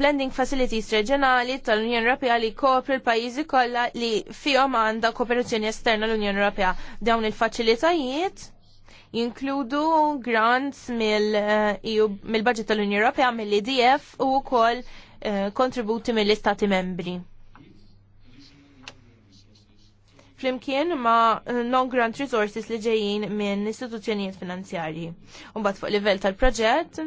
blending facilities reġjonali tal-Unjoni Ewropea li kopri l-pajjiżi kollha li fihom għandha kooperazzjoni esterna l-Unjoni Ewropea. Dawn il-faċilitajiet jinkludu grants mill-budget tal-Unjoni Ewropea mill-IDF u wkoll eh, kontributi mill-Istati membri. flimkien ma non-grant resources li ġejjin minn istituzzjonijiet finanzjarji. Umbat fuq livell tal-proġett,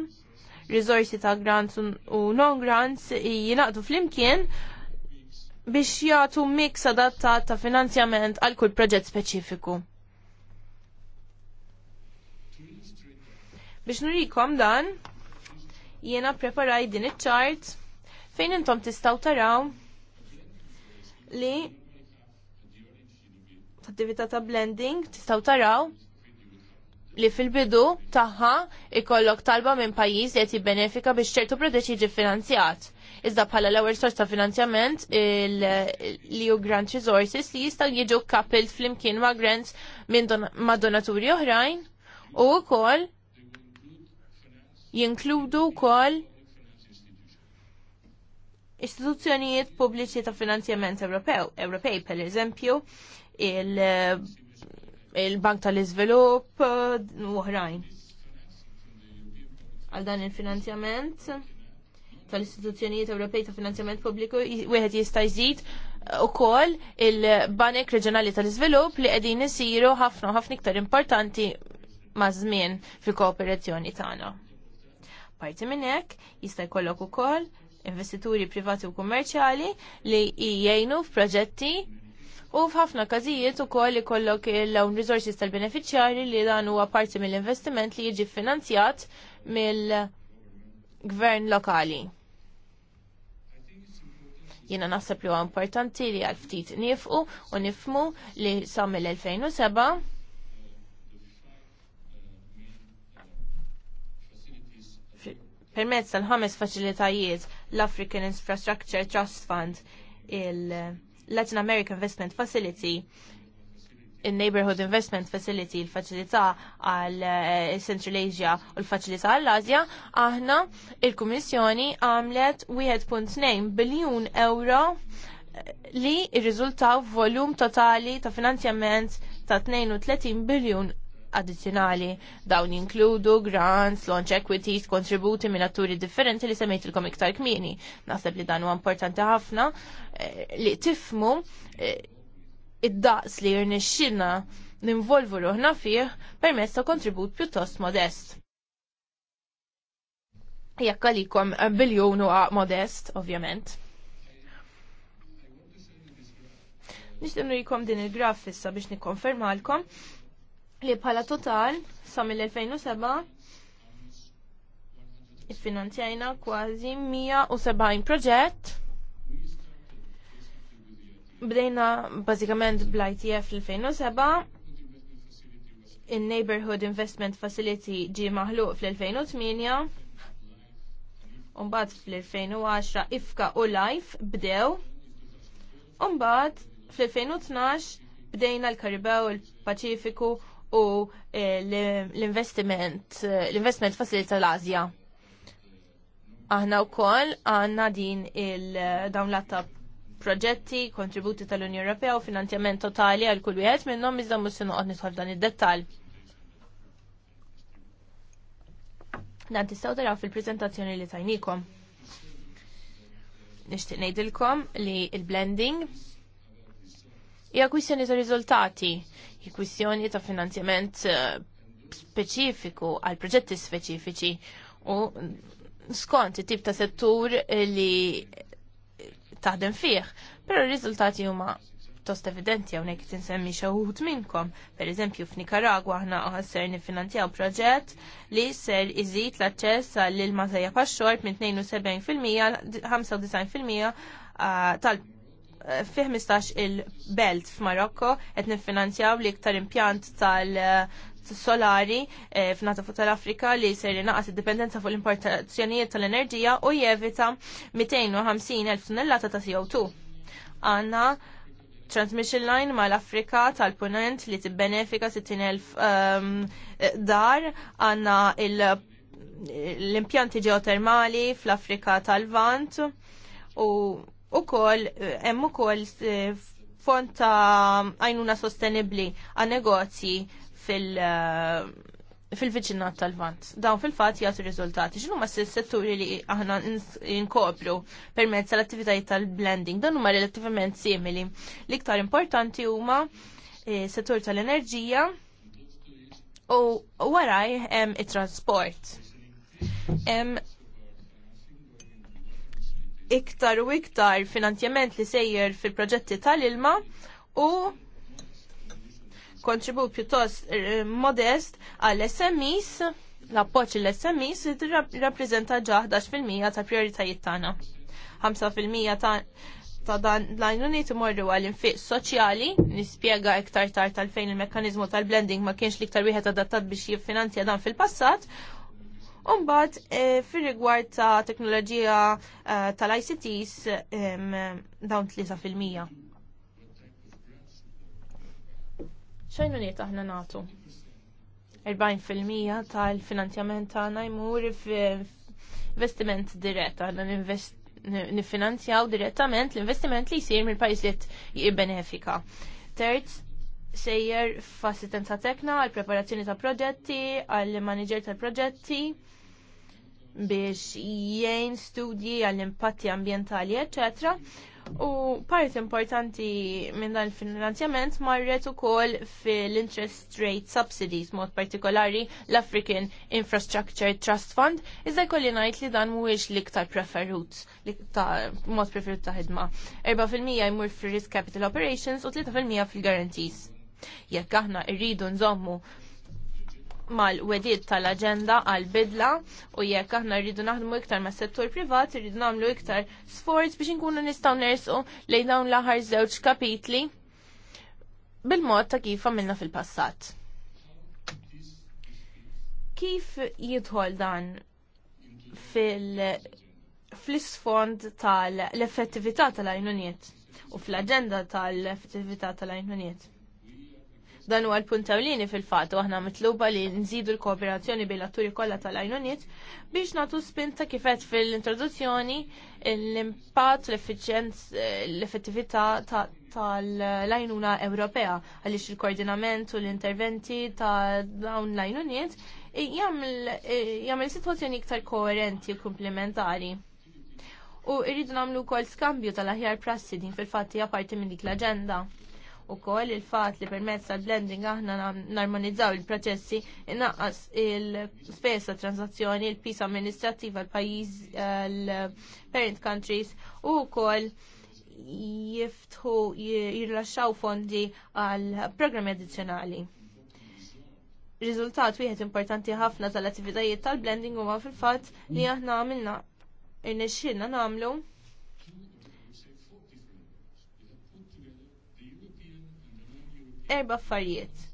resources ta' grants u non-grants jinaqdu flimkien biex jagħtu mix adattat ta' finanzjament għal kull proġett speċifiku. Biex nurikom dan, jiena preparaj din iċ-ċart fejn intom tistgħu taraw li attività ta' blending tistgħu taraw li fil-bidu tagħha ikollok talba minn pajjiż li qed jibbenefika biex ċertu prodotti jiġi finanzjat. Iżda bħala l-ewwel sors ta' finanzjament li eu Grant Resources li jistgħu jiġu kapilt flimkien ma' grants minn ma' donaturi oħrajn u wkoll jinkludu wkoll istituzzjonijiet pubbliċi ta' finanzjament Ewropew, Ewropej per eżempju, il-Bank tal-Iżvilupp uh, u oħrajn. Għal dan il-finanzjament tal-istituzzjonijiet Ewropej ta' finanzjament pubbliku wieħed jista' jżid uh, ukoll il-banek reġjonali tal-iżvilupp li qegħdin isiru ħafna ħafna iktar importanti ma' żmien fil-kooperazzjoni tagħna. Parti minn hekk jista' jkollok ukoll investituri privati u kummerċjali li jgħinu f'proġetti U f'ħafna każijiet ukoll ikollok il-lawn resources tal-beneficjari li dan huwa parti mill-investiment li jiġi finanzjat mill-gvern lokali. Jiena naħseb li huwa importanti li għal ftit nifqu u nifmu li sa mill-2007 permezz tal-ħames faċilitajiet l-African Infrastructure Trust Fund il- Latin America Investment Facility il-Neighborhood Investment Facility, il-Facilità għal eh, Central Asia u l-Facilità għall Asia, aħna il-Kummissjoni għamlet 1.2 biljun euro eh, li rizultaw volum totali ta' finanzjament ta' 32 biljun addizzjonali dawn jinkludu grants, launch equities, kontributi minn atturi differenti li semmejtilkom iktar kmieni. Naħseb li dan huwa importanti ħafna eh, li tifmu eh, id-daqs li jirnexxilna ninvolvu ruħna fih permezz ta' kontribut pjuttost modest. Jekk għalikom eh, biljon u modest, ovvjament. Nixtenu jikom din il-graf issa biex nikonfermalkom li bħala total sa mill-2007 iffinanzjajna kważi 170 proġett. Bdejna bażikament bl-ITF l-2007, il-Neighborhood Investment Facility ġi maħluq fl-2008, Umbat fl-2010 IFKA u LIFE bdew. Umbat fl-2012 bdejna l-Karibew, l paċifiku u eh, l-investiment, eh, l investiment fasilita l-Azja. Aħna u koll għanna din il-dawn eh, l proġetti, kontributi tal-Unjoni Ewropea u finanzjament totali għal kull wieħed minnhom iżda mhux se noqgħod nidħol dan id-dettall. Dan tistgħu taraw fil-preżentazzjoni li tajnikom. Nixtieq ngħidilkom li l-blending hija kwistjoni ta' riżultati, hija kwistjoni ta' finanzjament eh, speċifiku għal proġetti speċifiċi u skont it-tip ta' settur li taħdem fih, pero r-riżultati huma tost evidenti għonek tinsemmi xaħut minnkom. Per eżempju, f'Nicaragua ħna għasser nifinanzjaw proġett li ser iżid l aċċess għall-ilma tajja xort minn 72% 95% ah, tal Fih 15 il-belt f'Marokko qed niffinanzjaw l-iktar impjant tal-solari eh, eh, f'nata fuq tal-Afrika li ser jinaqas id-dipendenza fuq l-importazzjonijiet tal-enerġija u jevita 250.000 tonnellata ta' CO2. Għanna transmission line mal-Afrika tal-Punent li tibbenefika 60.000 ehm, dar għanna l-impjanti ġeotermali fl-Afrika tal-Vant u u kol, eh, hemm ukoll eh, font ta' għajnuna sostenibli għan negozji fil- eh, fil-viċinat tal-vant. Dawn fil-fat jgħatu riżultati. ċinu ma s-setturi li aħna per permezz tal-attivitajiet tal-blending? Dan huma relattivament simili. L-iktar importanti huma settur tal-enerġija u waraj hemm it-trasport iktar u iktar finanzjament li sejjer fil-proġetti tal-ilma u kontribut pjuttost eh, modest għall smis l-appoċ l-SMEs rappresenta ġa 11% ta' prioritajiet tagħna. 5% ta' ta' dan l-għajnuniet imorru għal-infiq soċjali, nispjega iktar tar tal-fejn il mekanizmu tal-blending ma kienx liktar wieħed adattat biex jiffinanzja dan fil-passat, Umbat, fil eh, fir rigward ta' teknoloġija eh, tal-ICTs um, dawn 3%. ċajnu niet aħna natu? 40% tal-finanzjament tagħna jmur investiment dirett, aħna nifinanzjaw direttament l-investiment li jsir mill-pajjiż li jibbenefika. Terz, sejjer f'assistenza tekna għal preparazzjoni ta' proġetti, għal manager tal proġetti, biex jgħin studji għall-impatti ambientali, etc. U part importanti minn dan il-finanzjament marret ukoll fil-interest rate subsidies, mod partikolari l-African Infrastructure Trust Fund, iżda jkolli ngħid li dan mhuwiex l-iktar preferut, l-iktar mod preferut ta' ħidma. 4% jmur fil-risk capital operations u 3% fil-guarantees. Jekk aħna rridu nżommu mal-wedid tal-agenda għal-bidla u jekk aħna rridu naħdmu iktar ma' settur privat, rridu nagħmlu iktar sforz biex inkunu nistgħu nersu lejn dawn l-aħħar żewġ kapitli bil-mod ta' kif għamilna fil-passat. Kif jidħol dan fil fl-isfond tal-effettività tal ajnuniet u fl-agenda tal-effettività tal-għajnuniet? Dan huwa l-punt fil-fatt u aħna mitluba li nżidu l-kooperazzjoni bejn l-atturi kollha tal-għajnuniet biex nagħtu spinta kifet fil-introduzzjoni l-impatt, l-effettività tal-għajnuna Ewropea għaliex il-koordinament u l-interventi ta' dawn l-għajnuniet jagħmel sitwazzjoni iktar koerenti u komplementari u irridu namlu kol skambju tal-aħjar prassi din fil-fatti għaparti minn dik l-agenda ukoll il-fatt li permezz tal-blending aħna narmonizzaw il-proċessi innaqqas il-spesa transazzjoni, il pisa amministrattiva l-pajjiż l-parent countries u wkoll jiftħu jirlaxxaw fondi għal programmi addizzjonali. Riżultat wieħed importanti ħafna tal-attivitajiet tal-blending huwa fil-fatt li aħna għamilna irnexxilna nagħmlu erba' affarijiet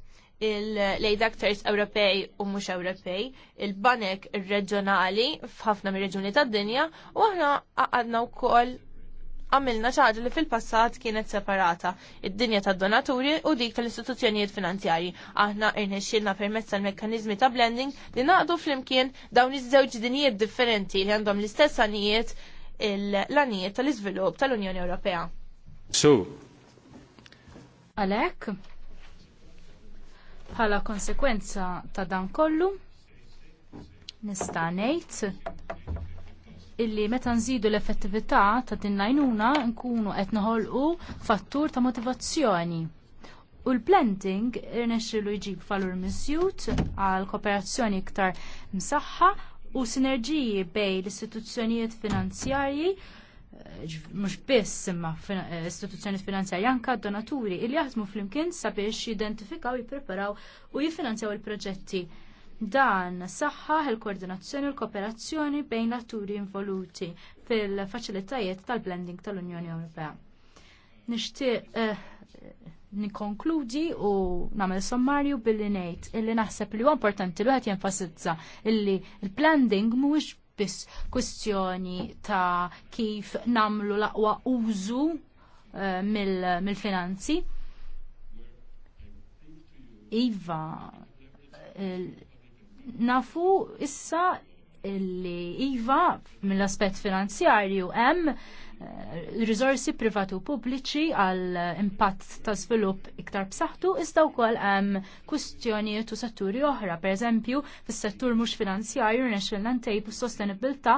il-lead actors Ewropej u mhux Ewropej, il-banek reġjonali f'ħafna mir-reġjuni tad-dinja u aħna għadna wkoll għamilna ċaġa li fil-passat kienet separata id-dinja tad donaturi u dik tal-istituzzjonijiet finanzjarji. Aħna irnexxilna permezz tal-mekkanizmi ta' blending li naqdu flimkien dawn iż-żewġ dinijiet differenti li għandhom l-istess għanijiet l għanijiet tal-iżvilupp tal-Unjoni Ewropea. So, Għalek, Bħala konsekwenza ta' dan kollu, nista' ngħid illi meta nżidu l-effettività ta' din najnuna nkunu qed noħolqu fattur ta' motivazzjoni. U l-planting irnexxilu jġib falur miżjud għal kooperazzjoni iktar msaħħa u sinerġiji bejn l-istituzzjonijiet finanzjarji mhux biss simma eh, istituzzjoni finanzjarja anke donaturi li jaħdmu flimkien sabiex jidentifikaw, jippreparaw u jiffinanzjaw il-proġetti. Dan saħħa il-koordinazzjoni u l-kooperazzjoni bejn l-atturi involuti fil-faċilitajiet tal-blending tal-Unjoni Ewropea. Nixtieq eh, nikonkludi u namel sommarju billi ngħid illi naħseb li huwa importanti l għat jenfasizza illi l-blending mhuwiex biss kwistjoni ta' kif namlu laqwa użu uh, mill-finanzi. Mil iva, nafu issa li Iva mill-aspet finanzjarju hemm riżorsi privati u pubbliċi għal impatt ta' svilupp iktar b'saħħtu iżda wkoll hemm kwistjonijiet u setturi oħra, pereżempju fis-settur mhux finanzjarju nexxilna ntejbu s-sostenibilità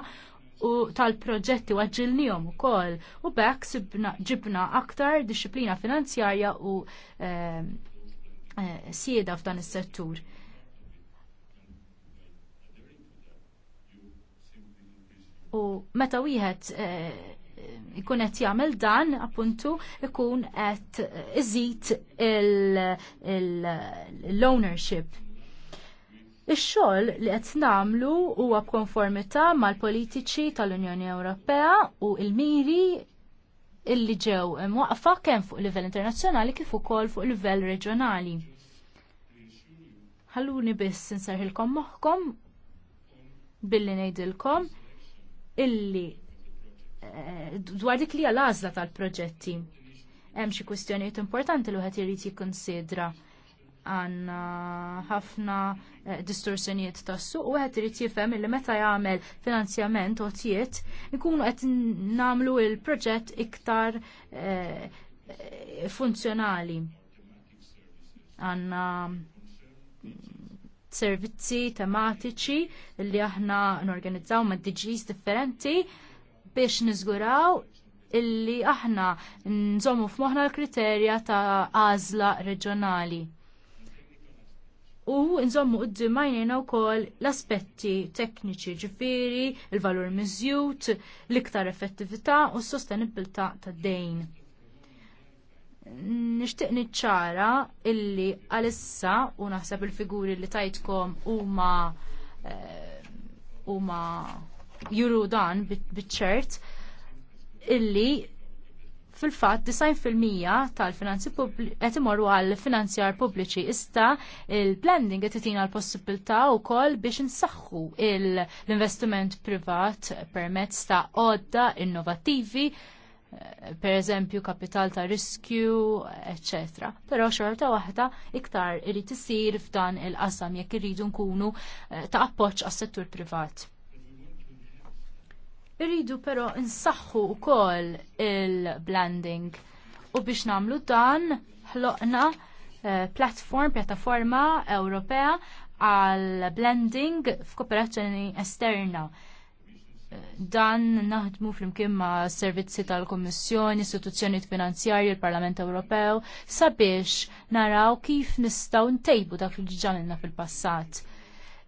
u tal-proġetti waġġilnijom ukoll u bekk ġibna aktar disciplina finanzjarja u ehm, eh, sieda f'dan is-settur. U meta wieħed eh, ikun qed jagħmel dan appuntu ikun qed iżid l-ownership. Ix-xogħol li qed nagħmlu huwa b'konformità mal-politiċi tal-Unjoni Ewropea u l-miri illi ġew imwaqfa kemm fuq livell internazzjonali kif ukoll fuq livell reġjonali. Ħalluni biss inserħilkom moħħkom billi ngħidilkom illi Eh, dwar dik li għal-għażla tal-proġetti. Hemm xi kwistjonijiet importanti li wieħed irid jikkonsidra għanna ħafna eh, distorsjonijiet tas-suq u għed irid jifhem li meta jagħmel finanzjament u tiet ikunu qed nagħmlu il-proġett iktar eh, funzjonali. Għanna mm, servizzi tematiċi li aħna norganizzaw ma' DGs differenti biex niżguraw illi aħna nżommu f'moħna l-kriterja ta' għażla reġjonali. U nżommu għajnejna wkoll l-aspetti tekniċi ġifiri, il-valur mizjut, l-iktar effettività u s-sostenibilità tad dejn. Nixtieq niċċara illi għalissa u naħseb il-figuri li tajtkom huma eh, huma juru dan biċ-ċert illi fil-fatt 90% tal-finanzi qed imorru għal finanzjar pubbliċi issa il-blending qed itina l-possibilità wkoll biex insaħħu l-investiment privat permezz ta' għodda innovattivi eh, per eżempju kapital ta' riskju, etc. Però xorta waħda iktar irid isir f'dan il-qasam jekk irridu nkunu eh, ta' appoġġ għas-settur privat. Irridu però nsaħħu wkoll il blending u biex nagħmlu dan ħloqna eh, platform, pjattaforma Ewropea għal blending f'kooperazzjoni esterna. Eh, dan naħdmu flimkien ma' servizzi tal-Kommissjoni, istituzzjoni finanzjarji, il-Parlament Ewropew, sabiex naraw kif nistgħu ntejbu dak li ġamilna fil-passat.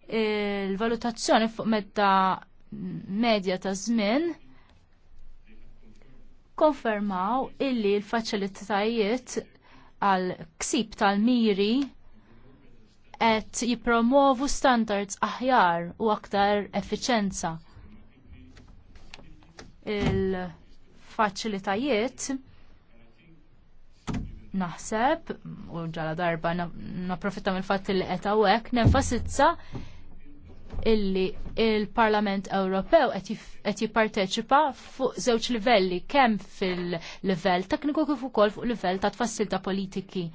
Il-valutazzjoni fuq medda medja ta' żmien konfermaw illi l-faċilitajiet għal ksib tal-miri qed jippromovu standards aħjar u aktar effiċenza. Il-faċilitajiet naħseb u ġala darba naprofitta mill-fatt li qed hawnhekk nenfasizza illi il-Parlament Ewropew qed jipparteċipa fuq żewġ livelli kemm fil-livell tekniku kif ukoll fuq livell ta' tfassil ta' politiki.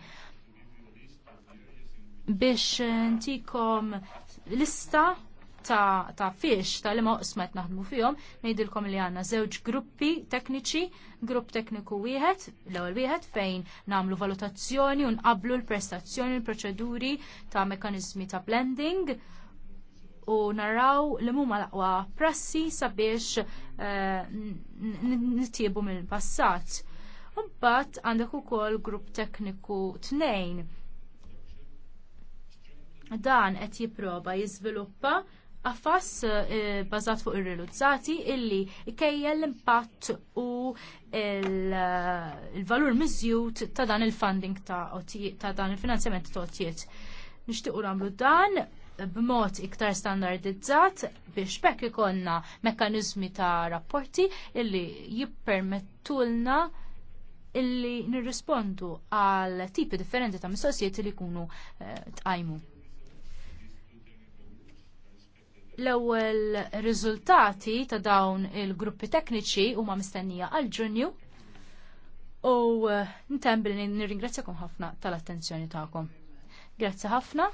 Biex ntikom lista ta', ta fiex ta' li qed naħdmu fihom, ngħidilkom li għandna żewġ gruppi tekniċi, grupp tekniku wieħed, l-ewwel wieħed fejn nagħmlu valutazzjoni u nqablu l-prestazzjoni, l-proċeduri ta' mekanizmi ta' blending u naraw li mumma laqwa prassi sabiex eh, nitiebu mill-passat. Mbagħad għandek ukoll grupp tekniku tnejn. Dan qed jipprova jiżviluppa għafas eh, bazat fuq ir-reluzzati illi ikkejja l-impatt u eh, il-valur miżjut ta' dan il-funding ta' dan il-finanzjament ta' otiet. Nishtiqu namlu dan b'mod iktar standardizzat biex bekk ikonna mekkaniżmi ta' rapporti illi jippermettulna illi nirrispondu għal tipi differenti ta' mistoqsijiet li jkunu eh, tqajmu. L-ewwel riżultati ta' dawn il-gruppi tekniċi huma mistennija għal Ġunju u eh, ntembli nirringrazzjakom ħafna tal-attenzjoni tagħkom. Grazzi ħafna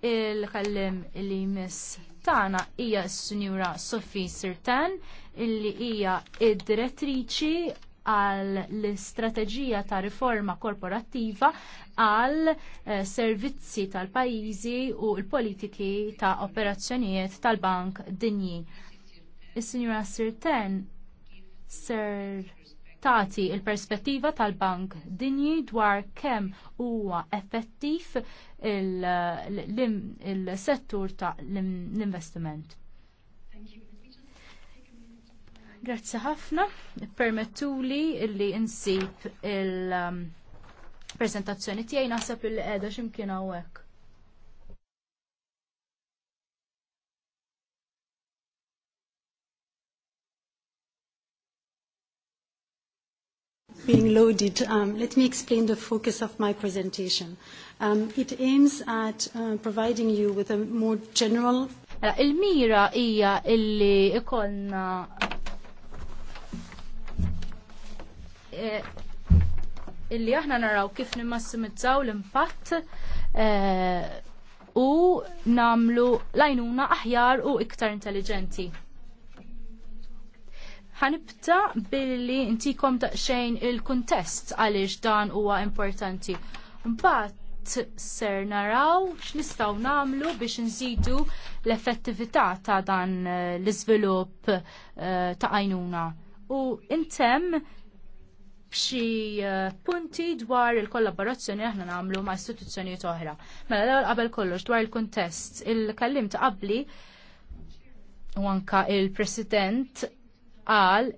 il-kallim li jmiss tagħna hija s-Sinjura Sophie Sirtan illi hija id-direttriċi għall istrateġija ta' riforma korporattiva għal eh, servizzi tal-pajjiżi u l-politiki ta' operazzjonijiet tal-Bank Dinji. Is-Sinjura Sirten ser tagħti l perspettiva tal-Bank Dinji dwar kemm huwa effettiv il-settur ta' l-investiment. Grazie ħafna, permettu li li insib il-presentazzjoni um, tiegħi naħseb il qiegħda x'imkien hawnhekk. being loaded, um, let me explain the focus of my presentation. Um, it aims at uh, providing you with a more general mela, Il-mira hija illi ikollna eh, illi aħna naraw kif nimmassimizzaw l-impatt eh, u namlu lajnuna aħjar u iktar intelligenti. Ħanibta billi intikom daqsxejn il-kuntest għaliex dan huwa importanti. Mbagħad ser naraw x'nistgħu nagħmlu biex nżidu l-effettività ta' dan eh, l-iżvilupp eh, ta' għajnuna. U intemm b'xi eh, punti dwar il-kollaborazzjoni aħna nagħmlu ma' istituzzjonijiet oħra. Mela l-ewwel qabel kollox dwar il-kuntest, il-kellim ta' qabli u anka il-President qal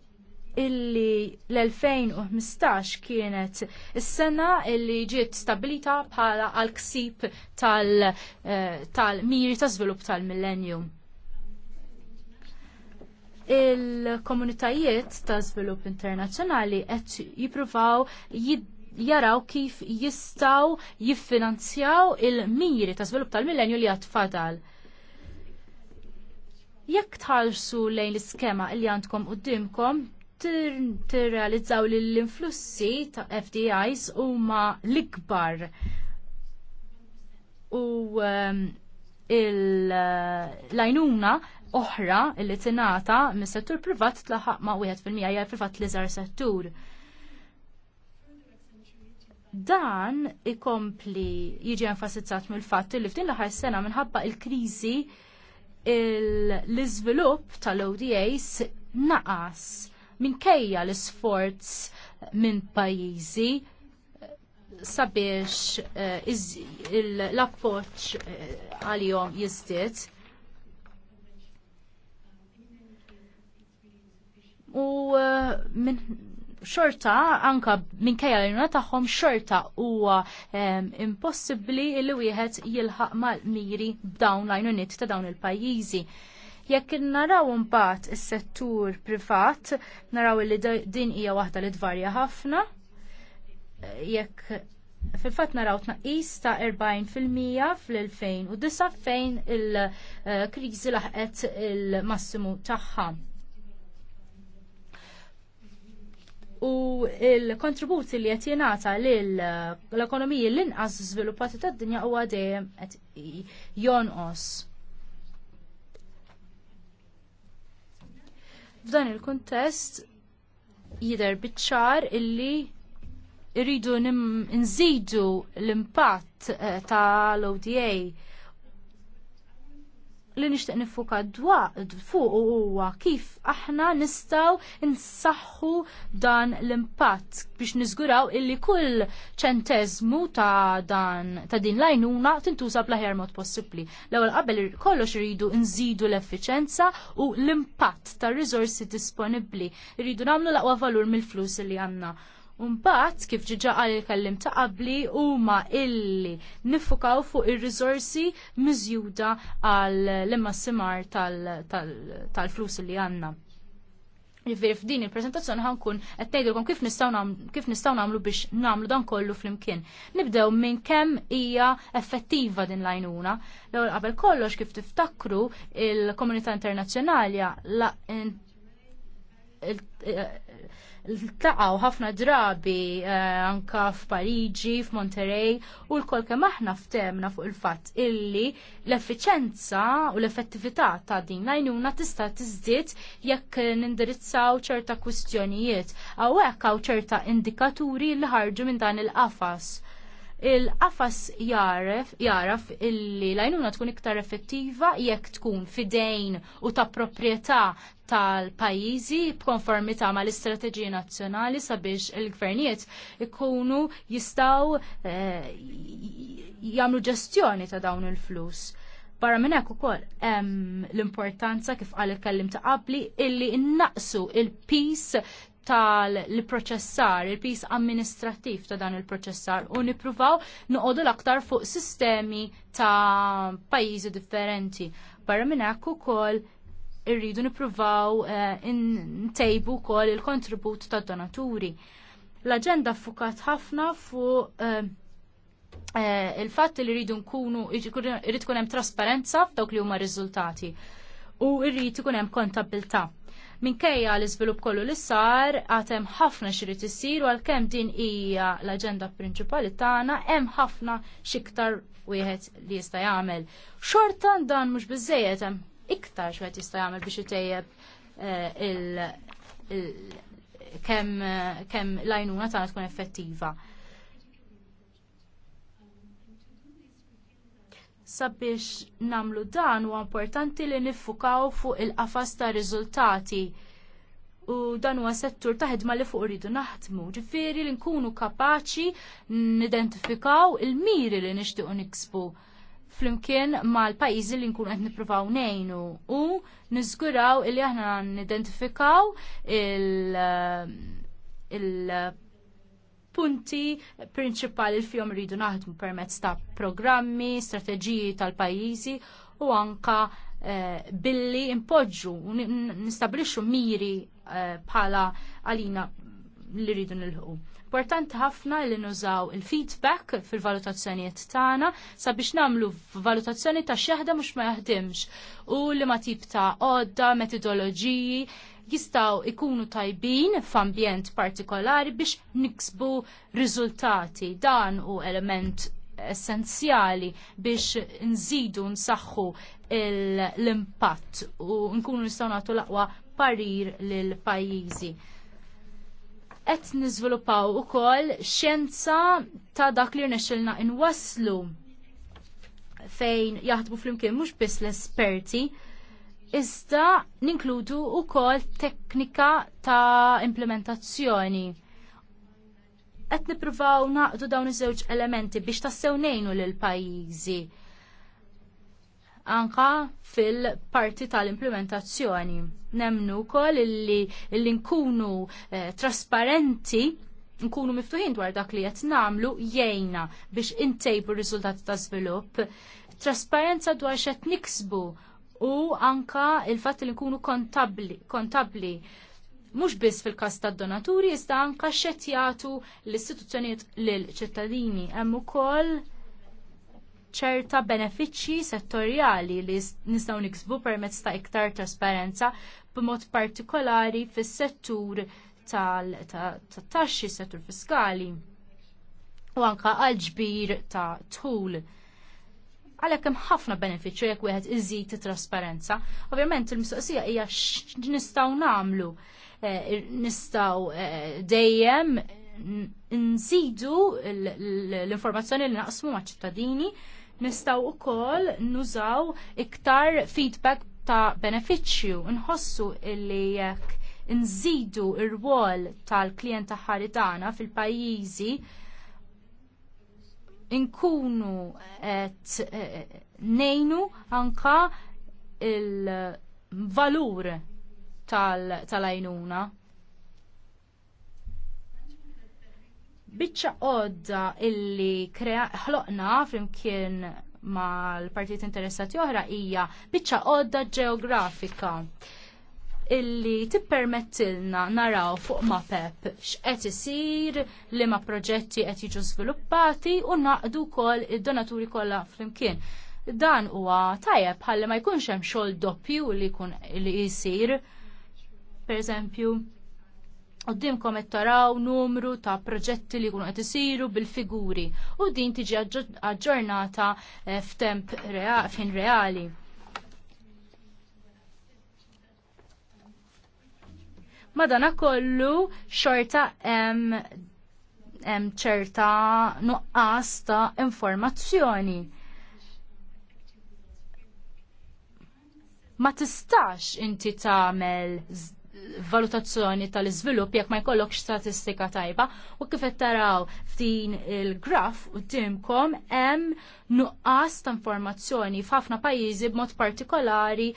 illi l-2015 kienet is-sena illi ġiet stabilita bħala għal-ksib eh, tal-miri tal ta' svilup tal-millennium. Il-komunitajiet ta' żvilupp internazzjonali qed jippruvaw jaraw kif jistaw jiffinanzjaw il-miri ta' svilup tal-millenju li għat fadal jekk tħallsu lejn l-iskema li għandkom qudiemkom tirrealizzaw li l-influssi ta' FDIs huma l-ikbar u ehm, l-għajnuna oħra li tingħata mis-settur privat tlaħaq ma' wieħed fil-mija hija privat li iżgħar settur. Dan ikompli jiġi enfasizzat mill-fatt li f'din l-aħħar sena minħabba il-kriżi l-iżvilupp tal-ODAs naqas minkejja l-isforz minn pajjiżi eh, sabiex eh, l-appoċ eh, għal-jom jizdiet. U minn xorta, anka minkejja l-inuna taħħom xorta huwa impossibbli li wieħed jilħaq mal-miri dawn l-għajnuniet ta' dawn il-pajjiżi. Jekk naraw mbagħad is-settur privat, naraw li din hija waħda li tvarja ħafna, jekk fil-fatt naraw tnaqqis ta' 40% fl-2009 fejn il-kriżi eh, laħqet il-massimu tagħha. U il-kontributi li qed jingħata lill-ekonomiji l-inqas żviluppati tad-dinja huwa dejjem qed jonqos. F'dan il-kuntest jider bitċar illi irridu nżidu l-impatt eh, tal-ODA li nixtieq nifuka fuq huwa kif aħna nistgħu nsaħħu dan l-impatt biex niżguraw illi kull ċenteżmu ta' dan ta' din lajnuna tintuża bl-aħjar mod possibbli. L-ewwel qabel kollox iridu nżidu l-effiċenza u l-impatt tar-riżorsi disponibbli. Iridu nagħmlu l-aqwa valur mill-flus li għandna. Unbaħt kif ġiġa għal il-kellim ta' qabli, huma illi nifukaw fuq ir rizorsi miżjuda għal l-immassimar tal-flus li għanna. Ġifiri f'din il-prezentazzjoni ħankun qed ngħidilkom kif nistgħu nagħmlu biex nagħmlu dan kollu flimkien. Nibdew minn kemm hija effettiva din l L-ewwel qabel kollox kif tiftakru il-komunità internazzjonali eh, l-taqaw ħafna drabi eh, anka f'Pariġi, f'Monterey u l-kol kemm aħna ftemna fuq il-fatt illi l-effiċenza u l-effettività ta' din najnuna tista' tiżdied jekk nindirizzaw ċerta kwistjonijiet għawek għaw ċerta indikaturi li ħarġu minn dan il-qafas il-qafas jaraf, jaraf illi lajnuna tkun iktar effettiva jekk tkun fidejn u ta' proprjetà tal-pajizi b'konformità ma' l-istrateġiji nazzjonali sabiex il-gvernijiet ikunu jistaw eh, jagħmlu ġestjoni ta' dawn il-flus. Barra minn hekk ukoll hemm l-importanza kif qal il-kellim ta' qabli illi innaqsu il-peace tal-proċessar, il-pis amministrattiv ta' dan il-proċessar u nippruvaw noqogħdu l-aktar fuq sistemi ta' pajjiżi differenti. Barra minn hekk ukoll irridu nippruvaw eh, ntejbu wkoll il-kontribut tad donaturi. L-aġenda fukat ħafna fuq eh, eh, il-fatt li rridu nkunu irrid kunem hemm trasparenza f'dawk li huma r riżultati u rrid ikun hemm Minkejja l-iżvilupp kollu li sar, għatem ħafna xirrit issir u għalkemm din hija l-aġenda prinċipali tagħna hemm ħafna xiktar wieħed li jista' jagħmel. Xorta dan mhux biżżejjed hemm iktar wieħed jista' jagħmel biex itejjeb eh, il kemm kemm l-għajnuna tagħna tkun effettiva. Sabiex namlu dan huwa importanti li niffukaw fuq il-qafas ta' riżultati u dan huwa settur ta' ħidma li fuq rridu naħdmu. Ġifieri li nkunu kapaċi nidentifikaw il-miri li nixtiequ niksbu flimkien mal-pajjiżi li nkunu qed nippruvaw ngħinu u niżguraw li aħna nidentifikaw il- il punti prinċipali fihom rridu naħdmu permezz ta' programmi, strateġiji tal-pajjiżi u anka eh, billi impoġġu u nistabilixxu miri eh, bħala eh, għalina li rridu nilħu. Importanti ħafna li nużaw il-feedback fil-valutazzjonijiet tagħna sabiex nagħmlu valutazzjoni ta' xeħda mhux ma jaħdimx u li ma tip ta' għodda, metodoloġiji jistaw ikunu tajbin f'ambjent partikolari biex niksbu riżultati. Dan u element essenzjali biex nżidu nsaħħu l-impatt u nkunu nistgħu nagħtu l-aqwa parir lill pajjiżi. Qed niżviluppaw ukoll xjenza ta' dak li rnexxilna inwasslu fejn jaħdmu flimkien mhux biss l-esperti, iżda ninkludu wkoll teknika ta' implementazzjoni. Qed nippruvaw naqdu dawn iż-żewġ elementi biex tassew ngħinu lil pajjiżi anka fil-parti tal-implementazzjoni. Nemnu wkoll illi, illi nkunu eh, trasparenti nkunu miftuħin dwar dak li qed nagħmlu jgħinna biex intejbu r-riżultati ta' żvilupp. Trasparenza dwar x'qed niksbu u anka il-fatt li nkunu kontabli, kontabli mhux biss fil-każ tad-donaturi jista anka xetjatu l-istituzzjonijiet l ċittadini hemm ukoll ċerta benefiċċji settorjali li nistgħu niksbu permezz ta' iktar trasparenza b'mod partikolari fis-settur tat-taxxi, settur fiskali u anka għal ġbir ta' tul Għalhekk hemm ħafna benefiċċju jekk wieħed iżid trasparenza. Ovvjament il-mistoqsija hija x'nistgħu nagħmlu. Eh, nistgħu eh, dejjem nżidu l-informazzjoni li naqsmu maċ ċittadini, nistgħu wkoll nużaw iktar feedback ta' benefiċċju, nħossu illi jekk nżidu r wol tal-klient ta' ħaritana fil-pajjiżi inkunu qed eh, nejnu anka il-valur tal-għajnuna. Bicċa Biċċa għodda illi ħloqna flimkien mal-partijiet interessati oħra hija biċċa għodda ġeografika illi tippermettilna naraw fuq ma PEP x'qed isir, li ma proġetti qed jiġu sviluppati u naqdu wkoll id-donaturi kollha flimkien. Dan huwa tajjeb ħalli ma jkunx hemm xogħol doppju li jkun li jsir. Pereżempju, Qoddimkom qed taraw numru ta' proġetti li jkunu qed isiru bil-figuri u din tiġi aġġornata eh, f'temp rea, fin reali Madana kollu xorta hemm ċerta nuqqas ta' informazzjoni. Ma tistax inti tagħmel valutazzjoni tal-iżvilupp jekk ma jkollokx statistika tajba u kif qed taraw f'din il-graf u timkom hemm nuqqas ta' informazzjoni f'ħafna pajjiżi b'mod partikolari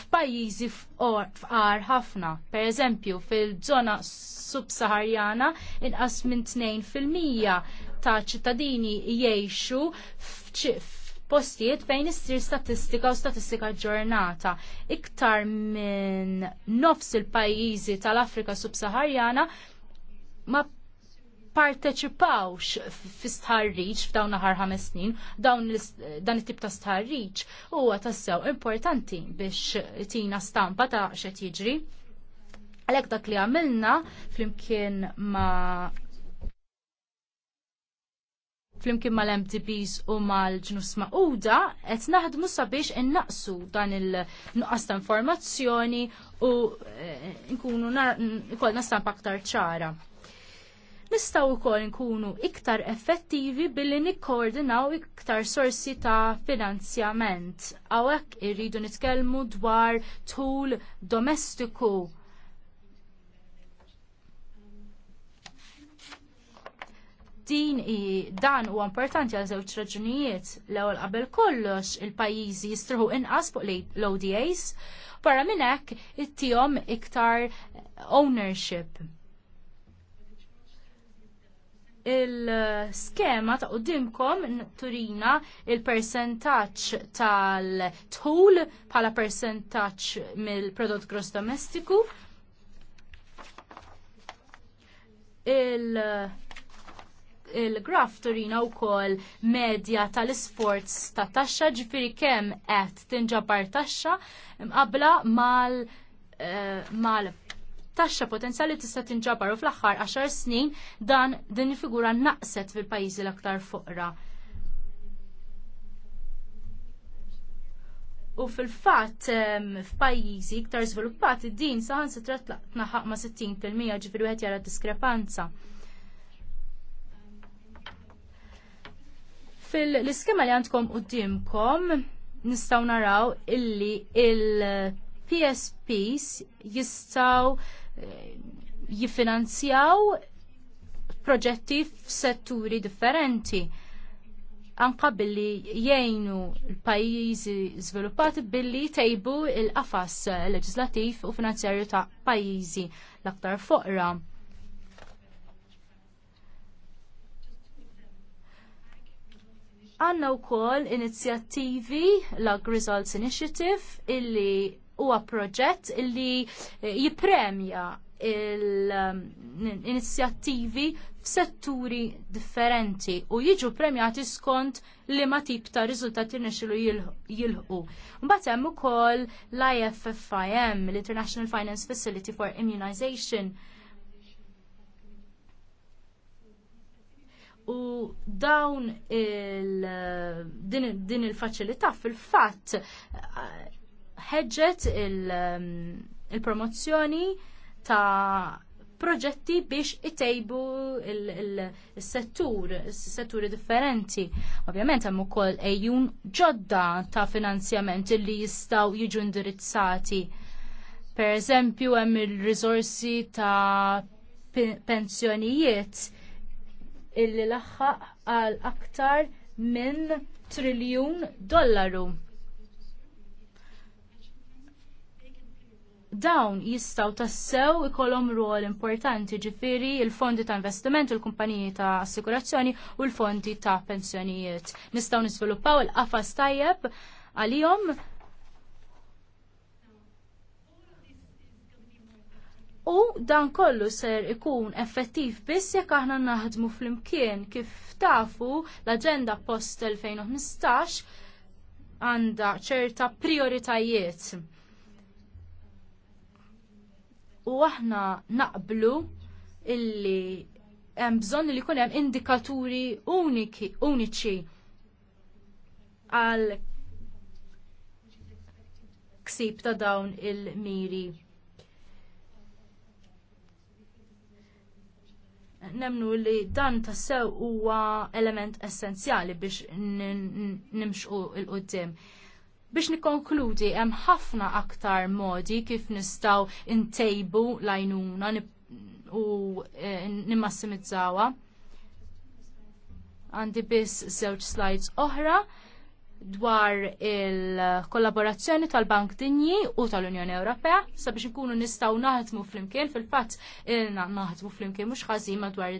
f'pajjiżi f'qar ħafna. Pereżempju fil-żona subsaharjana inqas minn 2% ta' ċittadini jgħixu f'ċif postijiet fejn issir statistika u statistika ġurnata. Iktar minn nofs il-pajjiżi tal-Afrika subsaharjana ma parteċipawx fi stħarriġ f'dawn naħar ħames snin, dawn dan it-tip ta' stħarriġ huwa tassew importanti biex tina stampa ta' xed jiġri. Għalhekk dak li għamilna flimkien ma' flimkien mal-MTPs u mal-ġnus ma'uda qed naħdmu sabiex innaqsu dan il-nuqqas ta' informazzjoni u eh, nkunu ikollna stamp aktar ċara. Nistaw ukoll nkunu iktar effettivi billi nikkoordinaw iktar sorsi ta' finanzjament. hawnhekk irridu nitkellmu dwar tul domestiku din i dan huwa importanti għal żewġ raġunijiet. L-ewwel qabel kollox il-pajjiżi jistruħu inqas fuq l-ODAs, barra minn hekk ittihom iktar ownership. Il-skema ta' qudiemkom turina il-percentaċ tal-tħul bħala percentaċ mill-prodott gross domestiku. il- il-graf turina u kol medja tal sports ta' taxxa ġifiri kem għed tinġabar taxxa mqabla mal eh, mal taxxa potenzjali tista' tinġabar u fl-aħħar 10 snin dan din figura naqset fil-pajjiżi l-aktar foqra. U fil-fatt f'pajjiżi iktar żviluppati din saħan se naħaq ma' 60% ġifieri wieħed jara diskrepanza. Fil-iskema li għandkom u nistaw naraw illi il-PSPs jistaw eh, jifinanzjaw proġetti f'setturi differenti anka billi jgħinu l-pajjiżi żviluppati billi tejbu il-qafas leġislativ u finanzjarju ta' pajjiżi l-aktar foqra. Għanna u koll inizjattivi la Results Initiative illi huwa proġett illi eh, jipremja l-inizjattivi um, f'setturi differenti u jiġu premjati skont li ma tip ta' riżultati nixxilu jilħu. Mbagħad hemm ukoll l-IFFIM, l-International Finance Facility for Immunization, U dawn il, din, din il-faċilità fil-fatt eh, ħeġġet mm, il-promozzjoni il ta' proġetti biex itejbu il-settur, il, il setturi differenti. Ovvjament hemm ukoll ejjun ġodda ta' finanzjament li jistgħu jiġu indirizzati. Per eżempju hemm il-riżorsi ta' pensjonijiet illi laħħaq għal aktar minn triljun dollaru. Dawn jistaw tassew ikolhom rol importanti ġifiri il-fondi ta' investiment, il-kumpaniji ta' assikurazzjoni u l-fondi ta' pensjonijiet. Nistaw nisviluppaw il-qafas tajjeb għalihom U dan kollu ser ikun effettiv biss jekk aħna naħdmu fl-imkien kif tafu l-Aġenda Post 2015 għandha ċerta prioritajiet. U aħna naqblu illi hemm bżonn li jkun hemm indikaturi uniċi għal ksib ta' dawn il-miri. nemnu li dan tassew huwa element essenzjali biex nimxqu il-qoddim biex nikonkludi hemm ħafna aktar modi kif nistgħu ntejbu l-għajnuna u e, nimmassimizzawa. Għandi biss żewġ slides oħra dwar il-kollaborazzjoni tal-Bank Dinji u tal-Unjoni Ewropea sabiex nkunu nistgħu naħdmu flimkien fil-fatt ilna naħdmu flimkien mhux ħażin madwar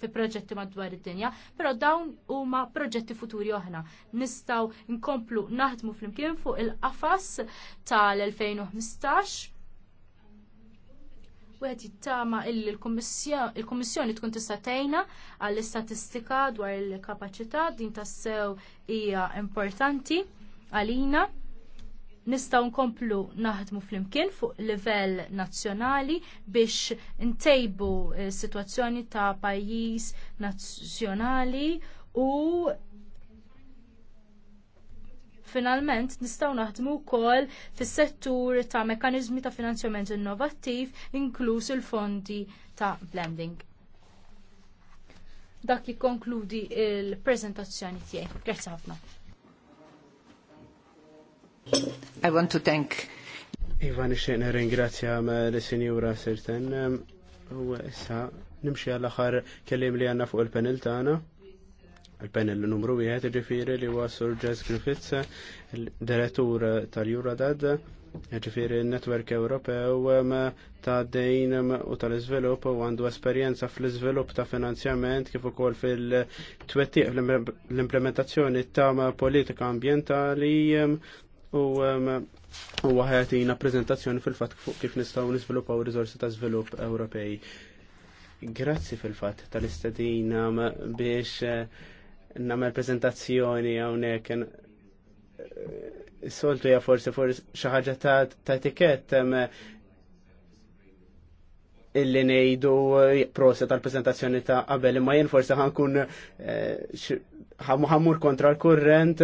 fi proġetti madwar id-dinja, però dawn huma proġetti futuri oħna. Nistgħu nkomplu naħdmu flimkien fuq il-qafas tal-2015 għed jittama illi l-Kummissjoni tkun tista' tgħinna għall-istatistika dwar il-kapaċità din tassew hija importanti għalina. Nistgħu nkomplu naħdmu flimkien fuq livell nazzjonali biex ntejbu eh, s-sitwazzjoni ta' pajjiż nazzjonali u Finalment, nistgħu naħdmu wkoll fis-settur ta' mekkaniżmi ta' finanzjament innovattiv, inkluż il-fondi ta' blending. Dak jikkonkludi l preżentazzjoni tiegħi. Grazzi ħafna. I want to thank Ivan Xena ringrazzja l-Sinjura Sirten u issa nimxi għall-aħħar kelliem li għandna fuq il-panel tagħna il-panel numru 1 ġifiri li huwa Sur Jess Griffiths, direttur tal-Eurodad, ġifiri n-Netwerk Ewropew ta' dejn u tal izvilup u għandu esperjenza fl izvilup ta' finanzjament kif ukoll fil-twettiq l-implementazzjoni ta' politika ambientali u u għajatina prezentazzjoni fil-fat kif nistaw nisviluppaw risorsi ta' zvilupp Ewropej. Grazzi fil-fat tal-istadina biex namel prezentazzjoni għawnek soltu ja forse forse xaħġa ta' etikett illi nejdu eh, prosa tal-prezentazzjoni ta' qabel imma jien forse ħankun eh, ħamur kontra l-kurrent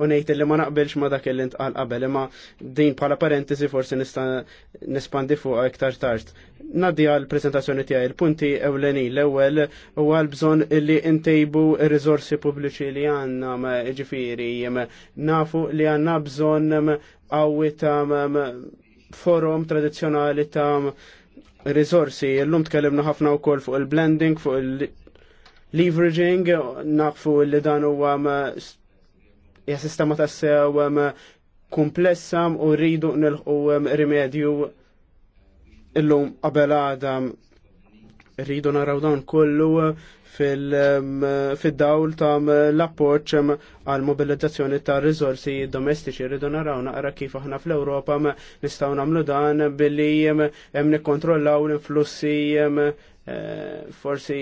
u nejt illi ma naqbilx ma dak illi qabel imma din bħala parentesi forse nista' nispandi fuq iktar tard. Nadja l-prezentazzjoni tiegħi il-punti ewleni l-ewwel u għal bżonn li ntejbu r-riżorsi pubbliċi li għandna ġifieri nafu li għandna bżonn qawwi ta' forum tradizzjonali ta' riżorsi. Illum tkellimna ħafna wkoll fuq il-blending, fuq il-leveraging, nafu li dan huwa sistema ta' sew komplessa u rridu nilħu rimedju illum qabel għada rridu naraw dan kollu um, fil-dawl ta' um, l-appoċ um, għal mobilizzazzjoni ta' rizorsi domestiċi. Rridu naraw naqra kif aħna fl-Europa nistaw namlu dan billi hemm nikkontrollaw l-influssi eh, forsi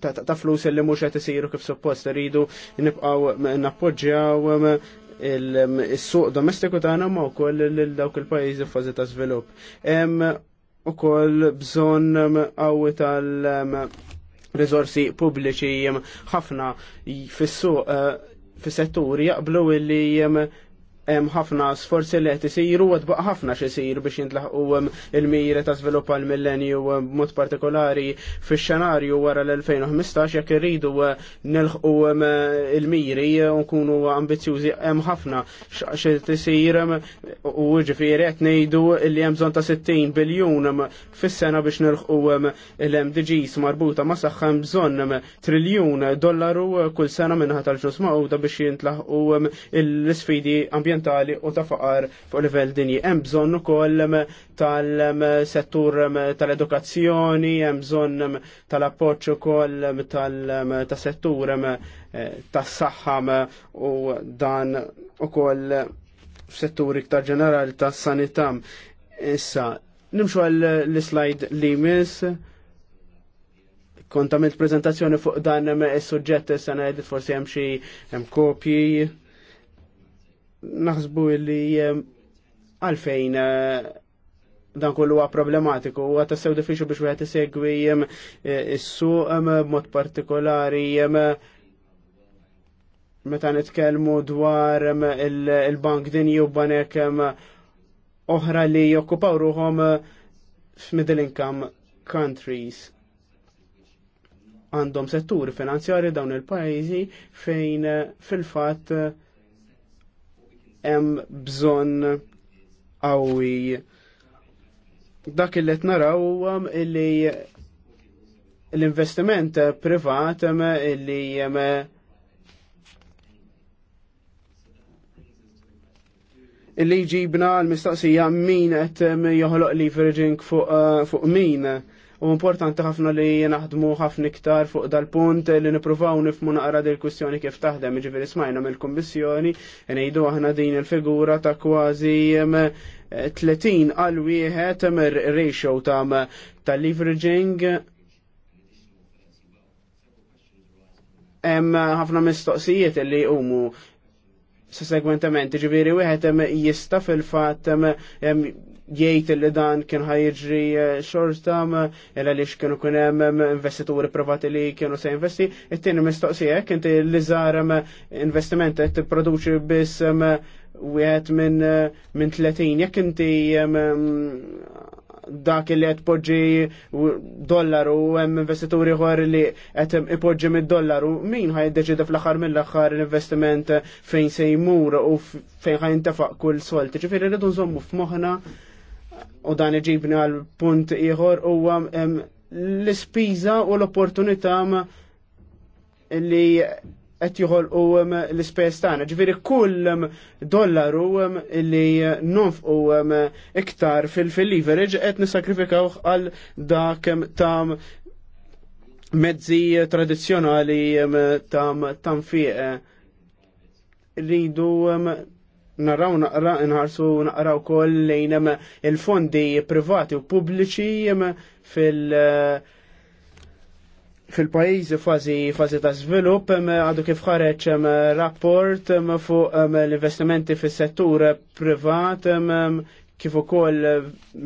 ta' flus li mhux qed isiru kif suppost rridu nibqgħu nappoġġjaw il-suq domestiku tagħna ma' wkoll lil dawk il-pajjiżi f'fażi ta' żvilupp u koll bżon um, għaw tal-rizorsi um, pubbliċi um, ħafna fissu uh, fis-setturi jaqblu jem hemm ħafna sforzi li qed isiru u tbaq ħafna x'isir biex jintlaħqu um, il-mira ta' żvilupp għall millenju um, mod partikolari fix-xenarju wara l-2015 jekk irridu um, nilħqu il-miri u nkunu ambizzjużi hemm ħafna xi tisir u ġifieri qed ngħidu li hemm bżonn ta' 60 biljun fis-sena biex nilħqu l-MDGs marbuta ma' saħħa hemm bżonn triljun dollaru uh, kull sena minħa tal-ġnus Magħquda biex jintlaħqu l-isfidi ambjentali ambientali u ta' faqar fuq livell dinji. Hemm bżonn ukoll tal-settur tal-edukazzjoni, hemm bżonn tal-appoġġ ukoll tal-settur eh, tas-saħħa u dan ukoll f'settur iktar ġenerali tas-sanità. Issa, nimxu għal l-slide li mis, kont għamilt prezentazzjoni fuq dan is-suġġett sena edit forsi hemm xi hemm kopji naħsbu li eh, għalfejn eh, dan kollu huwa problematiku huwa tassew diffiċli biex wieħed isegwi eh, is-suq b'mod partikolari meta nitkellmu dwar il-bank dinji u banek oħra li jokkupaw ruhom f'middle income countries għandhom setturi finanzjari dawn il-pajjiżi fejn fil-fatt hemm bżonn qawwi. Dak illet qed naraw illi l-investiment privat illi illi jġibna l-mistaqsija min qed joħloq leveraging fuq eh, min. U importanti ħafna li naħdmu ħafna iktar fuq dal-punt li nipruvaw nifmu naqra dil kwistjoni kif taħdem, ġifiri smajna mill-kommissjoni, nejdu aħna din il-figura ta' kważi 30 għal wieħed ratio ta' ta' leveraging hemm ħafna mistoqsijiet li huma segwentament ġifiri wieħed jista' fil-fatt jgħid li dan kien ħajġri eh, xorta illa li kienu kien hemm investituri privati li kienu se investi, it-tieni mistoqsija inti li żar investiment qed tipproduċi biss wieħed minn eh, minn tletin, jekk inti dak li qed poġġi dollaru hemm investituri ħor li qed ipoġġi mid-dollaru, min ħajdeċida fl-aħħar mill-aħħar l-investiment eh, fejn se jmur u fejn ħajntefaq kull solt. Ġifieri rridu nżommu f'moħħna u dan iġibni għal punt ieħor huwa l-ispiża u l-opportunità li qed joħolqu l ispejs tagħna. Ġifieri kull dollaru li nonfqu iktar fil-leverage qed nisakrifikaw għal dak ta' mezzi tradizzjonali ta' tanfiq rridu naraw naqra inħarsu naqra wkoll lejn il-fondi privati u pubbliċi fil- fil pajiz fazi fazi ta' svilupp għadu kif ħareġ rapport fuq l-investimenti fis-settur privat kif ukoll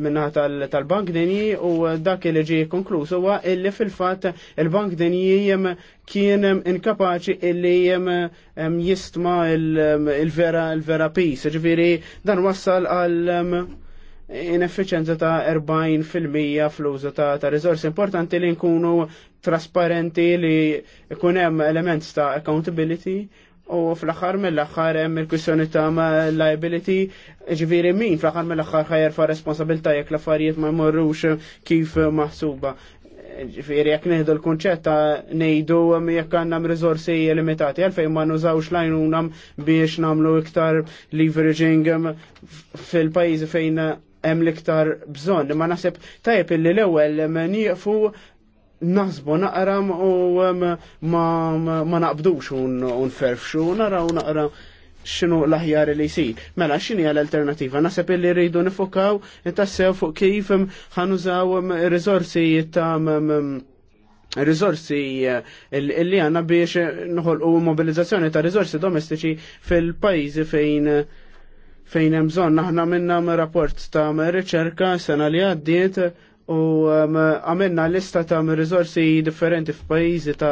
minnaħa tal-Bank Dinji u dak li ġie konkluż huwa illi fil-fatt il-Bank Dinji kien inkapaċi illi jistma il-vera il-vera pis. Ġifieri dan wassal għal ineffiċenza ta' 40% fl-użu ta', ta risorsi importanti li nkunu trasparenti li ikun hemm elements ta' accountability U fl-axar mill-axar hemm il-kwissjoni ta' liability, ġviri min fl-axar mill-axar ħajer fa' responsabilta jekk l-affarijiet ma' jmorrux kif maħsuba. Ġviri jekk neħdu l-kunċett ta' nejdu jekk għannam rizorsi limitati għalfejn ma nużawx lajnunam biex namlu iktar leveraging fil-pajjiżi fejn hemm l-iktar bżonn. Ma naħseb tajjeb illi l-ewwel nieqfu nasbu naqra u ma naqbdux unferfxu, u naqra xinu l-aħjar li jisir. Mela, xini għal-alternativa? Nasab li rridu nifokaw, tassew fuq kif ħanużaw rizorsi ta' rizorsi eh, li għanna biex nħol u mobilizzazzjoni ta' rizorsi domestiċi fil-pajzi fejn fejn hemm bżonn aħna minnhom rapport ta' riċerka sena li għaddiet u um, għamilna lista ta' rizorsi differenti f'pajjiżi ta'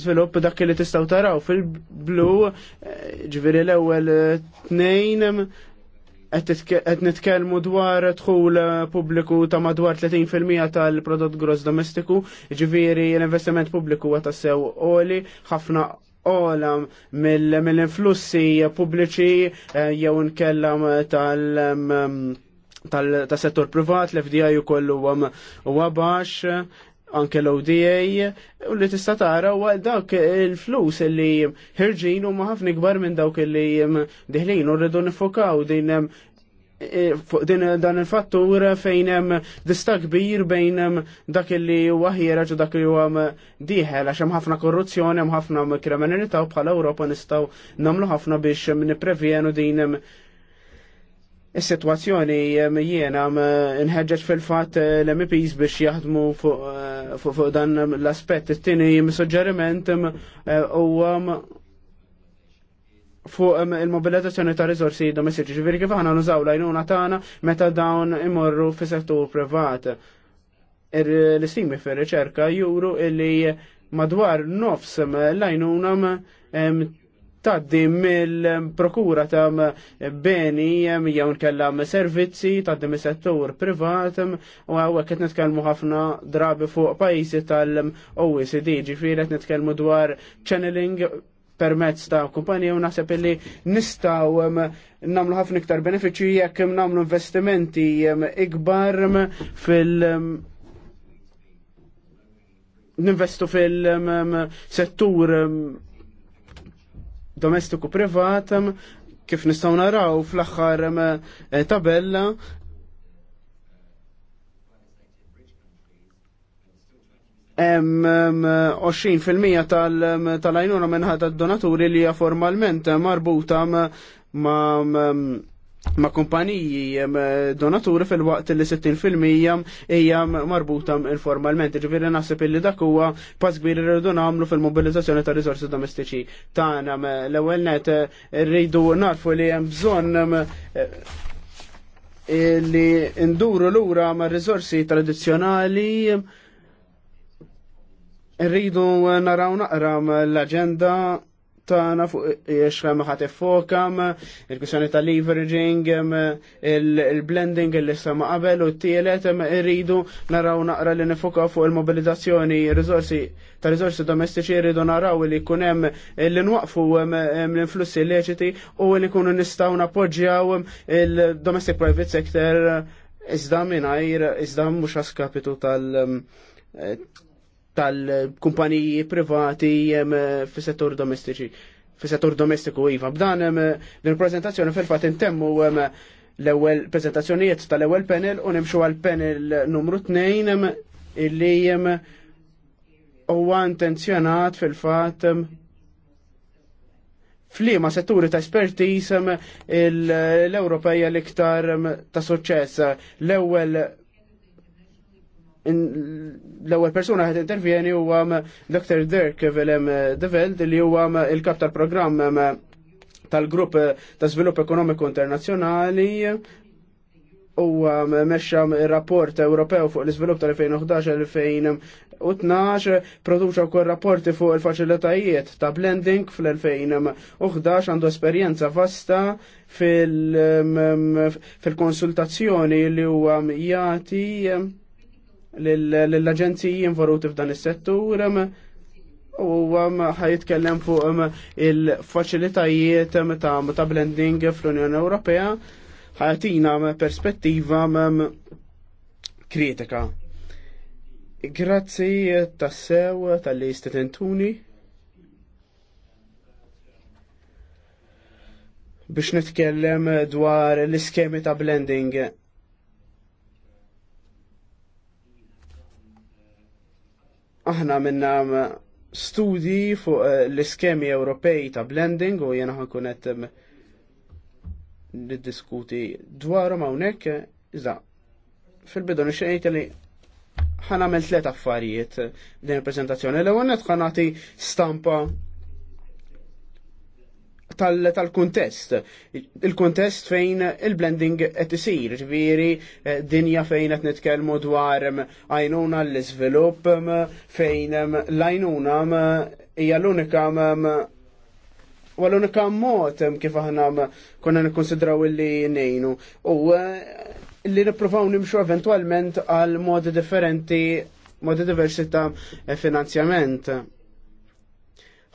svilupp dak li tistaw taraw fil-blu eh, ġviri l-ewwel eh, tnejn qed nitkellmu dwar dħul pubbliku ta' madwar 30% tal-prodott gross domestiku, ġviri l-investiment pubbliku huwa tassew oli ħafna ola mill-influssi pubbliċi eh, jew nkellam tal- tal-settur privat, l-FDI u kollu u għabax, anke l-ODA, u li tista tara u dak il-flus li ħirġin u ħafna gbar minn dawk li diħlin u rridu nifokaw din eh, fuq din dan il-fattur fejn hemm dista kbir bejn eh, dak li huwa ħieraġ u dak li huwa eh, dieħel għax hemm ħafna korruzzjoni, hemm ħafna kriminalità u bħala Ewropa nistgħu nagħmlu ħafna biex nipprevjenu din Is-sitwazzjoni jiena nħeġġeġ fil-fatt eh, l-MPs biex jaħdmu fuq eh, dan l-aspett. It-tieni suġġeriment huwa eh, fuq il-mobilizzazzjoni ta' riżorsi domestiċi, ġifieri kif aħna nużaw lajnuna tagħna meta dawn imorru fis settur privat. L-istimi fir-riċerka juru illi madwar nofs lajnuna taddi mill-prokura ta' beni jew nkella servizzi taddi mis-settur privat u għawek qed nitkellmu ħafna drabi fuq pajjiżi tal-OECD ġifieri qed nitkellmu dwar channeling permezz ta' kumpanija u naħseb illi nistaw namlu ħafna iktar benefiċi jekk namlu investimenti ikbar fil- ninvestu fil-settur domestiku privat kif nistgħu naraw fl-aħħar eh, tabella hemm 20% tal-għajnuna minħata d-donaturi li hija formalment marbuta ma' ma' kumpaniji donaturi fil-waqt li 60% hija marbuta informalment. Ġifiri nasib illi dak huwa pass kbir irridu nagħmlu fil-mobilizzazzjoni ta' risorsi domestiċi tagħna l-ewwel net rridu narfu li hemm bżonn li nduru lura ma' risorsi tradizzjonali rridu naraw naqra l agenda tana fuq xkemm ħadd fokam, il-kwistjoni ta' leveraging il-blending il ma' qabel u t-tielet irridu naraw naqra li nifoka fuq il-mobilizzazzjoni rizorsi ta' rizorsi domestiċi irridu naraw li jkun hemm li nwaqfu l-influssi illeċiti u li kunu nistgħu nappoġġjaw il-domestic private sector iżda mingħajr iżda mhux askapitu tal- tal-kumpaniji privati eh, fis settur domestiċi. Fi settur domestiku iva. B'dan eh, din prezentazzjoni fil-fat intemmu eh, l-ewwel prezentazzjonijiet tal-ewwel panel u nimxu għal panel numru 2 illi huwa intenzjonat fil-fatt flima setturi ta' espertis l-Ewropeja l-iktar ta' suċċess. L-ewwel l-ewwel persuna ħed intervjeni huwa um, Dr. Dirk Willem De Veld li huwa um, il-kap tal-programm um, tal-grupp ta' svilupp ekonomiku internazzjonali u il rapport Ewropew fuq l izvilupp tal tal-2011-2012, produċa wkoll rapporti fuq il-faċilitajiet ta' blending fl-2011 għandu esperjenza vasta fil-konsultazzjoni li huwa jati l-aġenziji involuti f'dan is-settur u ħajitkellem fuq il-faċilitajiet ta' blending fl-Unjoni Ewropea ħajatina perspettiva kritika. Grazzi tassew tal-li istetentuni. biex nitkellem dwar l-iskemi ta' blending aħna minna studji fuq eh, l-iskemi Ewropej ta' blending u jena ħankun qed eh, niddiskuti dwarhom hawnhekk iżda fil-bidu nixtieq li għamil tliet affarijiet din il prezentazzjoni l għonet ħan stampa tal-kuntest. Il-kuntest fejn il-blending qed isir, ġifieri eh, dinja fejn qed nitkellmu dwar mm, għajnuna l-iżvilupp mm, fejn mm, l-għajnuna hija l-unika u l-unika mod kif aħna konna nikkonsidraw illi nejnu. U eh, li nippruvaw nimxu eventualment għal modi differenti, modi diversi ta' eh, finanzjament.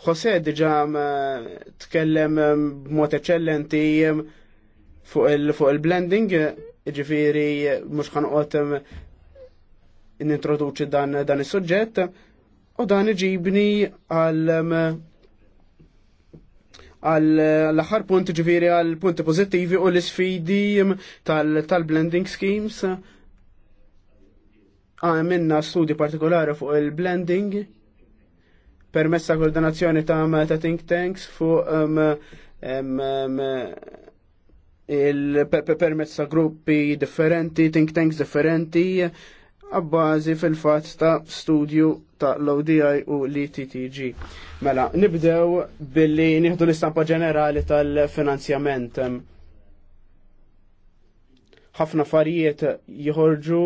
Jose diġa mm, tkellem mm, b'mod eċċellenti mm, fuq il-blending, ġifiri mux ħanqot nintroduċi dan dan is-suġġett u dan iġibni għal għall aħħar punt ġifiri għal punti pozittivi u l-sfidi tal-blending schemes. Għamilna ah, studi partikolari fuq il-blending permessa koordinazzjoni ta' ta' think tanks fuq um, um, um, il-permessa gruppi differenti, think tanks differenti, għabbażi fil-fat ta' studju ta' l-ODI u l-ITTG. E mela, nibdew billi nieħdu l-istampa ġenerali tal-finanzjament. ħafna farijiet jħorġu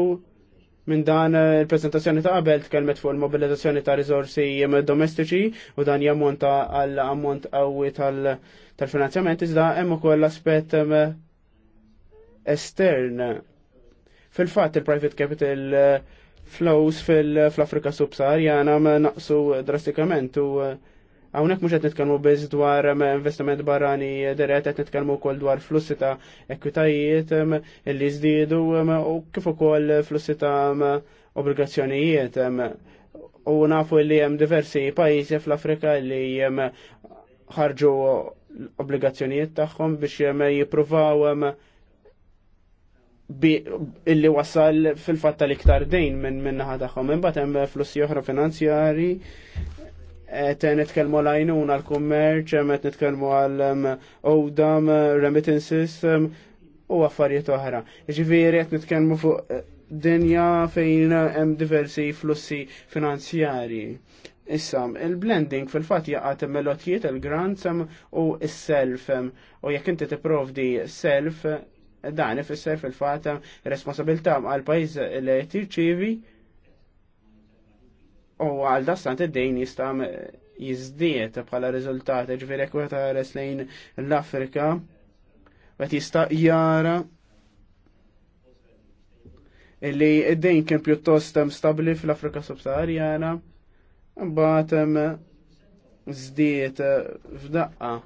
minn dan eh, il-prezentazzjoni ta' qabel tkellmet fuq il-mobilizzazzjoni ta' riżorsi eh, domestiċi u dan jammonta għal ammont qawwi tal-finanzjament iżda hemm ukoll l-aspett eh, estern. Fil-fatt il-private capital flows fil-Afrika subsaharjana naqsu drastikament u Hawnhekk mhux qed nitkellmu biss dwar investiment barani eh, dirett qed nitkellmu wkoll dwar flussi ta' ekwitajiet illi żdiedu u kif ukoll flussi ta' obbligazzjonijiet. U nafu li hemm diversi pajjiżi fl-Afrika li ħarġu obbligazzjonijiet tagħhom biex jippruvaw illi wasal fil-fatta li ktar dejn minn minnaħa tagħhom. Imbagħad hemm flussi oħra finanzjari qed nitkellmu għajnuna għal kummerċ met nitkellmu għal um, odam, uh, remittances um, u affarijiet oħra. Ġifieri qed nitkellmu fuq uh, dinja fejn uh, hemm diversi flussi finanzjarji. Issa, il-blending fil-fat jaqat melodijiet il-grants um, u s-self u jekk inti tipprovdi self dan ifisser fil-fat responsabilta għal pajjiż li tirċivi U għal dastant id-dejn jistam jizdiet bħala riżultat, ġviri jekk ħares lejn l-Afrika, għet jista' jara illi id-dejn kien pjuttost stabli fl-Afrika subsaharjana, mbagħad zdiet f'daqqa.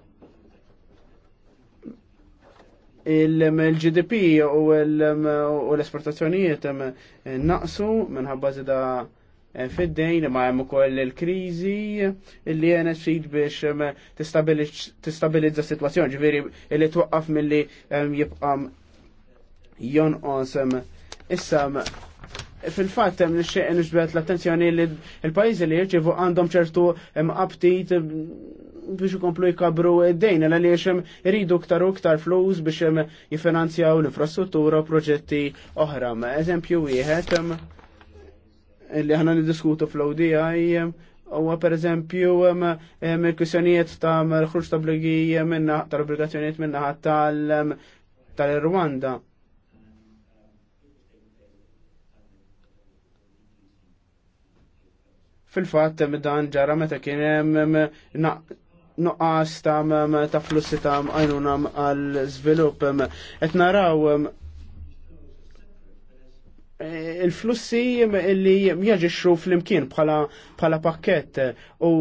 Il-GDP u l-esportazzjonijiet naqsu minħabba zida Eh, fid-dejn ma' hemm ukoll il-kriżi illi jena xid biex tistabilizza s-sitwazzjoni, ġifieri illi twaqqaf milli jibqa' jonqos issa fil-fatt hemm nixtieq nixbet l-attenzjoni li l-pajjiżi li jirċievu għandhom ċertu aptit biex ikomplu jkabru id-dejn għaliex iridu ktar u ktar flus biex jifinanzjaw l-infrastruttura u proġetti oħra. Eżempju wieħed li ħana nidiskutu fl-ODI huwa pereżempju mill-kwissjonijiet ta' l-ħruġ ta' obligi minna tal-obbligazzjonijiet minna tal tal-Rwanda. Fil-fatt dan ġara meta kien hemm nuqqas ta' flussi ta' għajnuna għal-żvilupp. Qed naraw Eh, il-flussi li jaġixxu fl-imkien bħala pakket u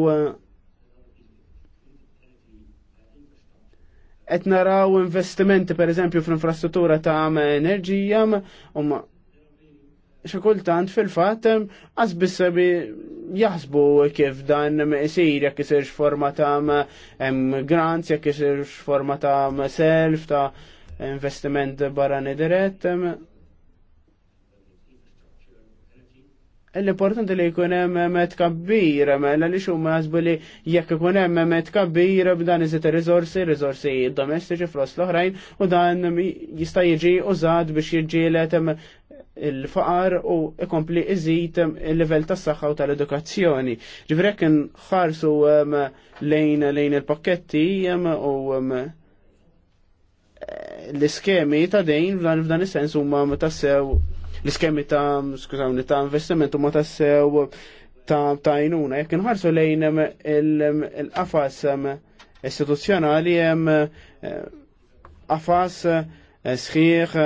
qed eh, naraw investimenti pereżempju fl-infrastruttura ta' enerġija u xi kultant fil-fatt għas bissebi jaħsbu kif dan isir jekk isirx forma ta' grants, jekk isirx forma ta' self ta' investiment barani dirett. L-importanti li jkun hemm met kabbir, mela li xhuma jaħsbu li jekk ikun hemm met kabbir b'dan iżid ir-riżorsi, riżorsi domestiċi flos l-oħrajn u dan jista' jiġi użat biex jiġġieled il-faqar u ikompli iżid il-level tas saħħa u tal-edukazzjoni. Ġivrek nħarsu lejn lejn il-pakketti u l-iskemi ta' dejn f'dan is-sens huma tassew l-iskemi ta' skużawni ta' investimentu ma ta' sew ta' tajnuna. Jekk nħarsu lejn il-qafas istituzzjonali hemm eh, qafas eh, sħiħ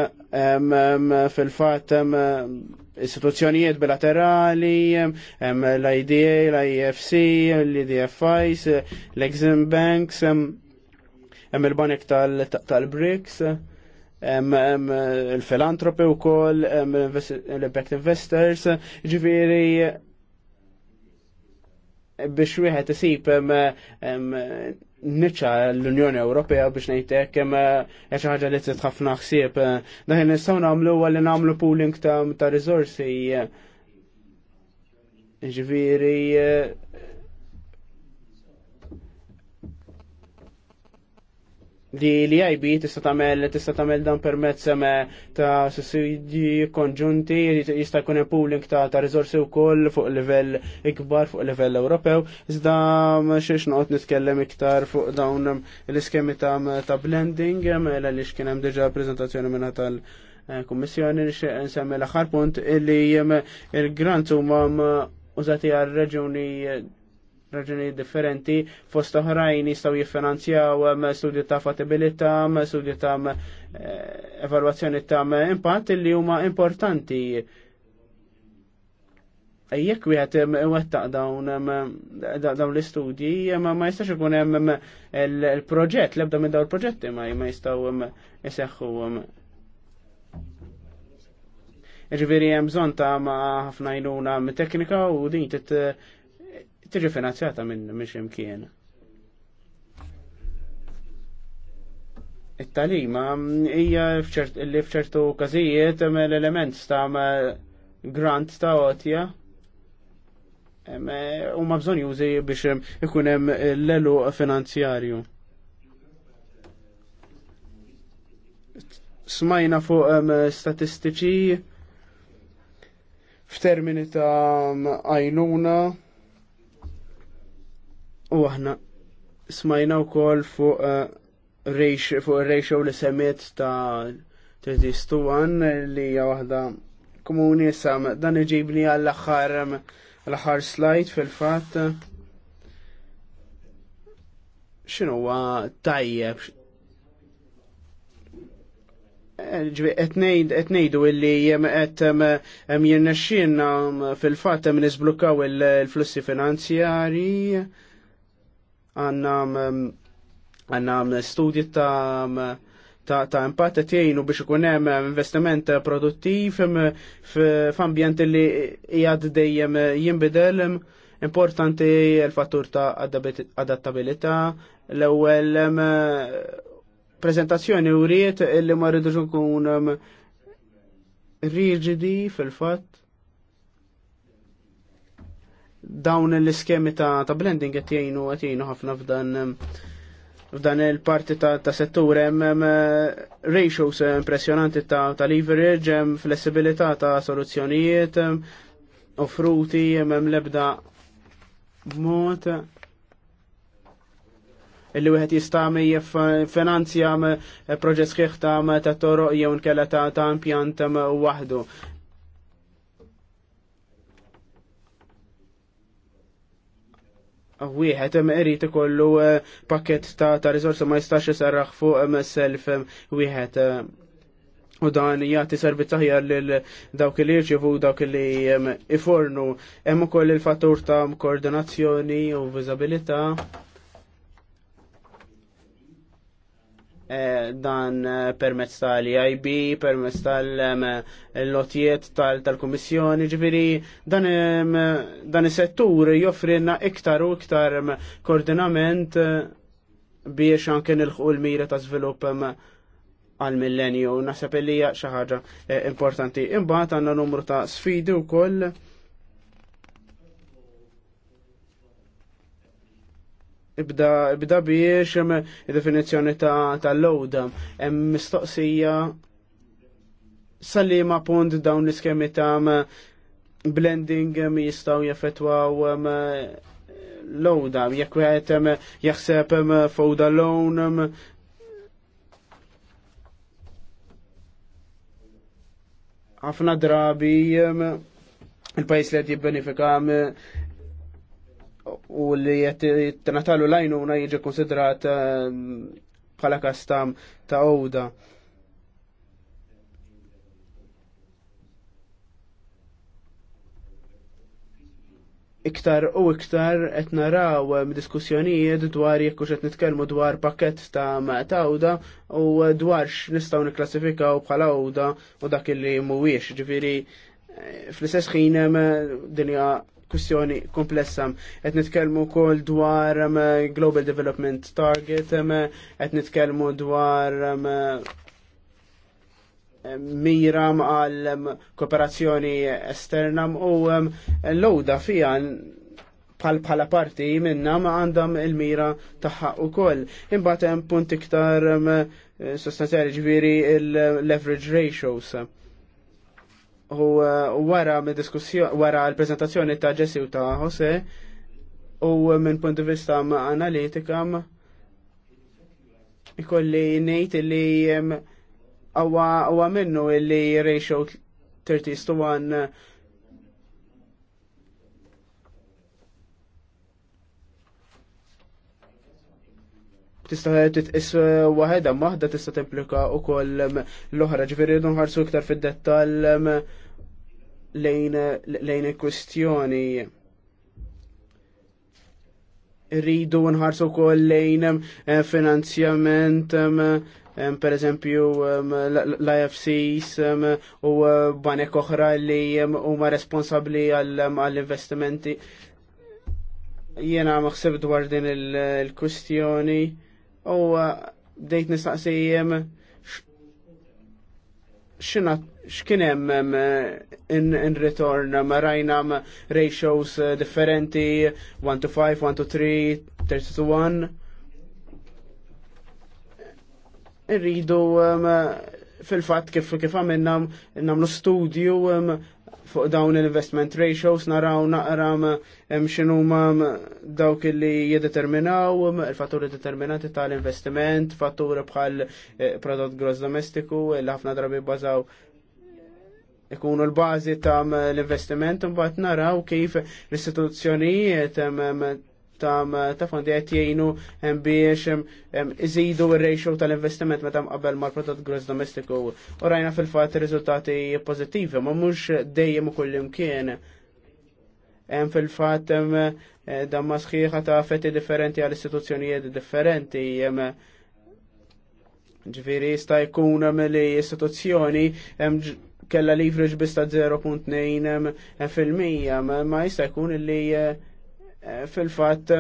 fil-fatt istituzzjonijiet bilaterali, l-IDA, l-IFC, l-IDFIs, l-Exim Banks, hemm il-banek tal-BRICS. tal tal brics il-filantropi u koll, l-impact investors, ġviri biex wieħed isib niċċa l-Unjoni Ewropea biex ngħidlek hemm xi ħaġa li trid ħafna ħsieb. Daħin nistgħu nagħmlu huwa li nagħmlu pooling ta' ta' riżorsi. Ġifieri li li IB tista' tagħmel tista' tagħmel dan permezz ta' sussidji konġunti jista' jkun hemm pooling ta' ta' riżorsi wkoll fuq livell ikbar fuq livell Ewropew. Iżda xiex noqgħod nitkellem iktar fuq dawn l-iskemi ta' ta' blending għaliex mela kien hemm diġà preżentazzjoni minna tal- Kummissjoni nsemmi l-aħħar punt illi il-grant huma użati għal reġuni raġuni differenti fost oħrajn jistgħu jiffinanzjaw um, studju ta' fattibilità, um, studju ta' um, eh, evalwazzjoni ta' impatt li huma importanti jekk wieħed wettaq dawn dawn l-istudji ma jistax ikun hemm il-proġett l-ebda minn dawn il-proġetti ma jistgħu jseħħu. Ġifieri hemm bżonn ta' ħafna jnuna teknika u din tiġi finanzjata minn miex imkien. It-talima mm, hija li fċertu każijiet mm, l-element ta' mm, grant ta' għotja u ma bżon jużi biex ikun hemm l-elu finanzjarju. Smajna fuq statistiċi f'termini ta' għajnuna U aħna smajna wkoll fuq eh, fuq ir-ratio li semiet ta' 31 li hija waħda komuni sam dan iġibni għall-aħħar l-aħħar slide fil-fatt x'inhuwa tajjeb etnejdu eh, illi jem etem jirnexxin fil-fat jem nisblukaw il-flussi finanzjari għanna um, għanna um, studji ta' um, ta', ta impatt qed jgħinu biex ikun hemm investiment produttiv f'ambjent li qiegħed dejjem jinbidel importanti l-fattur ta' adattabilità l-ewwel prezentazzjoni uriet li ma rridux ikun rigidi fil-fatt dawn l-iskemi ta', ta blending qed jgħinu qed jgħinu ħafna f'dan f'dan il-parti ta', ta settur hemm ratios impressjonanti ta', ta leverage, hemm flessibilità ta' soluzzjonijiet, offruti, hemm lebda mod illi wieħed jista' eh, finanzja eh, proġett sħiħ ta' ta' toroq jew nkella ta' impjant waħdu. wieħed hemm irid ikollu eh, pakket ta' ta' riżorsi ma jistax isarraħ fuq self wieħed. Eh. U dan jagħti servizz aħjar lil dawk li jirċevu dawk li ifornu hemm ukoll il-fattur ta' koordinazzjoni u viżabilità. Eh, dan eh, permezz tal-IB, permezz tal-lotijiet eh, tal-Komissjoni, ġviri dan is-settur joffrinna iktar u iktar koordinament biex anke nilħu l-mira ta' svilupp għal millenju naħseb li hija xi ħaġa importanti. Imbagħad għandna numru ta' sfidi wkoll Ibda, ibda biex jem definizjoni ta' tal-lowda. Hemm mistoqsija salli ma' punt dawn l-iskemi ta' blending mi jistaw jaffetwaw lowda. Jekk wieħed jaħseb fowda lown ħafna drabi il-pajis li jibbenifika u li t-natalu lajnuna jiġi konsidrat ehm, bħala kastam ta' għoda. iktar u iktar qed naraw ehm, diskussjonijiet dwar jekk hux qed nitkellmu dwar pakkett ta' tawda u dwar x'nistgħu nikklassifikaw bħala għawda u dak li mhuwiex. Ġifieri eh, fl-istess ħin ehm, dinja diskussjoni komplessa. Qed nitkellmu wkoll dwar um, Global Development Target, um, et nitkelmu dwar um, miram għal kooperazzjoni esterna u l-lowda fija pal pala parti minna ma għandam il-mira taħħa u koll. Imbatem punt iktar sostanzjali ġviri il-leverage ratios u eh, wara me diskussjoni wara l-prezentazzjoni ta' Jesse u ta' Jose u minn punt di vista ma' analitika ikolli nejt li huwa minnu li ratio 30 to 1 tista' titqis eh, waħedha maħda tista' u wkoll mm, l ohra ġifieri nħarsu iktar fid-dettall mm, lejn il-kwistjoni. Rridu nħarsu wkoll lejn mm, finanzjament per eżempju l-IFCs u banek oħra li huma responsabbli għall-investimenti. Jiena maħseb dwar din il-kwistjoni. il kustjoni il kwistjoni u bdejt uh, nistaqsijem um, xina xkienem um, in return ma um, rajna ratios uh, differenti 1 to 5, 1 to 3, 3 to 1 irridu fil-fat kif kif għamilna namlu studju fuq dawn l-investment ratios naraw naqram mxinu ma dawk li jiddeterminaw il-fatturi determinati tal-investiment, fatturi bħal eh, prodott gross domestiku il ħafna drabi bazaw ikunu l-bazi ta' l-investiment, mbagħad naraw kif l-istituzzjonijiet Eh, ta' fondi qed jgħinu biex iżidu r-ratio tal-investiment meta mqabel mal-prodott gross domestiku. U rajna fil-fatt riżultati pożittivi, ma mhux dejjem kullim kien. Hemm fil-fatt eh, damma sħiħa ta' fetti differenti għal istituzzjonijiet differenti. Ġviri sta' jkun li istituzzjoni kella leverage bista 0.2 fil-mija, ma jista' jkun li eh, fil-fatt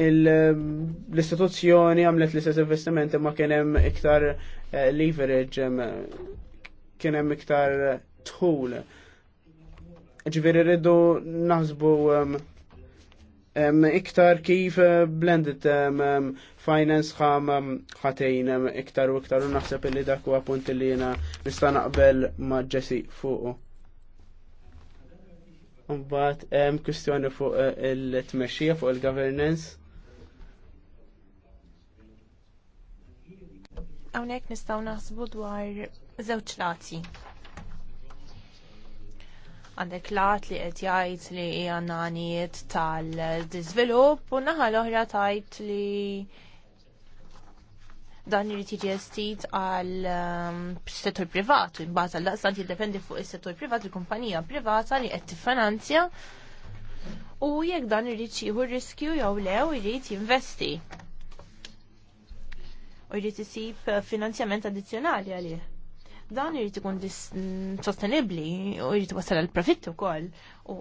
l-istituzzjoni għamlet l-istess investimenti ma kien hemm iktar eh, leverage, kien hemm iktar tħul. Ġviri rridu naħsbu iktar kif eh, blended finance xam ħatejn iktar u iktar u naħseb li dak huwa punt li jena nista' naqbel ma' Jesse fuqu. Mbagħad hemm kwistjoni fuq eh, il-tmexxija fuq il-governance. Hawnhekk nistgħu naħsbu dwar żewġ lati. Għandek lat li qed jgħid li hija nanijiet tal diżvilupp u naħa l-oħra tajt li dan irid jiġi estit għal um, settur privat, imbagħad għal daqstant jiddependi fuq is-settur privat, il-kumpanija privata li qed tiffinanzja u jekk dan irid jieħu riskju jew lew irid jinvesti. U jrid isib finanzjament addizzjonali għalih dan jrid ikun sostenibli u jrid wasal għal profitt ukoll, u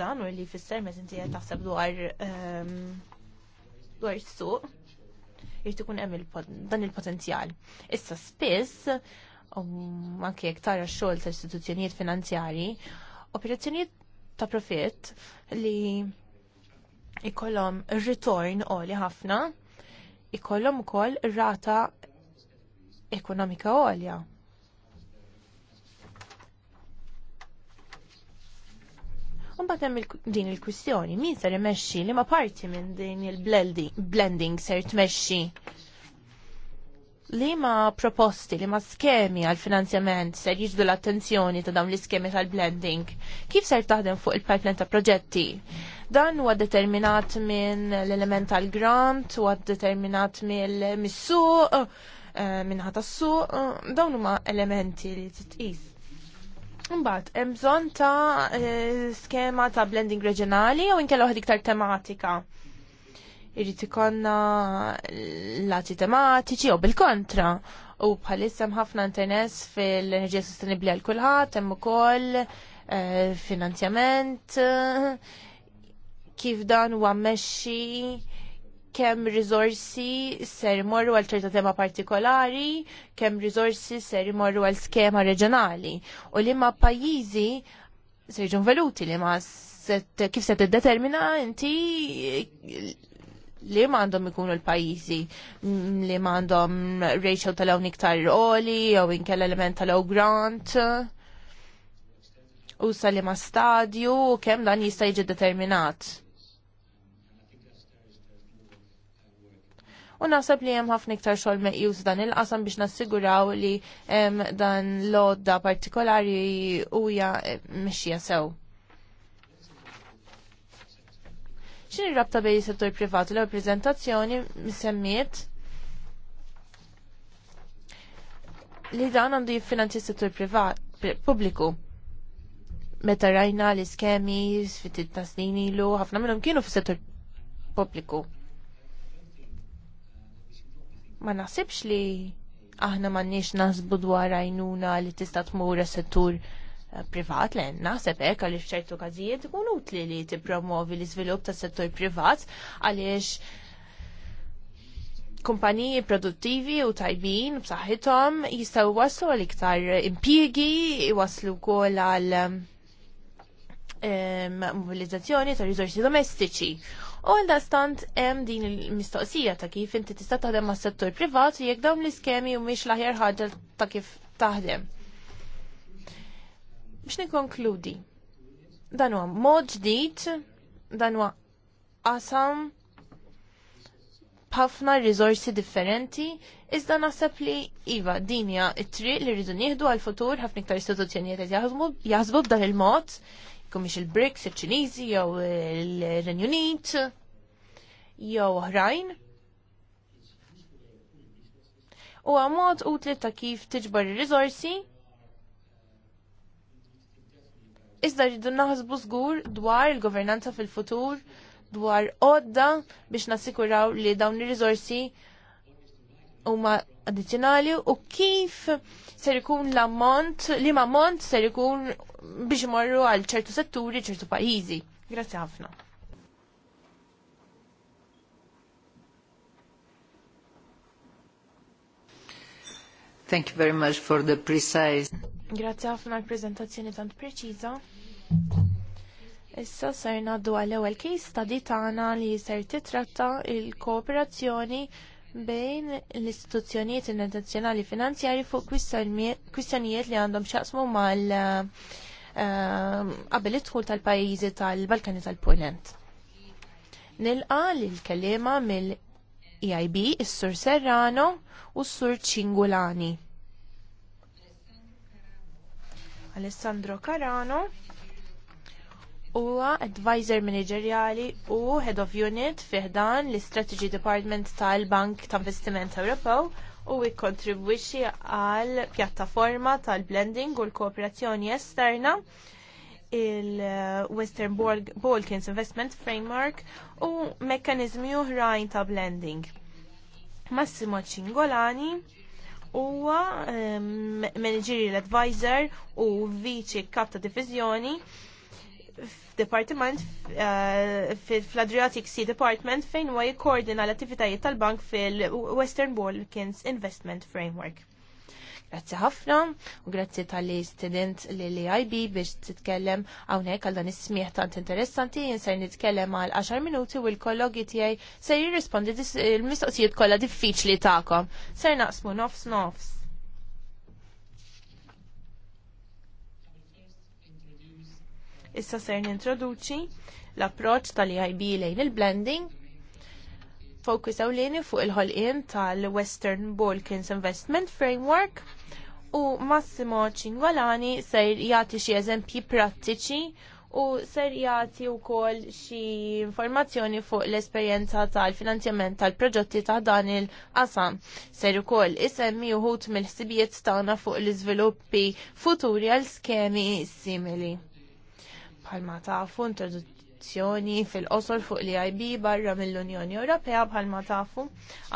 dan u li fisser mezz inti taħseb dwar um, dwar is suq irrid ikun hemm dan il-potenzjal. Issa spiss anke jekk tara x-xogħol ta' istituzzjonijiet finanzjarji, operazzjonijiet ta' profitt li ikollhom ritorn għoli ħafna, ikollhom ukoll rata ekonomika għolja Mbagħad hemm din il-kwistjoni, min ser imexxi li ma parti minn din il-blending ser tmexxi li ma proposti, li ma skemi għal finanzjament ser jiġdu l-attenzjoni ta' dawn l-iskemi tal-blending, kif ser taħdem fuq il-pipeline ta' proġetti? Dan huwa determinat minn l elemental tal-grant, huwa determinat mill-missuq, eh, minn ħata suq eh, dawn huma elementi li titqis. Mbagħad hemm bżonn ta' eh, skema ta' blending reġjonali jew inkella waħed iktar tematika. Irid ikonna lati tematiċi jew bil-kontra. U bħalissa hemm ħafna interness fil-enerġija sostenibbli għal kulħadd, hemm ukoll eh, finanzjament kif dan huwa mmexxi kemm risorsi ser imorru għal ċerta tema partikolari, kemm risorsi ser imorru għal skema reġjonali u li ma pajjiżi ser jiġu veluti li ma set, kif se tiddetermina inti li mandom ikunu l-pajizi mm, li mandom ratio tal-għaw niktar oli jew inkel element tal-għaw grant u sa li ma stadju kem dan jista' jiġi determinat u naħseb li hemm ħafna iktar xogħol meqjus dan il-qasam biex nassiguraw li dan l-odda partikolari huja mxija sew. il rabta bej settur privat l prezentazzjoni semmiet li dan għandu jiffinanzi settur privat pubbliku. Meta rajna l-iskemi, sfitit ta' snin ilu, ħafna minnhom kienu fis settur pubbliku ma naħsibx li aħna m'għandniex nasbu dwar għajnuna li tista' tmur settur eh, privat l naħseb hekk għaliex f'ċertu każijiet ikun utli li tippromovi l svilup tas-settur privat għaliex kumpaniji produttivi u tajbin b'saħħithom jistgħu waslu għal iktar impjiegi, waslu wkoll għal eh, mobilizzazzjoni ta' riżorsi domestiċi U għal stant hemm din il-mistoqsija ta' kif inti tista' taħdem ma' settur privat u jekk dawn l-iskemi u miex l-aħjar ħaġa ta' kif taħdem. Biex nikonkludi, dan huwa mod ġdid, dan huwa qasam b'ħafna risorsi differenti, iżda naħseb li iva dinja it-triq li rridu nieħdu għal futur ħafna iktar istituzzjonijiet qed jaħdmu b'dan il-mod, kumiex il-BRICS, il-Ċiniżi jew il-Renju Unit jew oħrajn. U għamod utli ta' kif tiġbar il-rizorsi Iżda rridu naħsbu żgur dwar il-governanza fil-futur, dwar għodda biex nasikuraw li dawn ir-riżorsi huma addizzjonali u kif ser ikun l-ammont, li ma ammont ser ikun biex imorru għal ċertu setturi, ċertu pajjiżi. Grazzi ħafna. Thank you very much for the precise. Grazzi ħafna għal prezentazzjoni tant preċiża. Issa ser naddu għal ewwel case study tagħna li ser titratta il-kooperazzjoni bejn l-istituzzjonijiet internazzjonali finanzjari fuq kwistjonijiet li għandhom xaqsmu mal Um, qabel id-dħul tal-pajjiżi tal-Balkani tal-Punent. Nilqa l-kelima mill-EIB is-Sur Serrano u s-Sur Cingulani. Alessandro Carano huwa advisor manageriali u head of unit fiħdan l-Strategy Department tal-Bank tal Investiment Ewropew u jikkontribwixxi għal pjattaforma tal-blending u l-kooperazzjoni esterna il-Western Balkans Investment Framework u mekkanizmi oħrajn ta' blending. Massimo Cingolani huwa ehm, managerial advisor u Vice kap ta' divizjoni f'Departiment eh, fl-Adriatic Sea Department fejn huwa jikkoordina l-attivitajiet tal-bank fil-Western Balkans Investment Framework. Grazzi ħafna u grazzi tal-li student li li IB biex titkellem għawnek għal dan is-smieħ tant interessanti jinser nitkellem għal 10 minuti u l-kollogi tiegħi se jirrispondi il-mistoqsijiet kollha diffiċli tagħkom. Ser naqsmu nofs nofs. Issa ser nintroduċi l-approċ tal ib lejn il-blending fokus ewlieni fuq il-ħolqien tal-Western Balkans Investment Framework u Massimo Cingolani ser jagħti xi eżempji prattiċi u ser jagħti wkoll xi informazzjoni fuq l-esperjenza tal-finanzjament tal-proġetti ta' dan il-qasam. Ser ukoll isemmi uħut mill-ħsibijiet tagħna fuq l-iżviluppi futuri għal skemi simili bħalma tafu introduzzjoni fil-qosor fuq li IB barra mill-Unjoni Ewropea bħalma tafu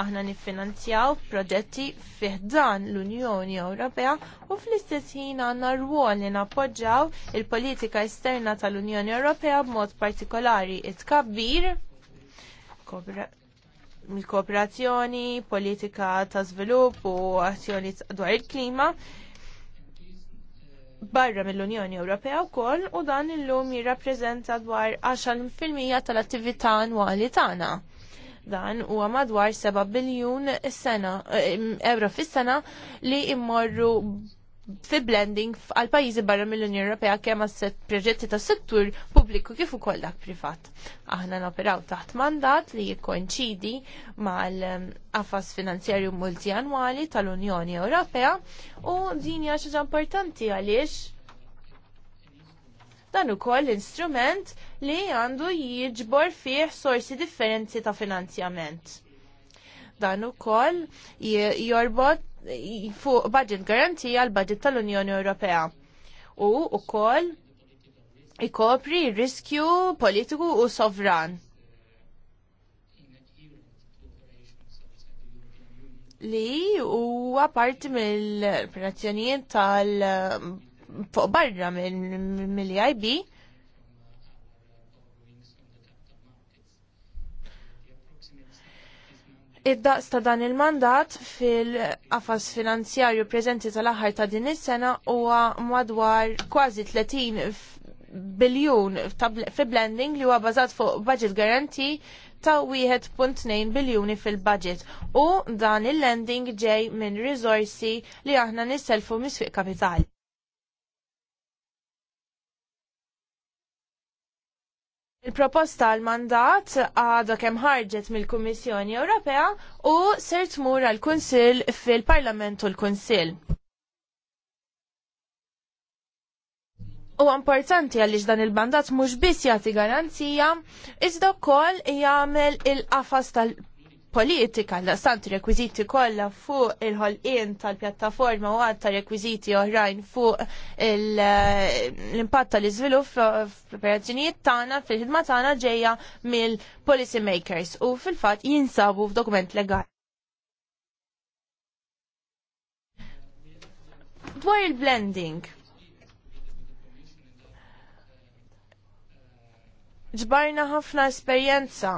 aħna niffinanzjaw proġetti fih dan l-Unjoni Ewropea u fl-istess ħin għandna rwol li nappoġġaw il-politika esterna tal-Unjoni Ewropea b'mod partikolari it-kabbir il-kooperazzjoni, politika ta' svilupp u azzjoni dwar il-klima, barra mill-Unjoni Ewropea wkoll u dan illum jirrappreżenta dwar 10% tal-attività annwali tagħna. Dan huwa madwar 7 biljun sena eh, euro fis-sena li immorru fi blending għal pajjiżi barra mill-Unjoni Ewropea kemm għas proġetti ta' settur pubbliku kif ukoll dak privat. Aħna noperaw taħt mandat li jikkoinċidi mal ehm, afas finanzjarju multianwali tal-Unjoni Ewropea u din hija xi importanti għaliex dan ukoll instrument li għandu jiġbor fih sorsi differenti ta' finanzjament. Dan ukoll jorbot fuq budget garantija għal budget tal-Unjoni Ewropea u wkoll ikopri riskju politiku u sovran. li huwa parti mill-operazzjonijiet tal fuq barra mill-IB Id-daqs ta' dan il-mandat fil-qafas finanzjarju preżenti tal-aħħar ta' din is-sena huwa madwar kważi 30 biljun fi blending li huwa bażat fuq budget guarantee ta' 1.2 biljuni fil-budget u dan il-lending ġej minn risorsi li aħna nisselfu misfiq kapitali. Il-proposta għal mandat għadha kemm ħarġet mill-Kummissjoni Ewropea u ser tmur għall kunsill fil-Parlament u l-Kunsill. U importanti għaliex dan il-mandat mhux biss jagħti garanzija, iżda wkoll jagħmel il-qafas tal politika l sant rekwiziti kollha fuq il-ħolqien tal-pjattaforma u għad rekwiżiti rekwiziti oħrajn fuq l-impatt tal-iżvilupp f'operazzjonijiet tagħna fil-ħidma tagħna ġejja mill-policy makers u fil-fatt jinsabu f'dokument legali. Dwar il-blending, ġbarna ħafna esperjenza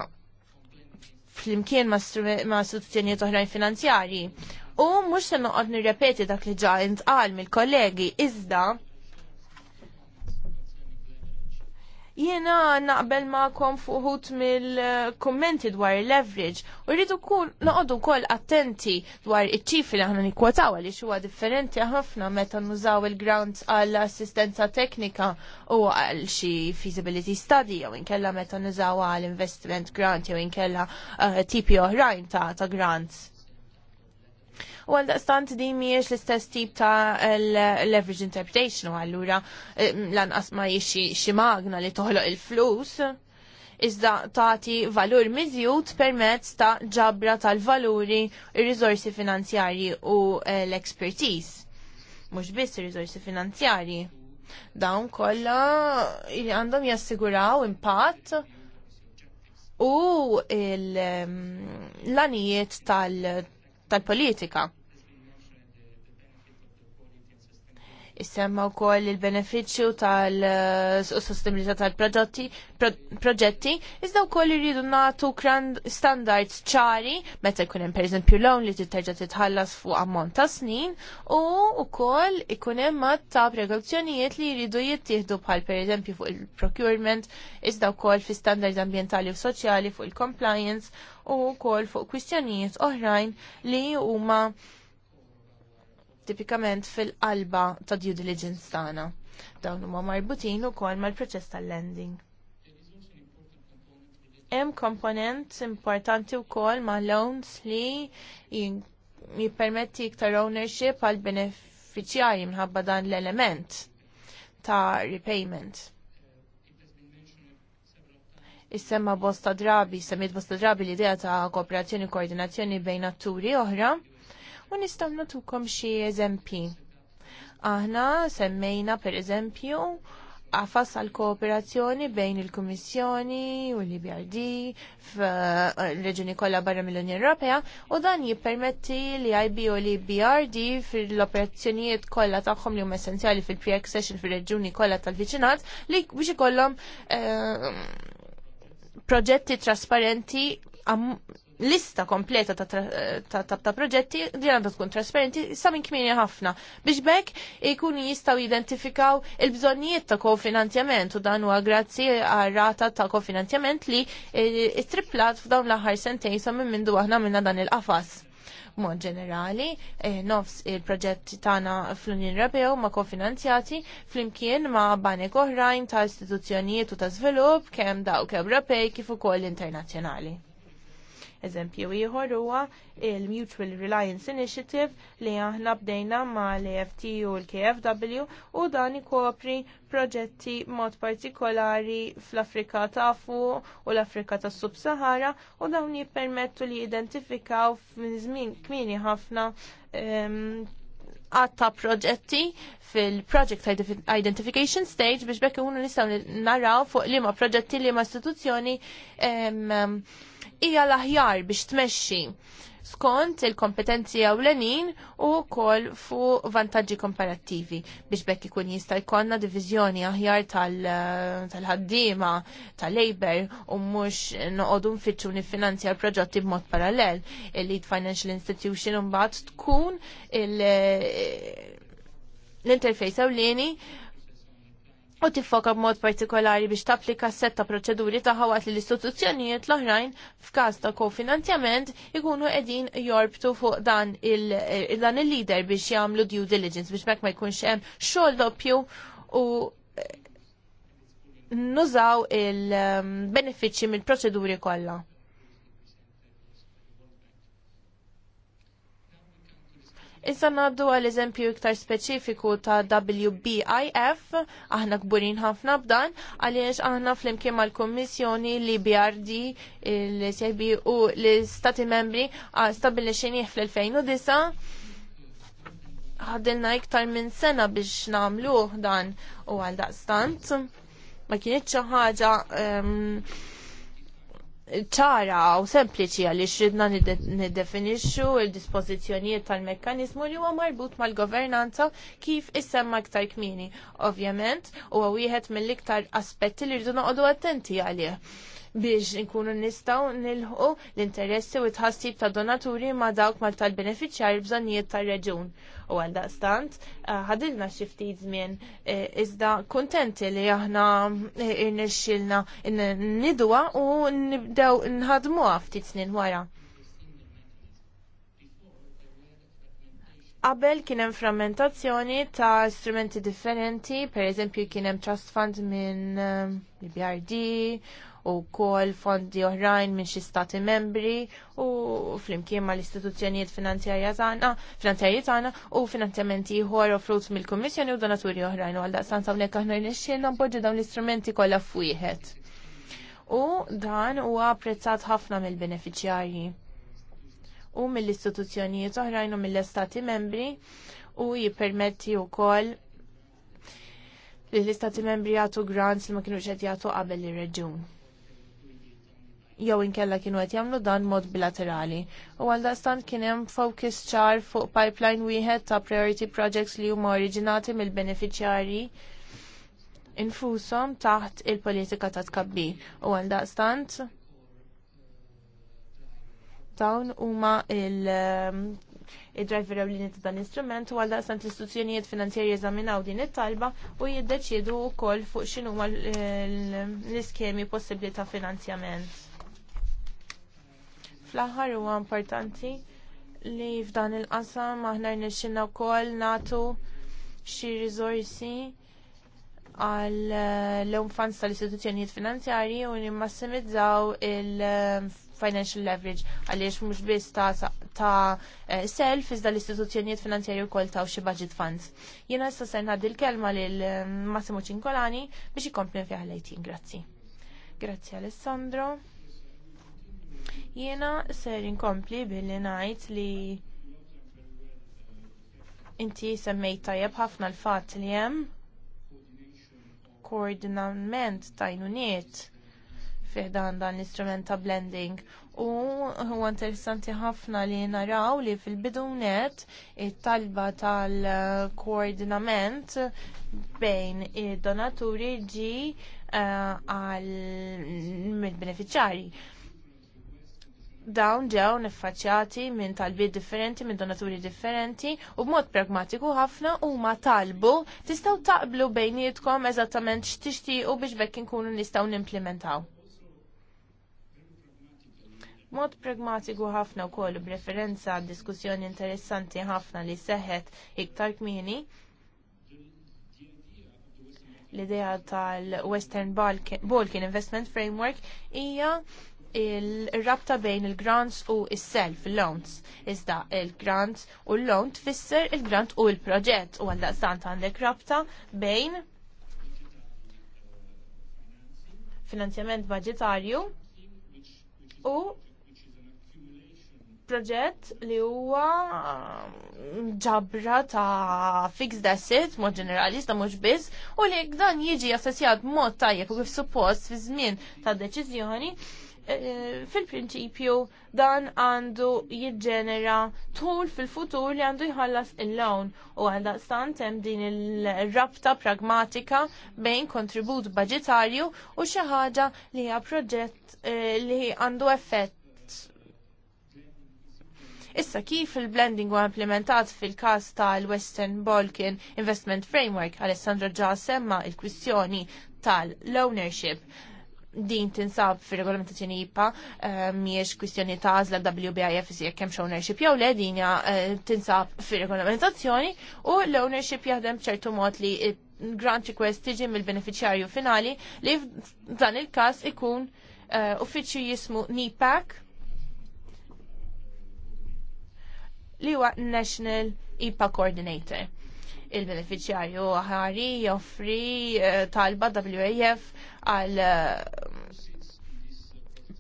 flimkien ma' istituzzjonijiet oħrajn finanzjarji. U mhux se noqgħod nirrepeti dak li ġa intqal mill-kollegi iżda Jiena naqbel ma'kom fuħut mill-kommenti dwar leverage u rridu kun noqogħdu wkoll attenti dwar iċ-ċifri li aħna nikkwataw għaliex huwa differenti ħafna meta nużaw il grant għall assistenza teknika u għal xi feasibility study jew inkella meta nużaw għal investment grant jew inkella uh, tipi oħrajn ta' ta' grants u għal daqstant di miex l-istess tip ta' leverage interpretation u għallura eh, lanqas ma jiexi xi magna li toħloq il-flus iżda tagħti valur miżjud permezz ta' ġabra tal-valuri, il rizorsi finanzjarji u eh, l-expertise. Mhux biss ir rizorsi finanzjarji. Dawn kollha għandhom jassiguraw impatt u l-lanijiet ehm, tal- tal-politika. Issemma wkoll il-benefiċċju tal-sostenibilità tal-prodotti proġetti, iżda wkoll iridu nagħtu standards ċari meta jkun hemm pereżempju on li titterġa' titħallas fuq ammont ta' snin u wkoll ikun hemm ta' prekawzjonijiet li jridu jittieħdu bħal pereżempju fuq il-procurement, iżda wkoll fi standard ambjentali u soċjali fuq il-compliance u wkoll fuq kwistjonijiet oħrajn li huma tipikament fil-qalba ta' due diligence tagħna. Dawn huma marbutin ukoll mal-proċess tal-lending. Hemm komponent importanti wkoll ma' loans li jippermetti iktar ownership għal benefiċjarji minħabba dan l-element ta' repayment. Issemma bosta drabi, semmit bosta drabi l-idea ta' kooperazzjoni u koordinazzjoni bejn atturi oħra u nistgħu natukom xi eżempji. Aħna semmejna pereżempju għafas għal kooperazzjoni bejn il-Kummissjoni u l-IBRD f'reġuni kollha barra mill-Unjoni Ewropea u dan jippermetti li IB u l-IBRD fil-operazzjonijiet kollha tagħhom li huma essenzjali fil-pre accession fir-reġuni kollha tal-viċinat li biex ikollhom eh, proġetti trasparenti lista kompleta ta', ta, ta, proġetti li għandha tkun trasparenti sa minn kmini ħafna biex bekk ikun jistaw identifikaw il-bżonnijiet ta' kofinanzjament u dan huwa grazzi għal rata ta' kofinanzjament li eh, triplat f'dawn l-aħħar sentejn sa minn mindu aħna minna dan il-qafas. Mod ġenerali, eh, nofs il-proġetti tagħna fl-Unjoni Ewropea ma' kofinanzjati flimkien ma' banek oħrajn ta' istituzzjonijiet u ta' żvilupp kemm dawk Ewropej kif ukoll internazzjonali. Eżempju ieħor huwa il-Mutual Reliance Initiative li aħna bdejna mal EFT u l-KFW u dan ikopri proġetti mod partikolari fl-Afrika ta' fu u l-Afrika ta' Sub-Sahara u dawn jippermettu li jidentifikaw f'min żmien kmini ħafna ehm, ta' proġetti fil-Project Identification Stage biex bekk unu nistgħu naraw fuq liema proġetti liema istituzzjoni hija l-aħjar biex tmexxi skont il-kompetenzi ewlenin u wkoll fu vantaġġi komparattivi biex bekk ikun jista' jkollna diviżjoni aħjar eh, tal-ħaddiema tal-labor u mhux noqogħdu nfittxu niffinanzja proġetti b'mod parallel. Il-lead financial institution mbagħad tkun eh, l-interface ewleni u tiffoka b'mod partikolari biex tapplika setta proċeduri ta' ħawat l-istituzzjonijiet l-oħrajn f'każ ta' kofinanzjament ikunu qegħdin jorbtu fuq dan il-dan eh, il-leader biex jagħmlu due diligence biex mek ma jkunx hemm xogħol doppju u eh, nużaw il-benefiċċji ehm, mill-proċeduri kollha. Issa naddu għal eżempju iktar speċifiku ta' WBIF, aħna kburin ħafna b'dan, għaliex aħna flimkien mal-Kommissjoni li BRD, l-CB u l-Stati membri stabilixini fl-2009 ħadilna iktar minn sena biex namluh dan u għal daqstant ma kienieċ ħaġa um, ċara u sempliċi għaliex ridna niddefinixxu il-dispożizzjonijiet tal-mekkanizmu li huwa marbut mal-governanza kif issemma iktar kmini. Ovvjament, huwa wieħed mill-iktar aspetti li rridu noqogħdu attenti għalih biex nkunu nistaw nilħu l-interessi u tħassib ta' donaturi ma' dawk mal tal beneficjari bżonijiet tal-reġun. U għal daqstant, eh, ħadilna ftit żmien eh, iżda kontenti li aħna eh, irnexxilna nidwa u nibdew nħadmuha ftit snin wara. qabel kien hemm frammentazzjoni ta' strumenti differenti, per eżempju kien hemm trust fund minn BRD u kol fondi oħrajn minn xi stati membri u flimkien mal istituzzjonijiet finanzjarja tagħna, finanzjarji tagħna u finanzjamenti ieħor offrut mill-Kummissjoni u donaturi oħrajn u għal daqstant hawnhekk aħna rnexxielna npoġġu dawn l-istrumenti kollha f'wieħed. U dan huwa apprezzat ħafna mill-beneficjarji u mill-istituzzjonijiet oħrajn u mill istati membri u jippermetti wkoll li l-istati membri jagħtu grants li ma kienu qed jagħtu qabel ir-reġun jew inkella kienu qed jagħmlu dan mod bilaterali. U għaldaqstant kien hemm focus ċar fuq pipeline wieħed ta' priority projects li huma oriġinati mill beneficjari infushom taħt il-politika ta' tkabbi. U għaldaqstant dawn huma il- um, id-driver ewlieni ta' dan l-istrument u għaldaqstant l-istituzzjonijiet finanzjarji jeżaminaw din it-talba u jiddeċiedu wkoll fuq x'inhuma l-iskemi possibbli ta' finanzjament. Fl-aħħar huwa importanti li f'dan il-qasam aħna nirxilna wkoll nagħtu xi riżorsi għal eh, l-infanz tal-istituzzjonijiet finanzjarji u nimmassimizzaw il-financial eh, leverage għaliex mhux biss ta' ta' eh, self iżda l-istituzzjonijiet finanzjarji wkoll taw xi budget funds. Jiena issa se ngħaddi l-kelma lil Massimo Cinkolani biex ikompli fiħlejtin. Grazzi. Grazzi Alessandro. Jiena ser inkompli billi ngħid li inti semmejt tajjeb ħafna l-fatt li hemm koordinament tajnuniet fiħdan dan l-istrument ta' blending u huwa interessanti ħafna li naraw li fil-bidunet it-talba tal-koordinament bejn id-donaturi ġi eh, għal uh, mid-beneficjari dawn ġew niffaċċjati minn talbiet differenti, minn donaturi differenti u b'mod pragmatiku ħafna huma talbu tistgħu taqblu bejnietkom eżattament x'tixtiequ biex bekk inkunu nistgħu nimplementaw. Mod pragmatiku ħafna wkoll b'referenza għad diskussjoni interessanti ħafna li seħet iktar kmieni l-idea tal-Western Balkan Investment Framework hija il-rabta bejn il-grants u il-self, loans Iżda il-grant u l-loan tfisser il-grant u il-proġett u għandaq sant għandek rabta bejn finanzjament budgetarju u proġett li huwa um, ġabra ta' fixed asset mod ta' mhux biss u li dan jiġi assessjat mod tajjeb u kif suppost fi żmien ta' deċiżjoni Eh, fil-prinċipju dan għandu jiġġenera tul fil-futur li għandu jħallas il-lawn u għanda stant hemm din il-rabta pragmatika bejn kontribut budgetarju u xi ħaġa li hija proġett eh, li għandu effett Issa kif il-blending u implementat fil-kas tal-Western Balkan Investment Framework, Alessandra ġa semma il-kwistjoni tal-ownership din tinsab fir regolamentazzjoni IPA eh, miex kwistjoni ta' għażla WBIF jekk hemm ownership jew le din eh, tinsab fir regolamentazzjoni u l-ownership jaħdem b'ċertu mod li grant request tiġi mill-beneficjarju finali li f'dan il-każ ikun eh, uffiċċju jismu NIPAC li huwa National IPA Coordinator il-beneficjarju ħari joffri eh, talba WAF għal eh,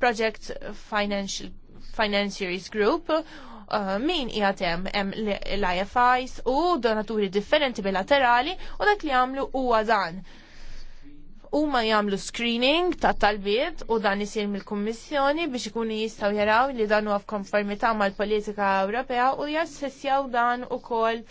Project Financial Financiers Group eh, min jgħatem hemm l-IFIs u donaturi differenti bilaterali u dak li għamlu huwa dan. Huma jagħmlu screening ta' talbiet u dan isir mill-Kummissjoni biex ikunu jistgħu jaraw li dan huwa f'konformità mal-politika Ewropea u jassessjaw dan ukoll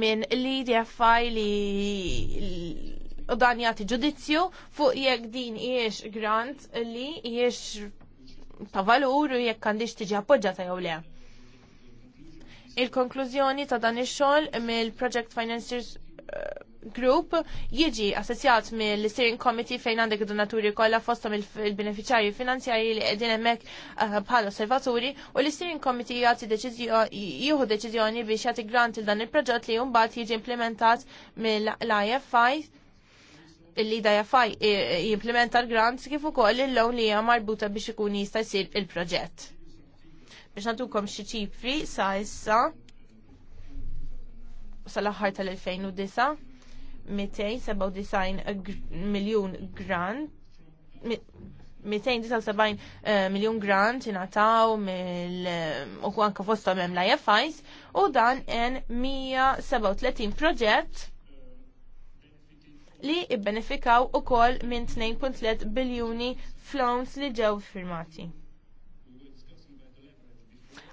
minn l affaj li u dan jagħti ġudizzju fuq jekk din hijiex grant li hijiex ta' valur u jekk għandix tiġi appoġġata jew le. Il-konklużjoni ta' dan ix-xogħol mill-Project Financiers eh, Group jiġi assoċjat mill-Steering Committee fejn għandek donaturi kollha fosthom il-beneficjarji finanzjarji li qegħdin hemmhekk eh, bħal osservaturi u l-Steering Committee jagħti jieħu deċiżjoni biex jagħti grant il dan il-proġett li mbagħad jiġi implementat mill-IFI li DFI eh, jimplementa l-grants kif ukoll il-lawn li hija marbuta biex ikun jista' jsir il-proġett. Biex nagħtukom xi ċifri sa issa sal-aħħar tal-2009 297 miljon grant 279 miljon grant inataw mill eh, u anka kafosta hemm la jaffajs u dan en 137 proġett li ibbenefikaw u kol minn 2.3 biljuni flowns li ġew firmati.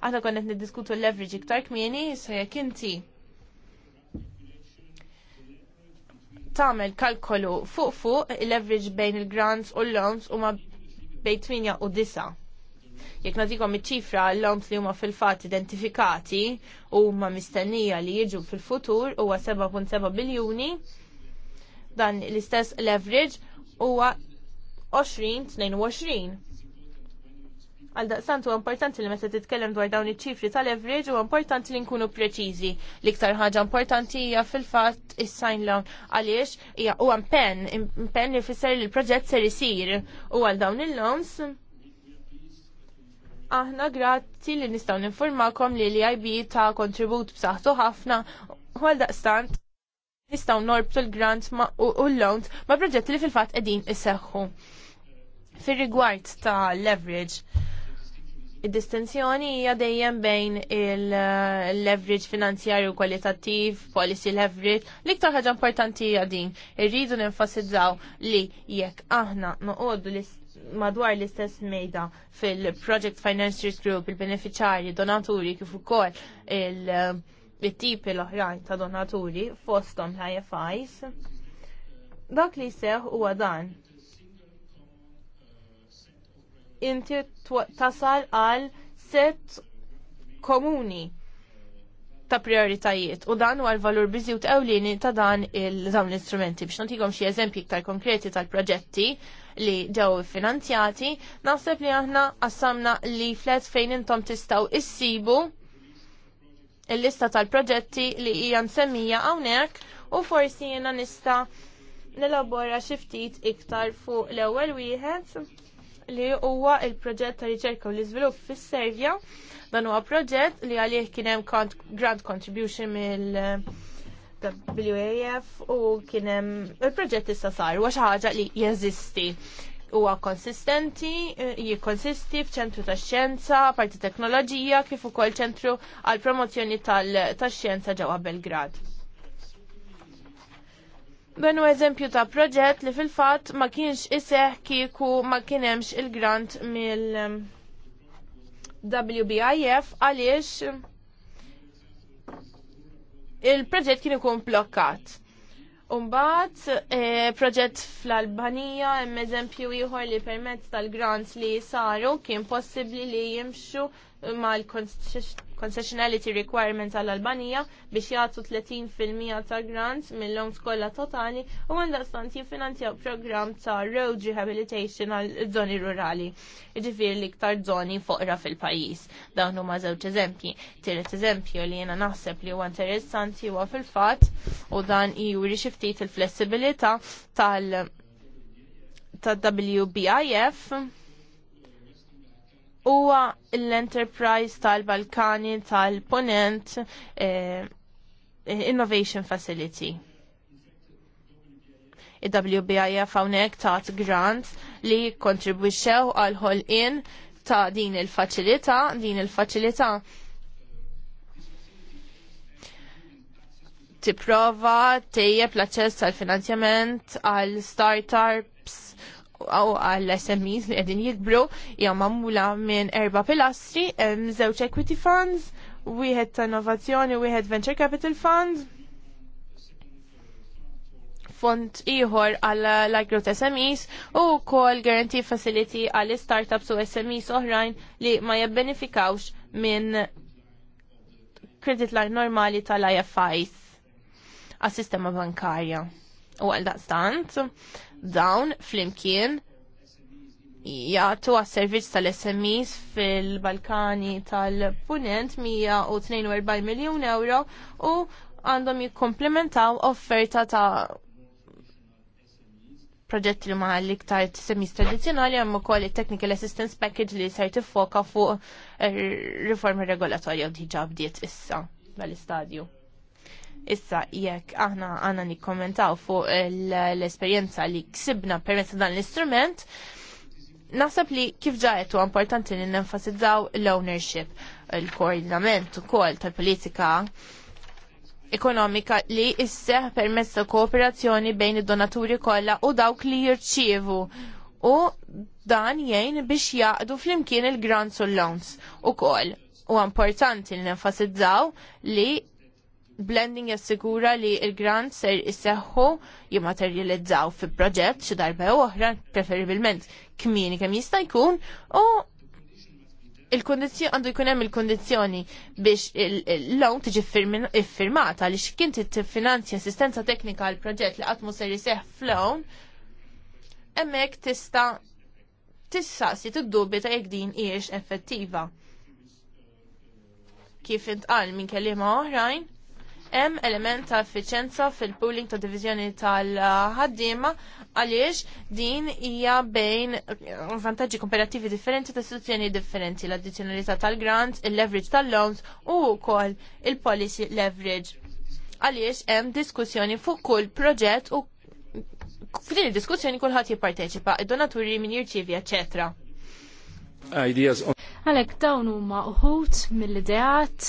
Aħna konnet niddiskutu l-leverage iktar kmieni, sa kinti. inti Tamel kalkolu fuq fuq il-leverage bejn il-grants u l-loans huma bejn 8 u disa. Jekk nagħtikom iċ-ċifra l-loans li huma fil-fatt identifikati u huma mistennija li jiġu fil-futur huwa 7.7 biljuni dan l-istess leverage huwa 20-22 Għal daqstant huwa importanti li meta titkellem dwar dawn iċ-ċifri tal-average huwa importanti li nkunu preċiżi. L-iktar ħaġa importanti hija fil-fatt is-sign loan għaliex hija huwa pen, pen li fisser li l-proġett ser isir u għal dawn il-loans aħna grazzi li nistgħu ninformakom li l-IB ta' kontribut b'saħħtu ħafna u għal daqstant nistgħu norbtu l-grant u l-loans ma' proġetti li fil-fatt qegħdin isseħħu fir rigward ta' leverage Id-distenzjoni hija dejjem bejn il-leverage finanzjarju kwalitattiv, policy leverage, l-iktar ħaġa importanti hija din. Irridu nenfasizzaw li jekk aħna noqogħdu l madwar l-istess mejda fil-Project Financiers Group, il-beneficjari, donaturi kif ukoll il-tipi l-oħrajn ta' donaturi fostom l-IFIs. Dak li seħ huwa dan inti tasal għal set komuni ta' prioritajiet u dan huwa l-valur biżju ewlieni ta' dan il-dawn l-istrumenti biex nantikom xi eżempi iktar konkreti tal-proġetti li ġew finanzjati, naħseb li aħna qassamna li flet fejn intom tistaw issibu il-lista tal-proġetti li hija msemmija hawnhekk u forsi jiena nista' nelabora xi ftit iktar fuq l-ewwel wieħed li huwa il-proġett ta' riċerka u l-iżvilupp fis-Servja. Dan huwa proġett li għalih kien hemm grant contribution mill WAF u kien hemm il-proġett issa sar huwa xi ħaġa li jeżisti huwa konsistenti, eh, jikkonsisti f'ċentru tax-xjenza, parti teknoloġija kif ukoll ċentru għall promozzjoni tax-xjenza ġewwa Belgrad. Benu eżempju ta' proġett li fil-fat ma kienx iseħ kieku ma kienemx il-grant mill um, WBIF għaliex il-proġett kien ikun blokkat. Umbat, e, proġett fl-Albanija, hemm eżempju ieħor li permezz tal-grants li saru kien possibbli li jimxu mal-Constitution concessionality requirement għall-Albanija biex jagħtu 30% ta' grant mill-lom skolla totali u stant jiffinanzjaw program ta' road rehabilitation għal-żoni rurali, ġifir l-iktar żoni foqra fil-pajis. Dawn huma żewġ eżempji. Tiret eżempju li jena naħseb li huwa interessanti huwa fil-fatt u dan juri xi ftit il-flessibilità tal-WBIF huwa l-Enterprise tal-Balkani tal-Ponent eh, Innovation Facility. I-WBIF hawnhekk tat grant li kontribwixxew għal ħolqien ta' din il-faċilità, din il-faċilità tipprova tejjeb l-aċċess tal finanzjament għal startup għaw għall SMEs li qegħdin jikbru hija magħmula minn erba' pilastri, hemm żewġ equity funds, wieħed ta' innovazzjoni, wieħed venture capital fund, fond ieħor għal l-agro SMEs u wkoll guarantee facility għal startups u SMEs oħrajn li ma jabbenifikawx minn credit line normali tal-IFIs għas sistema bankarja. U għal daqstant, dawn flimkien jgħatu għas servizz tal-SMEs fil-Balkani tal-Punent 142 miljon euro u għandhom jikkomplementaw offerta ta' proġetti li ma' l-iktar semis tradizjonali għamma kol il-Technical Assistance Package li ser tiffoka fuq riforma regolatorja diġa bdiet issa dal-istadju. Issa jekk aħna għanna nikkommentaw fuq l-esperjenza li ksibna permezz dan l-istrument, naħseb li kif ġajet u importanti li nenfasizzaw l-ownership, il koordinament u kol tal-politika ekonomika li isseħ permezz ta' kooperazzjoni bejn id-donaturi kollha u dawk li jirċievu u dan jgħin biex jaqdu flimkien il-grants u l-loans u kol. U importanti li nenfasizzaw li blending jassigura li il-grant ser isseħħu jimmaterjalizzaw fi proġett xi darba oħra preferibilment kmini kemm jista' jkun u il-kondizjoni għandu jkun hemm il-kondizzjoni biex il-lawn tiġi iffirmata li x'kien tiffinanzja assistenza teknika għal proġett li qatt ser jseħħ flawn hemmhekk tista' tissaqsi tiddubi ta' jekk din hijiex effettiva kif intqal minn kelliema oħrajn, hemm element ta' effiċenza fil-pooling ta' diviżjoni tal-ħaddiema għaliex din hija bejn vantaġġi komperattivi differenti ta' istituzzjoni differenti l-addizzjonalità tal-grants, il-leverage tal-loans u wkoll il-policy leverage. Għaliex hemm diskussjoni fuq kull proġett u f'din id-diskussjoni kulħadd jipparteċipa, id-donaturi min jirċievi, eċċetera Ideas on... Għalek dawn huma uħut mill-ideat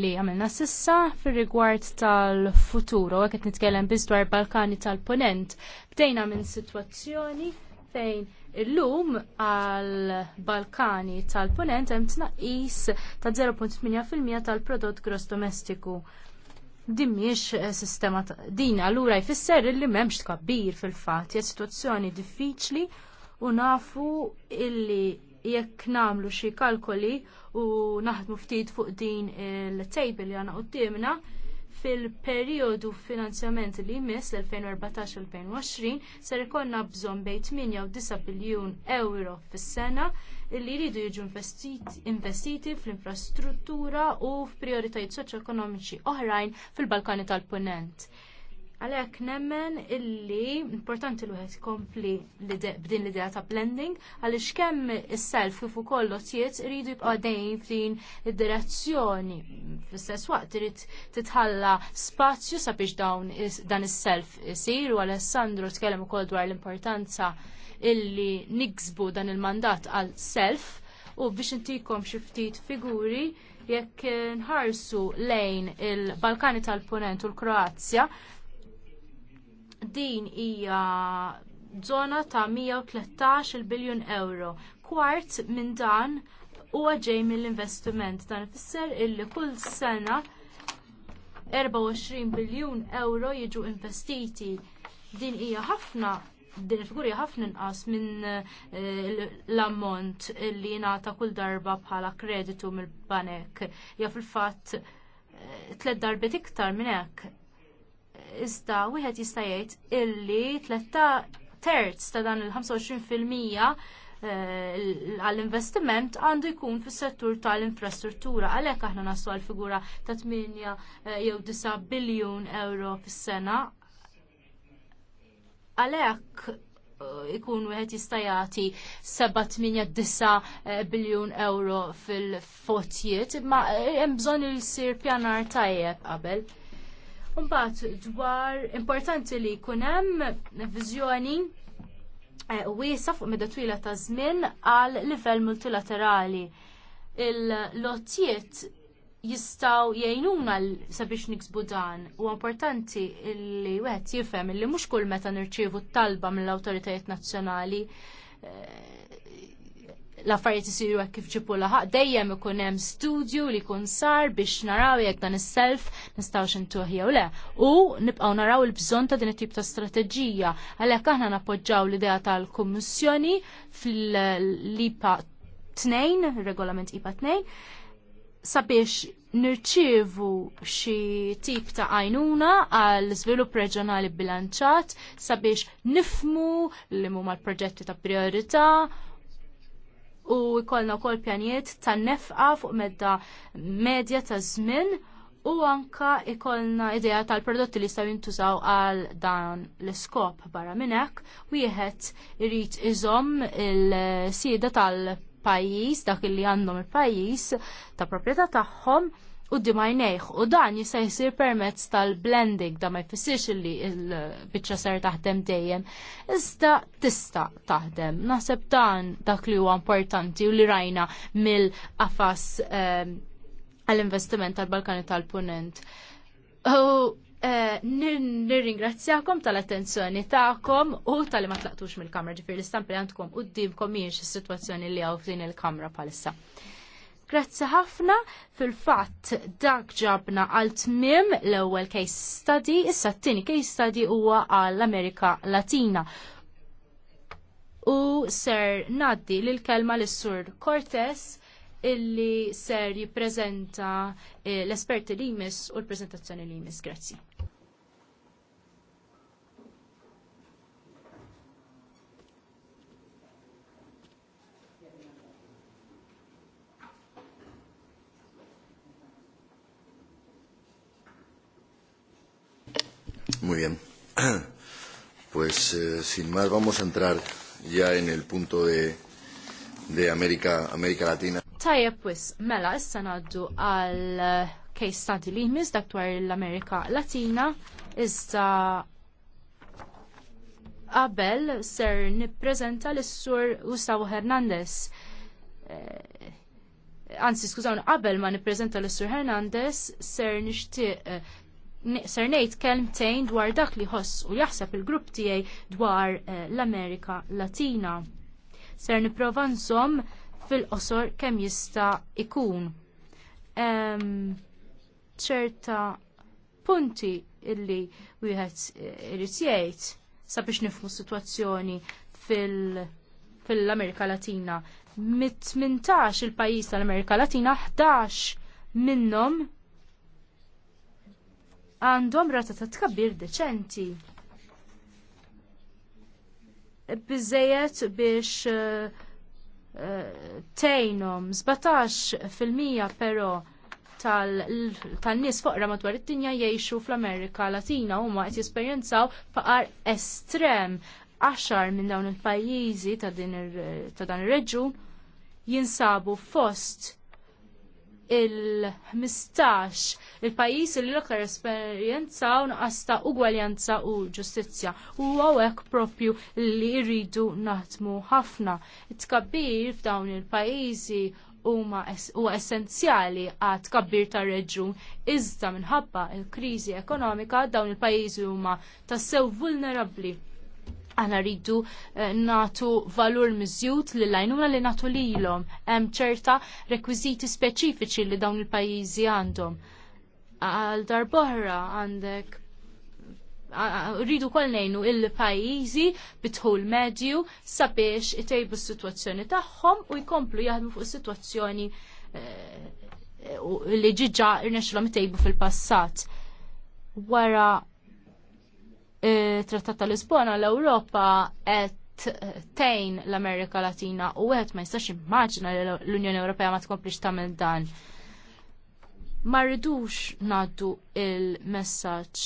li għamilna sissa fir-rigward tal-futuro, għek nitkellem biz dwar Balkani tal-Ponent. Bdejna minn situazzjoni fejn illum għal Balkani tal-Ponent hemm tnaqqis ta' 0.8% tal-prodott gross domestiku. Din mhijiex eh, sistema din allura jfisser li m'hemmx tkabbir fil-fatt, hija sitwazzjoni diffiċli u nafu illi jekk namlu xi kalkoli u naħdmu ftit fuq din il-tejbi li għana qoddimna fil-periodu finanzjament li jmiss l-2014-2020 ser ikonna bżonn bej 8 9 biljun euro fis-sena li jridu jiġu investiti fl-infrastruttura u soċ-ekonomiċi oħrajn fil-Balkani tal-Punent. Għalhekk nemmen illi importanti l wieħed kompli b'din l-idea ta' blending għaliex kemm is-self kif ukoll lotjiet iridu jibqa' dejjem f'din id-direzzjoni fl-istess waqt irid titħalla spazju sabiex dawn dan is-self isir u Alessandro tkellem ukoll dwar l-importanza illi niksbu dan il-mandat għal self u biex intikom xi ftit figuri jekk nħarsu lejn il-Balkani tal-Ponent u l-Kroazja Din hija żona ta' 113 biljun euro. Kwart minn dan huwa ġej mill-investiment. Dan ifisser illi kull sena 24 biljun euro jiġu investiti. Din hija ħafna din il-figuri ħafna inqas minn eh, l-ammont li jingħata kull darba bħala kreditu mill-banek. Ja fil-fatt eh, tliet darbit iktar minn hekk iżda wieħed jista' jgħid illi tletta terz ta' dan il-25% eh, għall-investiment għandu jkun fis-settur tal-infrastruttura għalhekk aħna naslu għal figura ta' 8 eh, jew 9 biljun euro fis-sena għalhekk eh, ikun wieħed jista' jagħti 7-8-9 biljun euro fil fotjiet imma hemm bżonn il sir pjanar tajjeb qabel. Mbagħad dwar importanti li jkun hemm viżjoni eh, wiesa fuq meda twila ta' żmien għal livell multilaterali. Il-lottijiet jistaw jgħinuna sabiex niksbu dan u importanti li wieħed jifhem li mhux kull meta nirċievu t talba mill-awtoritajiet nazzjonali eh, l-affarijiet isiru hekk kif ġipu laħaq dejjem ikun hemm studju li jkun sar biex naraw jekk dan is-self nistgħux intuħ jew le. U nibqgħu naraw il-bżonn ta' din it-tip ta' strateġija għalhekk aħna nappoġġaw l-idea tal-Kummissjoni fil-IPA 2, regolament IPA 2, sabiex nirċievu xi tip ta' għajnuna għal żvilupp reġjonali bilanċat sabiex nifmu li huma l-proġetti ta' priorità u jkollna kol pjanijiet ta' nefqa fuq medda medja ta' żmien u anka jkollna idea tal-prodotti li jistgħu jintużaw għal dan l-iskop barra minn hekk wieħed irid iżom il sida tal-pajjiż dak li għandhom il-pajjiż ta' proprjetà tagħhom u dimajnejħ u dan jista' jsir permezz tal-blending da ma jfissirx li l-biċċa ser taħdem dejjem iżda tista' taħdem. Naħseb dan dak li huwa importanti u li rajna mill-qafas ehm, għall-investiment tal-Balkani tal-Punent. U eh, Nirringrazzjakom tal-attenzjoni taħkom u tal-li ma tlaqtux mill-kamra ġifir l-istampi għandkom u d-dimkom miex situazzjoni li għaw f'din il-kamra palissa. Grazzi ħafna fil-fatt dak ġabna għal tmim l-ewwel case study, issa t-tieni case study huwa għall amerika Latina. U ser naddi lil kelma l sur Cortes illi ser jipprezenta eh, l-esperti li jmiss u l prezentazzjoni li jmiss. Grazzi. Muy bien. Pues eh, sin más vamos a entrar ya en el punto de, de América, América Latina. Tajja pues, mela, issa naddu għal eh, case study li jmiss dak dwar l-Amerika Latina, issa qabel ser nippreżenta l-sur Gustavo Hernandez. Eh, anzi, skużawni, qabel ma nippreżenta l-sur Hernandez, ser nixtieq eh, ser ngħid kelmtejn dwar dak li ħoss u jaħseb il-grupp tiegħi dwar eh, l-Amerika Latina. Ser nipprova nżomm fil-qosor kemm jista' ikun. ċerta punti illi wieħed eh, irid jgħid sabiex nifmu situazzjoni fil-Amerika Latina. Mit-18 il pajjiż tal-Amerika Latina, 11 minnhom għandhom rata ta' tkabbir deċenti. Bizzejet biex eh, eh, tejnom 17% però tal-nis foqra madwar id-dinja jgħixu fl-Amerika Latina huma qed jesperjenzaw faqar estrem għaxar minn dawn il-pajjiżi ta' dan ir-reġun jinsabu fost il-15 il-pajis li l-aktar esperienza u naqasta ugwaljanza u ġustizja u għawek propju li rridu naħdmu ħafna. Tkabbir f'dawn il-pajizi huma essenzjali għat kabbir tar reġun iżda minħabba il-kriżi ekonomika dawn il-pajjiżi huma tassew vulnerabbli Aħna rridu eh, natu valur mizzjut li lajnuna li natu lilhom hemm ċerta rekwiżiti speċifiċi li dawn il-pajjiżi għandhom. Għal darbohra għandek rridu kol nejnu il-pajizi bitħul medju sabiex it-tejbu s-situazzjoni tagħhom u jkomplu jaħdmu fuq is-sitwazzjoni eh, li ġiġa irnexlom it-tejbu fil-passat. Wara trattat tal-Lisbona l-Ewropa qed tejn l-Amerika Latina u għet ma jistax immaġna li l-Unjoni Ewropea ma tkomplix tagħmel dan. Ma rridux naddu il-messaġġ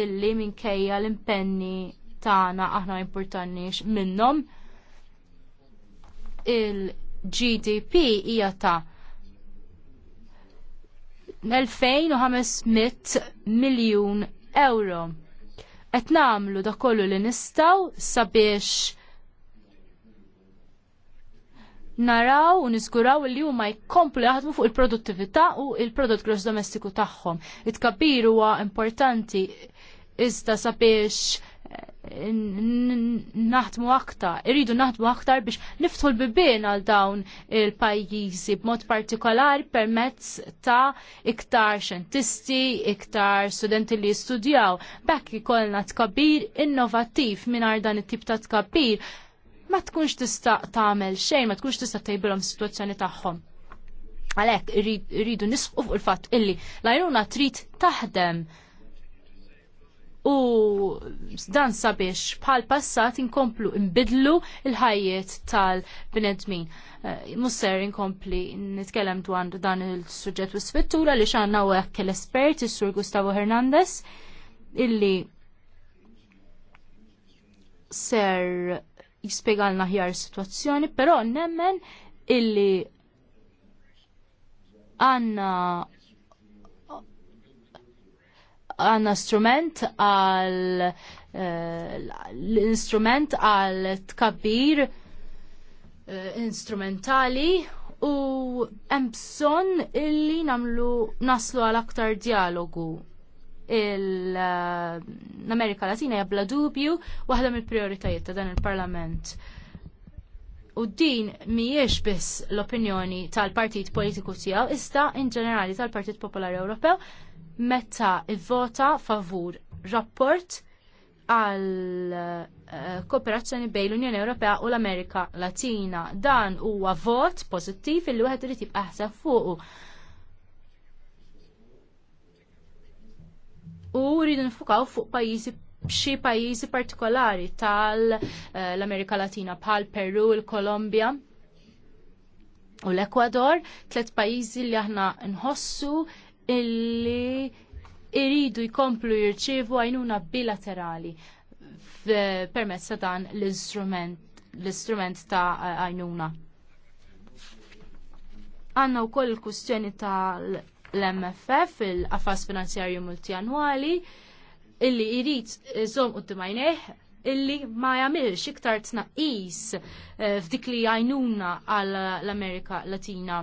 illi minkejja l-impenni tagħna aħna importanix minnhom il-GDP hija ta' 2500 miljun euro qed nagħmlu da kollu li nistgħu sabiex naraw u niżguraw li huma jkomplu jaħdmu fuq il-produttività u il-prodott gross domestiku tagħhom. It-kabbir huwa importanti iżda sabiex naħdmu aktar, irridu naħdmu aktar biex niftħu l-bibien għal dawn il-pajjiżi b'mod partikolari permezz ta' iktar xentisti, iktar studenti li jistudjaw. Bekk ikollna tkabir innovattiv mingħajr dan it-tip ta' tkabbir ma tkunx tista' tagħmel xejn, ma tkunx tista' tejbilhom situazzjoni tagħhom. Għalhekk irridu nisqu fuq il-fatt illi l-għajnuna trid taħdem u dan sabiex bħal passat inkomplu imbidlu il-ħajiet tal-bnedmin. Eh, Musser inkompli nitkellem dwar dan il-suġġett u s-fittura li xanna u kell l-espert, il-sur Gustavo Hernandez, illi ser jispiegalna ħjar situazzjoni, pero nemmen illi għanna għanna strument għal eh, l-instrument għal tkabbir eh, instrumentali u hemm bżonn illi namlu naslu għal aktar dialogu eh, l-Amerika Latina jabla dubju waħda mill-prioritajiet ta' dan il-Parlament. U din mhijiex biss l-opinjoni tal-Partit Politiku tiegħu, ista in ġenerali tal-Partit Popolari Ewropew meta ivvota favur rapport għal eh, kooperazzjoni bejn l-Unjoni Ewropea u l-Amerika Latina. Dan huwa vot pożittiv illi wieħed irid jibqa' ħseb fuqu. U rridu nifukaw fuq pajjiżi b'xi pajjiżi partikolari tal-Amerika eh, Latina bħal Peru, il-Kolombja u l-Ekwador, tliet pajjiżi li aħna nħossu illi iridu jkomplu jirċievu għajnuna bilaterali permezz ta' dan l-istrument l-istrument ta' għajnuna. Għanna u koll il-kustjoni ta' l-MFF, il affas finanzjarju multianwali, illi irrit zom u d-dimajneħ illi ma jamilx iktar tnaqis eh, f'dik li għajnuna għal l-Amerika Latina.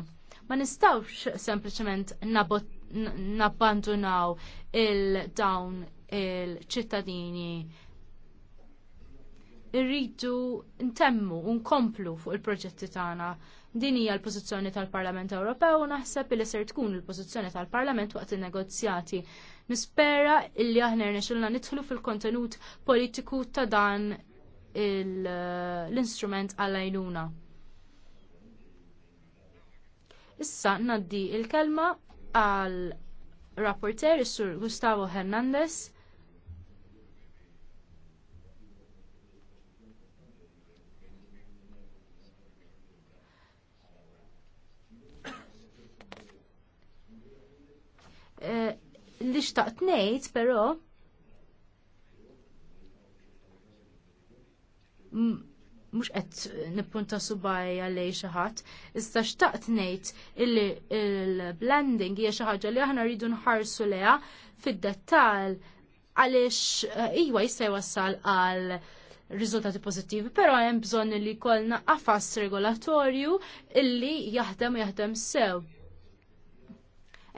Ma nistawx sempliciment nabot nabbandunaw il-dawn il-ċittadini irridu ntemmu u nkomplu fuq il-proġetti tagħna. Din hija l-pożizzjoni tal-Parlament Ewropew u naħseb li ser tkun il-pożizzjoni tal-Parlament waqt in-negozjati. Nispera illi aħna rnexxilna nidħlu fil-kontenut politiku ta' dan l-instrument għal għajnuna Issa naddi il-kelma għal rapporter is-sur Gustavo Hernandez. Eh, li xtaqt ngħid, però mux qed nippunta subajja għalli xi ħadd, issa xtaqt ngħid illi il-blending hija xi ħaġa li aħna rridu nħarsu leha fid-dettall għaliex eh, iwa jista' jwassal għal riżultati pożittivi, però hemm bżonn li jkollna qafas regolatorju illi jaħdem u jaħdem sew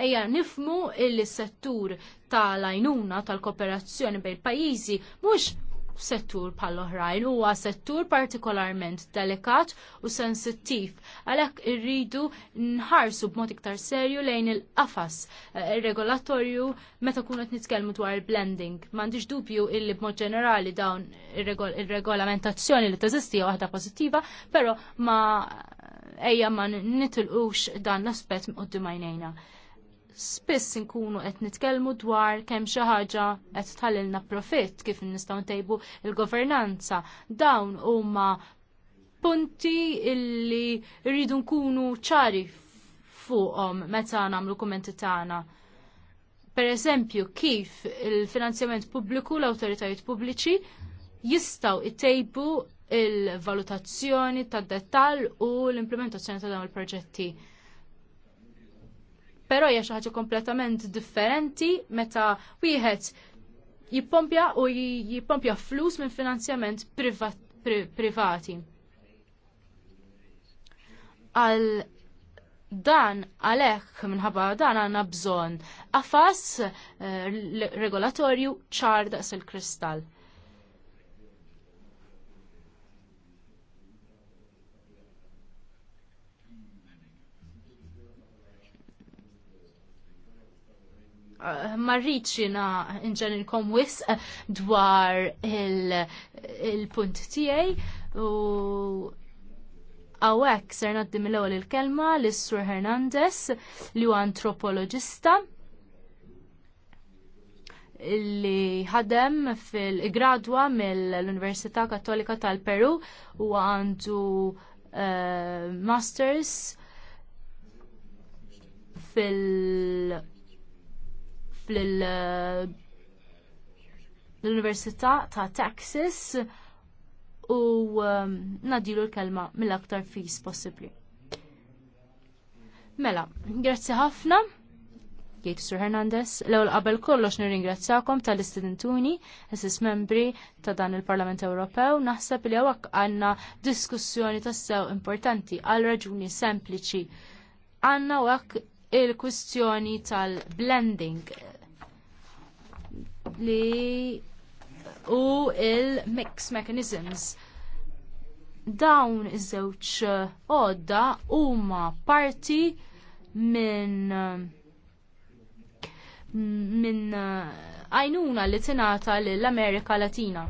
ejja nifmu illi settur tal-għajnuna tal-kooperazzjoni bejn pajjiżi mhux settur bħal oħrajn huwa settur partikolarment delikat u sensittiv għalhekk irridu nħarsu b'mod iktar serju lejn il-qafas eh, regolatorju meta kunu qed nitkellmu dwar il-blending. M'għandix dubju illi b'mod ġenerali dawn ir-regolamentazzjoni li teżisti waħda pożittiva, però ma ejja ma nitilqux dan l-aspett qudiem għajnejna spiss inkunu qed nitkellmu dwar kemm xi ħaġa qed tħallilna profitt kif nistgħu ntejbu l governanza Dawn huma punti illi rridu nkunu ċari fuqhom meta nagħmlu kummenti tagħna. Pereżempju kif il-finanzjament pubbliku l-awtoritajiet pubbliċi jistgħu ttejbu il-valutazzjoni tad dettall u l-implementazzjoni ta' dawn il-proġetti però hija xi ħaġa kompletament differenti meta wieħed jippompja u jippompja flus minn finanzjament privati. Għal dan għalek minħabba dan għanna bżon għafas eh, regolatorju ċar daqs il-kristall. Eh, marriċ il-kom wis dwar il-punt il tijaj u għawek ser naddim l-ewel il-kelma l-Sur Hernandez li huwa antropologista li ħadem fil-gradwa mill-Università Kattolika tal-Peru u għandu uh, masters fil- fl-Università eh, ta' Texas u ehm, nadilu l-kelma mill-aktar fis possibbli. Mela, grazzi ħafna. Jgħid Sir Hernandez, l ewwel qabel kollox nirringrazzjakom tal-istudentuni, l-Sess membri ta' dan il-Parlament Ewropew, naħseb li hawnhekk għandna diskussjoni tas-sew importanti għal raġuni sempliċi. Għandna hawnhekk il-kwistjoni tal-blending, li u il-mix mechanisms dawn iż-żewġ uh, għodda huma parti minn uh, minn uh, għajnuna li tingħata lill amerika Latina.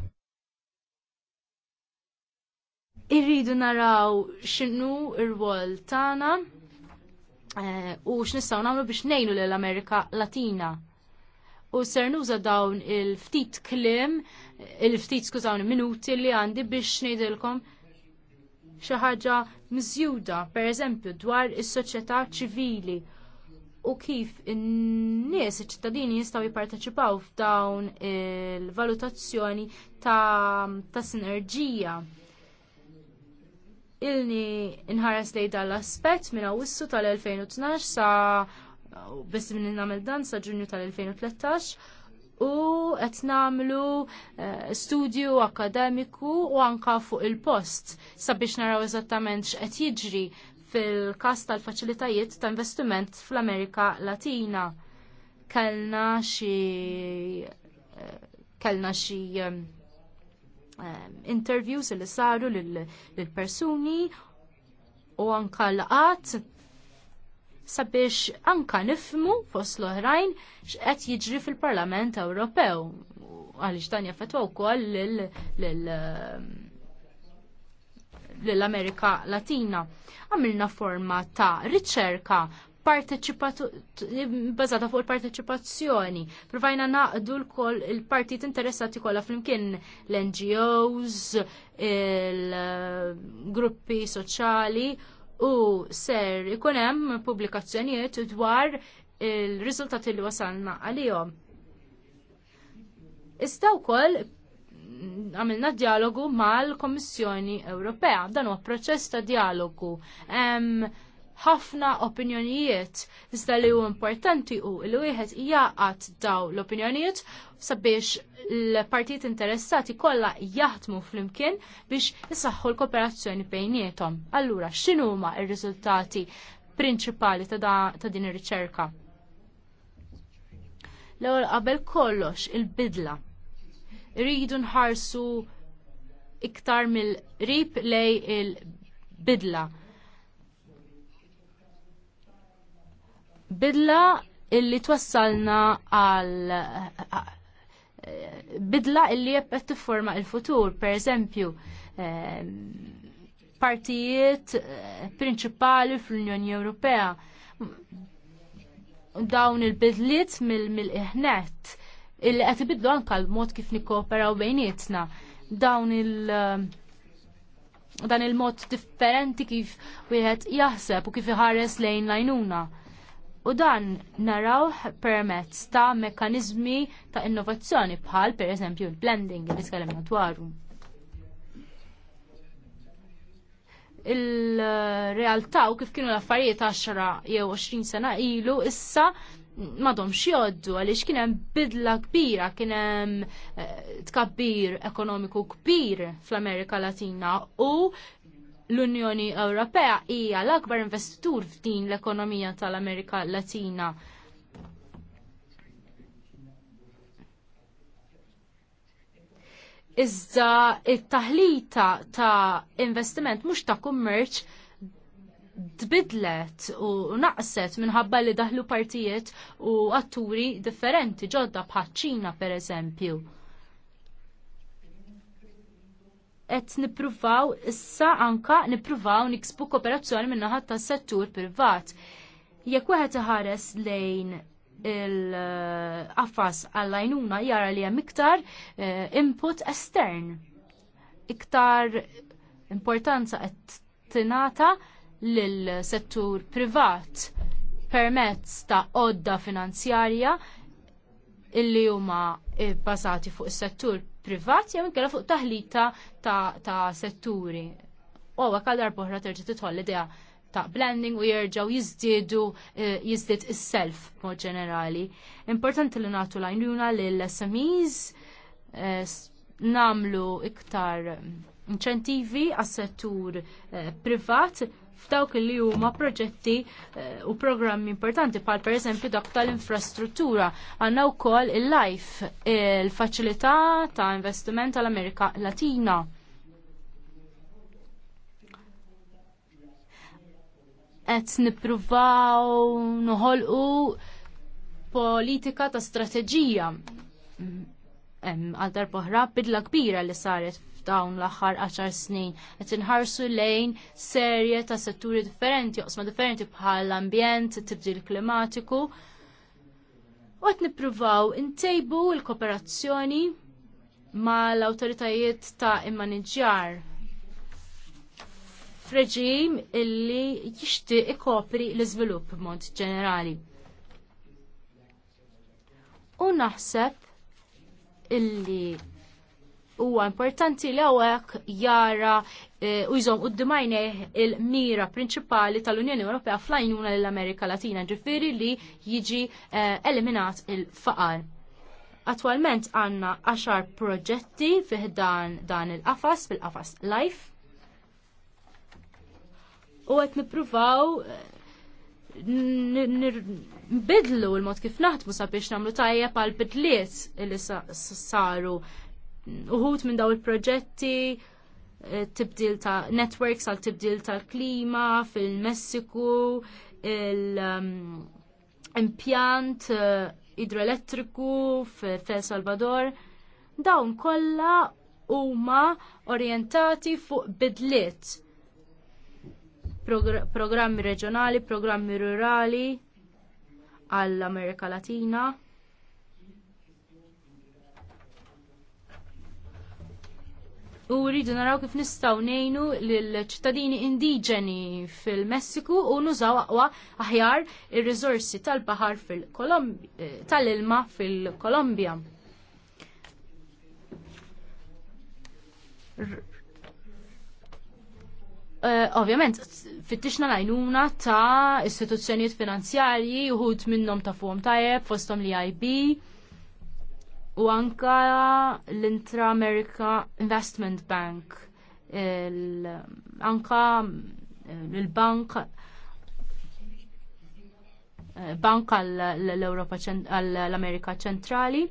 Irridu naraw x'inhu r wol tagħna eh, u x'nistgħu nagħmlu biex ngħinu lill-Amerika Latina u ser nuża dawn il-ftit klim, il-ftit skużawni minuti li għandi biex ngħidilkom xi ħaġa mżjuda, pereżempju dwar is-soċjetà ċivili u kif in-nies iċ-ċittadini jistgħu jipparteċipaw f'dawn il-valutazzjoni ta', ta sinerġija. Ilni inħares lejn dal aspett minn Awwissu tal-2012 sa' biss minn nagħmel dan sa ġunju tal-2013 u qed nagħmlu eh, studju akademiku u anka fuq il-post sabiex naraw eżattament x'qed jiġri fil-każ tal-faċilitajiet ta' investiment fl-Amerika Latina. Kellna xi eh, kellna xi eh, interviews li saru lill persuni u anka laqat sabiex anka nifmu fost l-oħrajn x'qed jiġri fil-Parlament Ewropew għaliex dan jaffettwa wkoll lill eh, amerika Latina. Għamilna forma ta' riċerka bazata fuq il-parteċipazzjoni. Provajna naqdu l-koll il-partit interessati kollha flimkien l-NGOs, il-gruppi eh, soċali u ser ikun hemm pubblikazzjonijiet dwar il-riżultati li wasalna għalihom. Iżda wkoll għamilna dialogu mal komissjoni Ewropea. Dan huwa proċess ta' dialogu. Um, ħafna opinjonijiet iżda li huwa importanti u li wieħed jaqgħad daw l-opinjonijiet sabiex l-partijiet interessati kollha jaħdmu flimkien biex isaħħu l-kooperazzjoni bejniethom. Allura x'inhu huma r-riżultati prinċipali ta' din ir-riċerka? L-ewwel qabel kollox il-bidla. Rridu nħarsu iktar mill-rib lej il-bidla bidla illi twassalna għal bidla illi jebbet tifforma il-futur, per eżempju, ehm, partijiet eh, prinċipali fl-Unjoni Ewropea. Dawn il-bidliet mill-iħnet illi qed ibidlu anke l-mod kif nikkooperaw bejnietna. Dawn il- eh, dan il-mod differenti kif wieħed jaħseb u kif iħares lejn lajnuna u dan naraw permezz ta' mekkaniżmi ta' innovazzjoni bħal pereżempju l-blending li tkellimna dwaru. il-realtà u kif kienu l-affarijiet 10 jew 20 sena ilu issa madhom xjoddu għaliex kien hemm bidla kbira, kien hemm eh, tkabbir ekonomiku kbir fl-Amerika Latina u l-Unjoni Ewropea hija l-akbar investitur f'din l-ekonomija tal-Amerika Latina. Iżda it-taħlita ta' investiment mhux ta' kummerċ tbidlet u naqset minħabba li daħlu partijiet u atturi differenti ġodda bħaċ Ċina pereżempju. qed nippruvaw issa anka nippruvaw niksbu kooperazzjoni min naħa tas-settur privat. Jekk wieħed iħares lejn il-qafas għall-għajnuna jara li hemm iktar eh, input estern. Iktar importanza qed tingħata lill-settur privat permezz ta' odda finanzjarja illi huma bbażati fuq is-settur privat jew inkella fuq taħlita ta' setturi. U għawek għal darbohra terġa tidħol l-idea ta' blending u jerġgħu jizdidu eh, jizdid is-self mod ġenerali. Importanti li natu lajnuna l-SMEs eh, namlu iktar mm, inċentivi għas settur eh, privat f'dawk li huma proġetti eh, u programmi importanti bħal pereżempju dak tal-infrastruttura. Għandna wkoll il-life, il-faċilità ta' investiment tal-Amerika Latina. Qed nippruvaw noħolqu politika ta' strateġija mm, għal darba bidla kbira li saret f'dawn l-aħħar 10 snin. Qed inħarsu lejn serje ta' setturi differenti, osma differenti bħal l-ambjent, tibdil klimatiku. U qed nippruvaw intejbu l-kooperazzjoni ma' l-awtoritajiet ta' immaniġjar f'reġim illi jixtieq ikopri l-iżvilupp b'mod ġenerali. U naħseb illi huwa importanti li hawnhekk jara eh, u jżomm u il-mira prinċipali tal-Unjoni Ewropea fl-għajnuna l-Amerika Latina, ġifieri li jiġi eh, eliminat il-faqar. Attualment għanna 10 proġetti fiħdan dan il-qafas, fil-qafas Life. U għet nipruvaw eh, nbidlu l-mod kif naħdmu sabiex namlu tajjeb pal bidliet li saru uħut minn daw il-proġetti, eh, tibdil ta' networks għal tibdil tal klima fil-Messiku, il-impjant um, eh, idroelettriku fil Salvador. Dawn kollha huma orientati fuq bidliet Progr programmi reġjonali, programmi rurali għall-Amerika Latina. u rridu naraw kif nistgħu ngħinu lill-ċittadini indiġeni fil-Messiku u nużaw aqwa aħjar ir-riżorsi tal-baħar fil eh, tal-ilma fil-Kolombja. Uh, eh, Ovvjament, fittixna lajnuna ta' istituzzjonijiet finanzjarji, uħut minnom ta' fuqom tajjeb, fostom li IB, u anka l-Intra-America Investment Bank anka eh, l-bank eh, bank għall-Europa għall-Amerika ċentrali.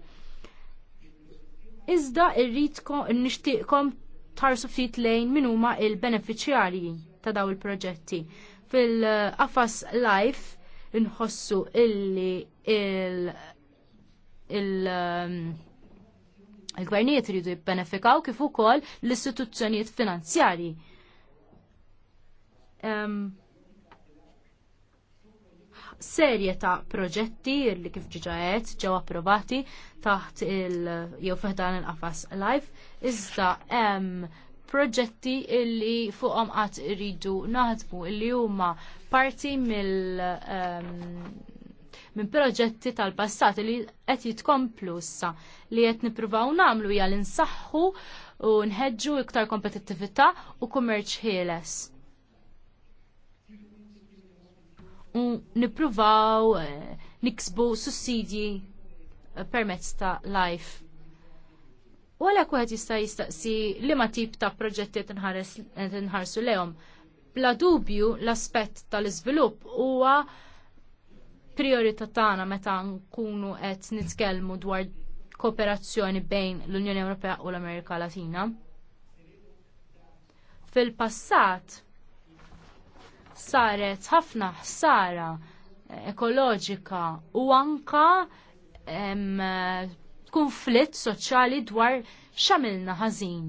Iżda rridkom nixtieqkom tarsu ftit lejn min huma il-beneficjarji ta' daw il-proġetti. Fil-qafas eh, life inħossu illi il- il- um, il-gvernijiet iridu jibbenefikaw kif ukoll l-istituzzjonijiet finanzjarji. Um, serje ta' proġetti li kif ġiġaħet ġew approvati taħt il- jew fiħdan il-qafas live, iżda hemm proġetti illi fuqhom qatt iridu naħdmu illi huma parti mill- um, minn proġetti tal-passat li qed jitkomplu issa li qed nippruvaw nagħmlu hija li nsaħħu u nħeġġu iktar kompetittività u kummerċ ħieles. U nippruvaw eh, niksbu sussidji eh, permezz ta' life. U għalhekk wieħed jista' jistaqsi ma tip ta' proġetti tinħarsu lehom bla dubju l-aspett tal-iżvilupp huwa priorità tagħna meta nkunu qed nitkellmu dwar kooperazzjoni bejn l-Unjoni Ewropea u l-Amerika Latina. Fil-passat saret ħafna ħsara ekoloġika u anka konflitt soċjali dwar x'għamilna ħażin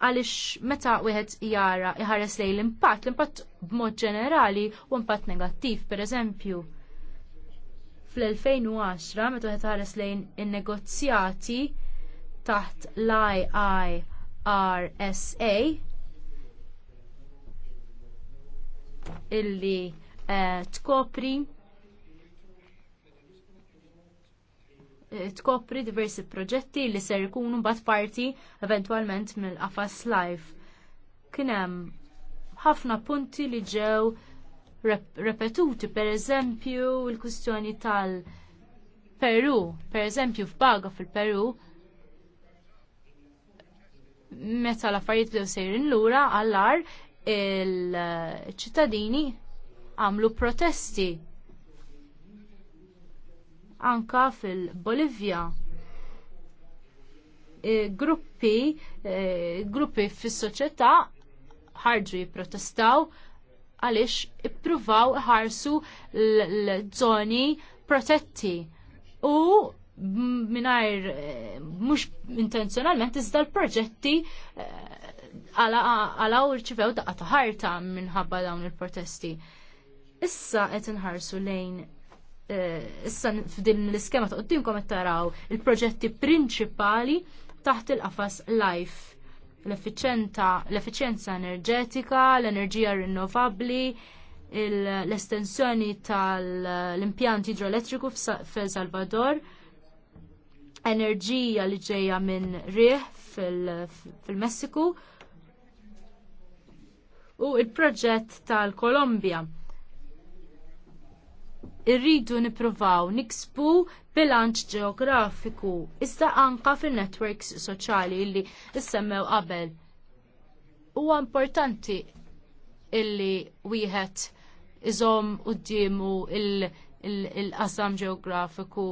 għaliex meta wieħed jara iħares lejn l-impatt, l-impatt b'mod ġenerali u impatt negattiv, pereżempju. Fl-2010, meta għed ħares lejn in-negozjati taħt l-IIRSA illi eh, tkopri Eh, tkopri diversi proġetti li ser ikunu bad parti eventwalment mill-qafas live. Kien hemm ħafna punti li ġew repetuti, repetuti, pereżempju l kwistjoni tal-Peru, pereżempju f'Baga fil-Peru, meta l-affarijiet bdew sejrin lura għall-ar il-ċittadini għamlu protesti anka fil-Bolivja e, gruppi e, gruppi fis-soċjetà ħarġu jipprotestaw għaliex ippruvaw ħarsu l-żoni protetti u mingħajr e, mhux intenzjonalment iżda l-proġetti għalaw irċivew daqqa ta' ħarta minħabba dawn il-protesti. Issa qed inħarsu lejn Eh, issa f'din l-iskema ta' qoddimkom qed taraw il-proġetti prinċipali taħt il-qafas life l effiċjenza enerġetika, l-enerġija rinnovabbli, l-estensjoni tal-impjant idroelettriku f'El Salvador, enerġija li ġejja minn rieħ fil-Messiku u il-proġett tal-Kolombja irridu nippruvaw nikspu bilanċ ġeografiku iżda anka fin-networks soċjali illi issemmew qabel. Huwa importanti illi wieħed iżom qudiemu il-qasam ġeografiku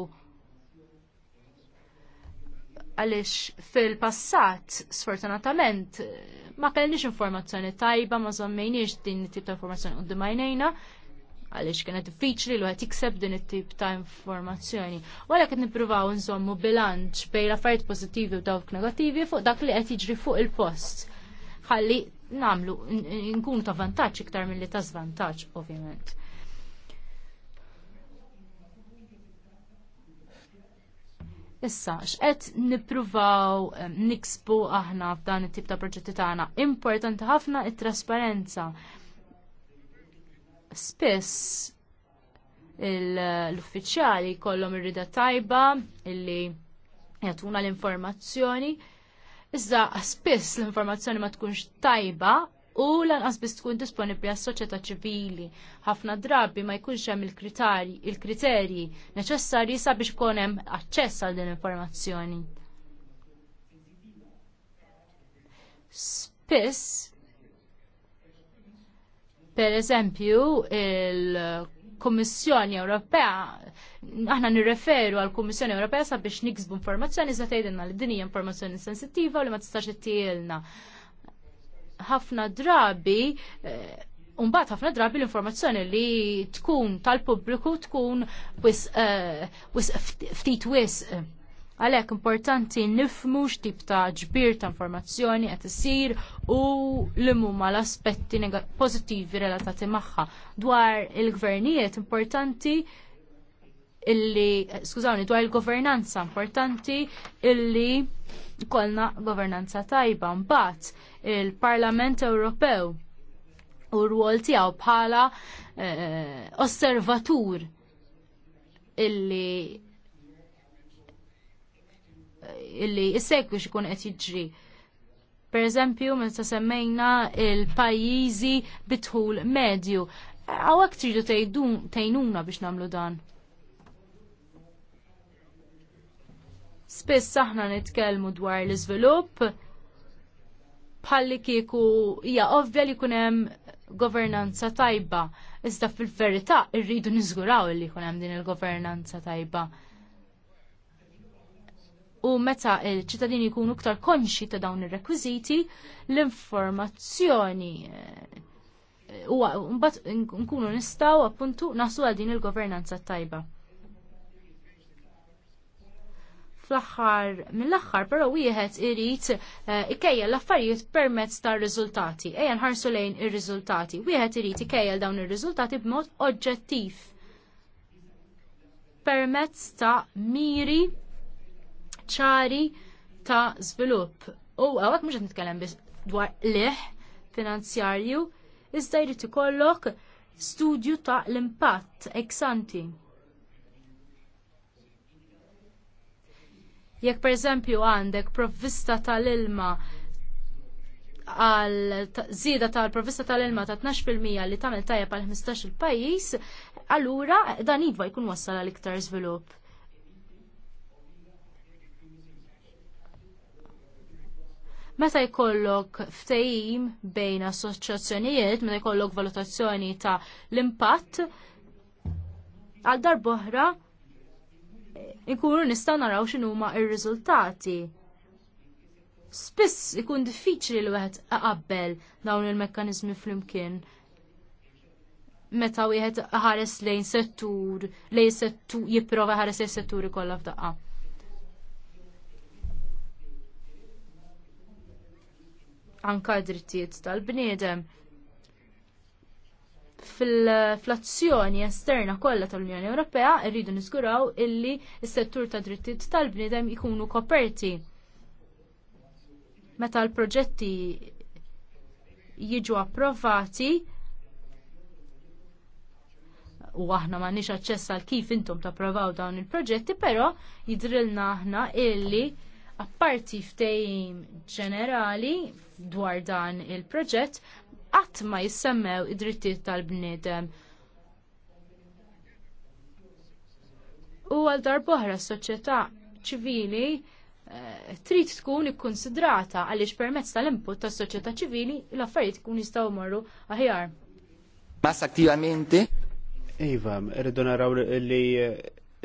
għalix fil-passat, sfortunatament, ma kellniex informazzjoni tajba, ma żommejniex din tip ta' informazzjoni qudiem għajnejna, għaliex kienet diffiċli l għet jikseb din it-tip ta' informazzjoni. U għalek qed nippruvaw nżommu bilanċ bej l-affarijiet pożittivi u dawk negativi fuq dak li qed jiġri fuq il-post. Ħalli nagħmlu nkunu ta' vantaġġ iktar milli ta' żvantaġġ, ovvjament. Issa, x'qed nippruvaw niksbu aħna f'dan it-tip ta' proġetti tagħna. Importanti ħafna it-trasparenza spiss l-uffiċjali kollhom irrida tajba illi jagħtuna l-informazzjoni. Iżda spiss l-informazzjoni ma tkunx tajba u lanqas biss tkun disponibbli għas-soċjetà ċivili. Ħafna drabi ma jkunx hemm il-kriterji neċessarji sabiex ikun hemm aċċess għal din l-informazzjoni. Spiss Per eżempju, il-Kommissjoni Ewropea, aħna nirreferu għal Kommissjoni Ewropea sabiex niksbu informazzjoni za tgħidilna li din hija informazzjoni sensittiva u li ma tistax ittielna. Ħafna drabi eh, Umbat ħafna drabi l-informazzjoni li tkun tal-pubbliku tkun wis eh, ftit wisq Għalhekk importanti nifmu x'tip ta' ġbir ta' informazzjoni qed isir u li huma l-aspetti pożittivi relatati magħha. Dwar il-gvernijiet importanti illi, skużawni, dwar il-governanza importanti illi kolna governanza tajba. Mbagħad il-Parlament Ewropew u r-rwol tiegħu bħala eh, osservatur illi illi jissegwi xikun qed jiġri. Per eżempju, meta semmejna il-pajjiżi bitħul medju. Għawek tridu tejnuna biex namlu dan. Spiss aħna nitkellmu dwar l-iżvilupp bħalli kieku hija ovvja li jkun hemm governanza tajba. Iżda fil-verità irridu niżguraw li jkun hemm din il-governanza tajba u meta il-ċittadini jkunu ktar konxi ta' dawn ir-rekwiżiti, l-informazzjoni eh, u mbagħad nkunu nistgħu appuntu nasu għal din il-governanza tajba. fl aħħar mill aħħar però wieħed irid eh, ikejja l-affarijiet permezz tar riżultati Ejja nħarsu lejn ir-riżultati. Wieħed irid ikejja dawn ir-riżultati b'mod oġġettiv permezz ta' miri ċari ta' żvilupp. U għawak mhux qed nitkellem dwar liħ finanzjarju, iżda jrid ikollok studju ta' l-impatt eksanti. Jekk eżempju għandek provvista tal-ilma għal zida tal-provvista tal-ilma ta' 12% li tagħmel tajjeb għal 15 il pajjiż, allura dan jidwa jkun wassal għal iktar żvilupp. Meta jkollok ftehim bejn assoċjazzjonijiet, meta jkollok valutazzjoni ta' l-impatt, għal darboħra eh, inkunu nistgħu naraw x'inhuma r-riżultati. Spiss ikun diffiċli li wieħed aqabbel dawn il-mekkaniżmi flimkien meta wieħed ħares lejn settur, lejn settur jipprova ħares lejn setturi kollha f'daqqa. anka drittijiet tal-bniedem. fil flazzjoni esterna kollha tal-Unjoni Ewropea rridu niskuraw illi s-settur ta' drittijiet tal-bniedem ikunu koperti. Meta l-proġetti jiġu approvati u aħna ma nix għal kif intom tapprovaw dawn il-proġetti, però jidrilna aħna illi apparti ftejim ġenerali dwar dan il-proġett qatt ma jissemmew id-drittijiet tal-bniedem. U għal darbohra s-soċjetà ċivili eh, trid tkun ikkonsidrata għaliex permezz tal-input tas-soċjetà ċivili l-affarijiet tkun jistgħu jmorru aħjar. Mass attivamente? Iva, rridu naraw li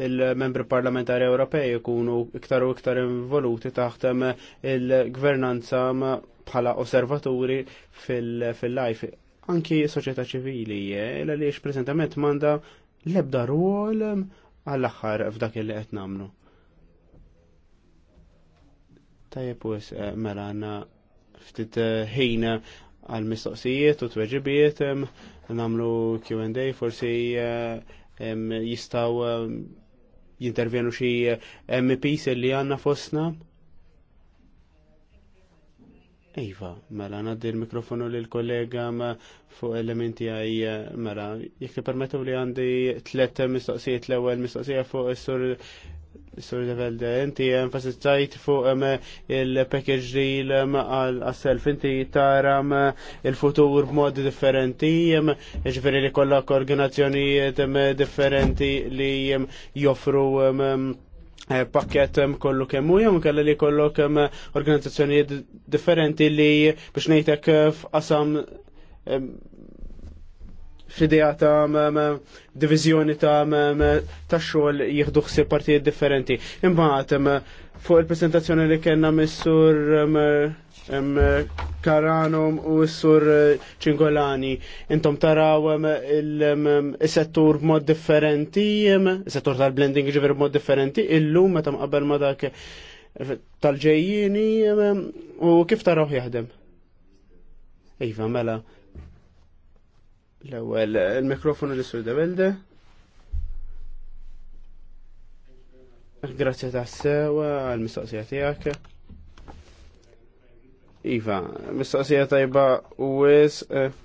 il-membri parlamentari Ewropej ikunu iktar u iktar involuti taħtem il-gvernanza bħala osservaturi fil-life. Anki soċjetà ċivili, l-għaliex eh, prezentament manda lebda ruol eh, għall-axħar f'dak li qed namlu. Tajjeb wis eh, mela għandna ftit ħin għal mistoqsijiet u tweġibiet namlu Q&A forsi jistaw jintervjenu xi MPs li għandna fostna. Iva, mela naddi l-mikrofonu l kollega fuq elementi għaj, mela, jek permettu li għandi tlet mistoqsijiet l-ewel mistoqsija fuq s-sur Sur level de, inti enfasizzajt fuq il-package deal għal-self, inti taram il-futur b'mod differenti, ġveri li kollak organizzazzjonijiet differenti li joffru Eh, pakket kollu kemm u jew kalla li kollok organizzazzjonijiet differenti li biex ngħidlek eh, f'qasam fl ta' divizjoni ta' ta' xogħol jieħdu ħsieb partijiet differenti. Imbagħad fuq il-presentazzjoni li kellna mis-sur Karanom u s-sur eh, Cingolani Intom taraw il-settur mod differenti, il-settur tal-blending ġiver mod differenti, illum meta mqabbel ma dak tal-ġejjini u kif taraw jaħdem? Iva, mela, L-ewwel il-mikrofonu li sur Debelde. Grazzi ta' sewa għal-mistoqsija tiegħek. Iva, mistoqsija tajba u wis eh,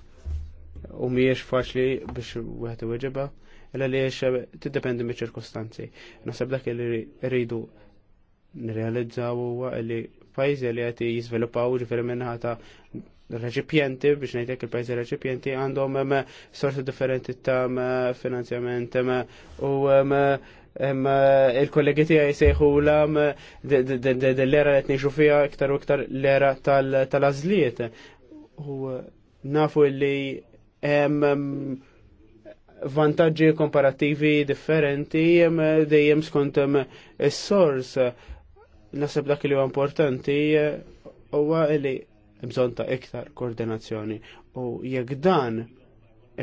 u mhijiex faċli biex wieħed iweġibha, illa li eh, tiddependi miċ-ċirkostanzi. Naħseb dak li rridu nirrealizzaw huwa li pajjiżi li qed jiżviluppaw ġifieri minnaħa ta' reċipjenti, biex ngħidlek il-pajzi reċipjenti għandhom sorti differenti ta' finanzjament u il-kollegi tiegħi jsejħu lam l-era li tnejxu fiha iktar u iktar l-era tal-għażliet. U nafu li hemm vantaġġi komparativi differenti dejjem skont is-sors. Naseb dak li huwa importanti huwa li bżon ta' iktar koordinazzjoni. U jekk dan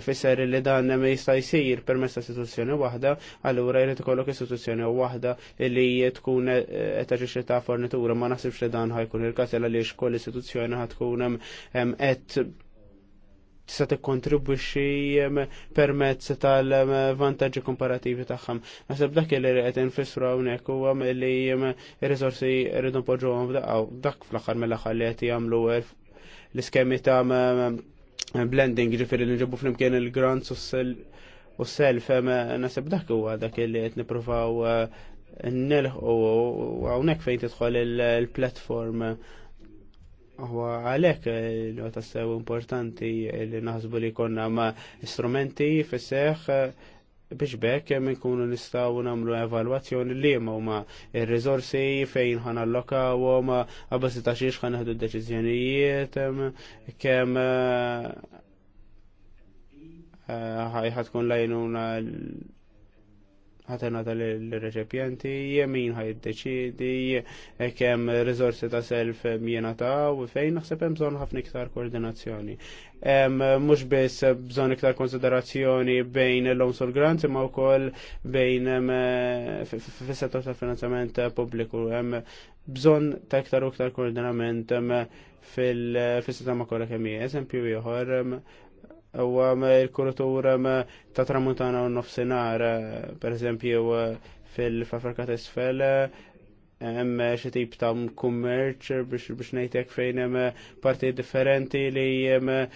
ifisser li dan ma jista' jsir permezz ta' istituzzjoni waħda, allura jrid ikollok istituzzjoni waħda li tkun qed eh, taġixxi ta' fornitura ma naħsibx li dan ħajkun il-każ għaliex kull istituzzjoni ħad tkun qed tista' tikkontribwixxi ehm, permezz tal-vantaġġi komparativi tagħhom. Naħseb dak li qed infissru hawnhekk huwa li ehm, r-riżorsi rridu npoġġuhom f'daqgħu dak fl-aħħar mill-aħħar li qed jagħmlu er- l-iskemi ta' blending ġifieri li nġibu flimkien il-grants u s-self ehm, naħseb dak huwa dak li qed nippruvaw eh, nilħu hawnhekk fejn tidħol il-platform. il platform Għu għalek nota eh, sew importanti li naħsbu li konna ma strumenti fisseħ eh, biex bekk eh, minn kunu nistaw namlu evalwazzjoni li ma huma ir-riżorsi fejn ħan allokawhom għabbażi ta' xiex ħan naħdu d-deċiżjonijiet kemm ħajħat lajnuna ħatena tal reċepjenti jemin id-deċidi, kem rizorsi ta' self mjena ta' u fejn naħseb hemm bżonn ħafna iktar koordinazzjoni. Mhux biss bżonn iktar konsiderazzjoni bejn l-Omsol grant, imma wkoll bejn fis-settur ta' finanzjament pubbliku hemm bżonn ta' iktar u iktar koordinament fil-sistema kollha kemm hija. Eżempju ieħor u il kuratura ta' Tramutana u nofsenar, per eżempju fil fafarka t hemm xi tip ta' kummerċ biex biex ngħidlek fejn hemm parti differenti li eh,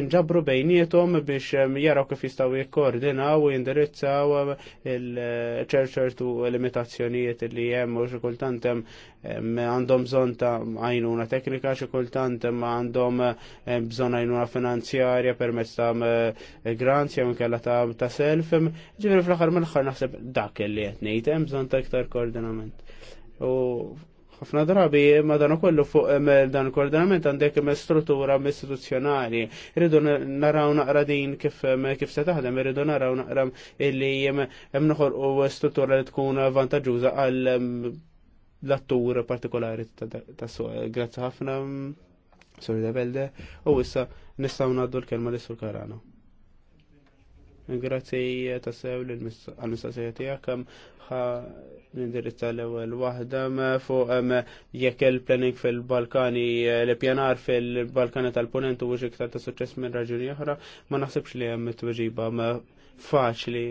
inġabru bejnietom biex jaraw kif jistgħu jikkoordinaw u jindirizzaw il-ċerċertu limitazzjonijiet li hemm u xi kultant hemm għandhom bżon ta' għajnuna teknika xi kultant ma għandhom bżon għajnuna finanzjarja permezz ta' eh, grants jew inkella ta' ta' self. Ġifieri fl-aħħar mill-aħħar naħseb dak li qed ngħid bżonn ta' iktar koordinament. U ħafna drabi ma dan kollu fuq dan koordinament għandek struttura istituzzjonali. rridu naraw naqra din kif kif se taħdem, rridu naraw naqra illi hemm noħolqu struttura li tkun vantaġġuża għal l-attur partikolari ta' so. Eh, grazzi ħafna, mm, da' Belde u issa nistaw naddu l-kelma li Sur Karano. Grazzi eh, ta' sew l-mistaqsija tijak, ħa nindirizza l ewwel wahda fuq jekk il-planning fil-Balkani, eh, l-pjanar fil-Balkani tal-Ponent u iktar ta' suċess minn raġuni oħra, ma naħsibx li hemm t-tweġiba faċli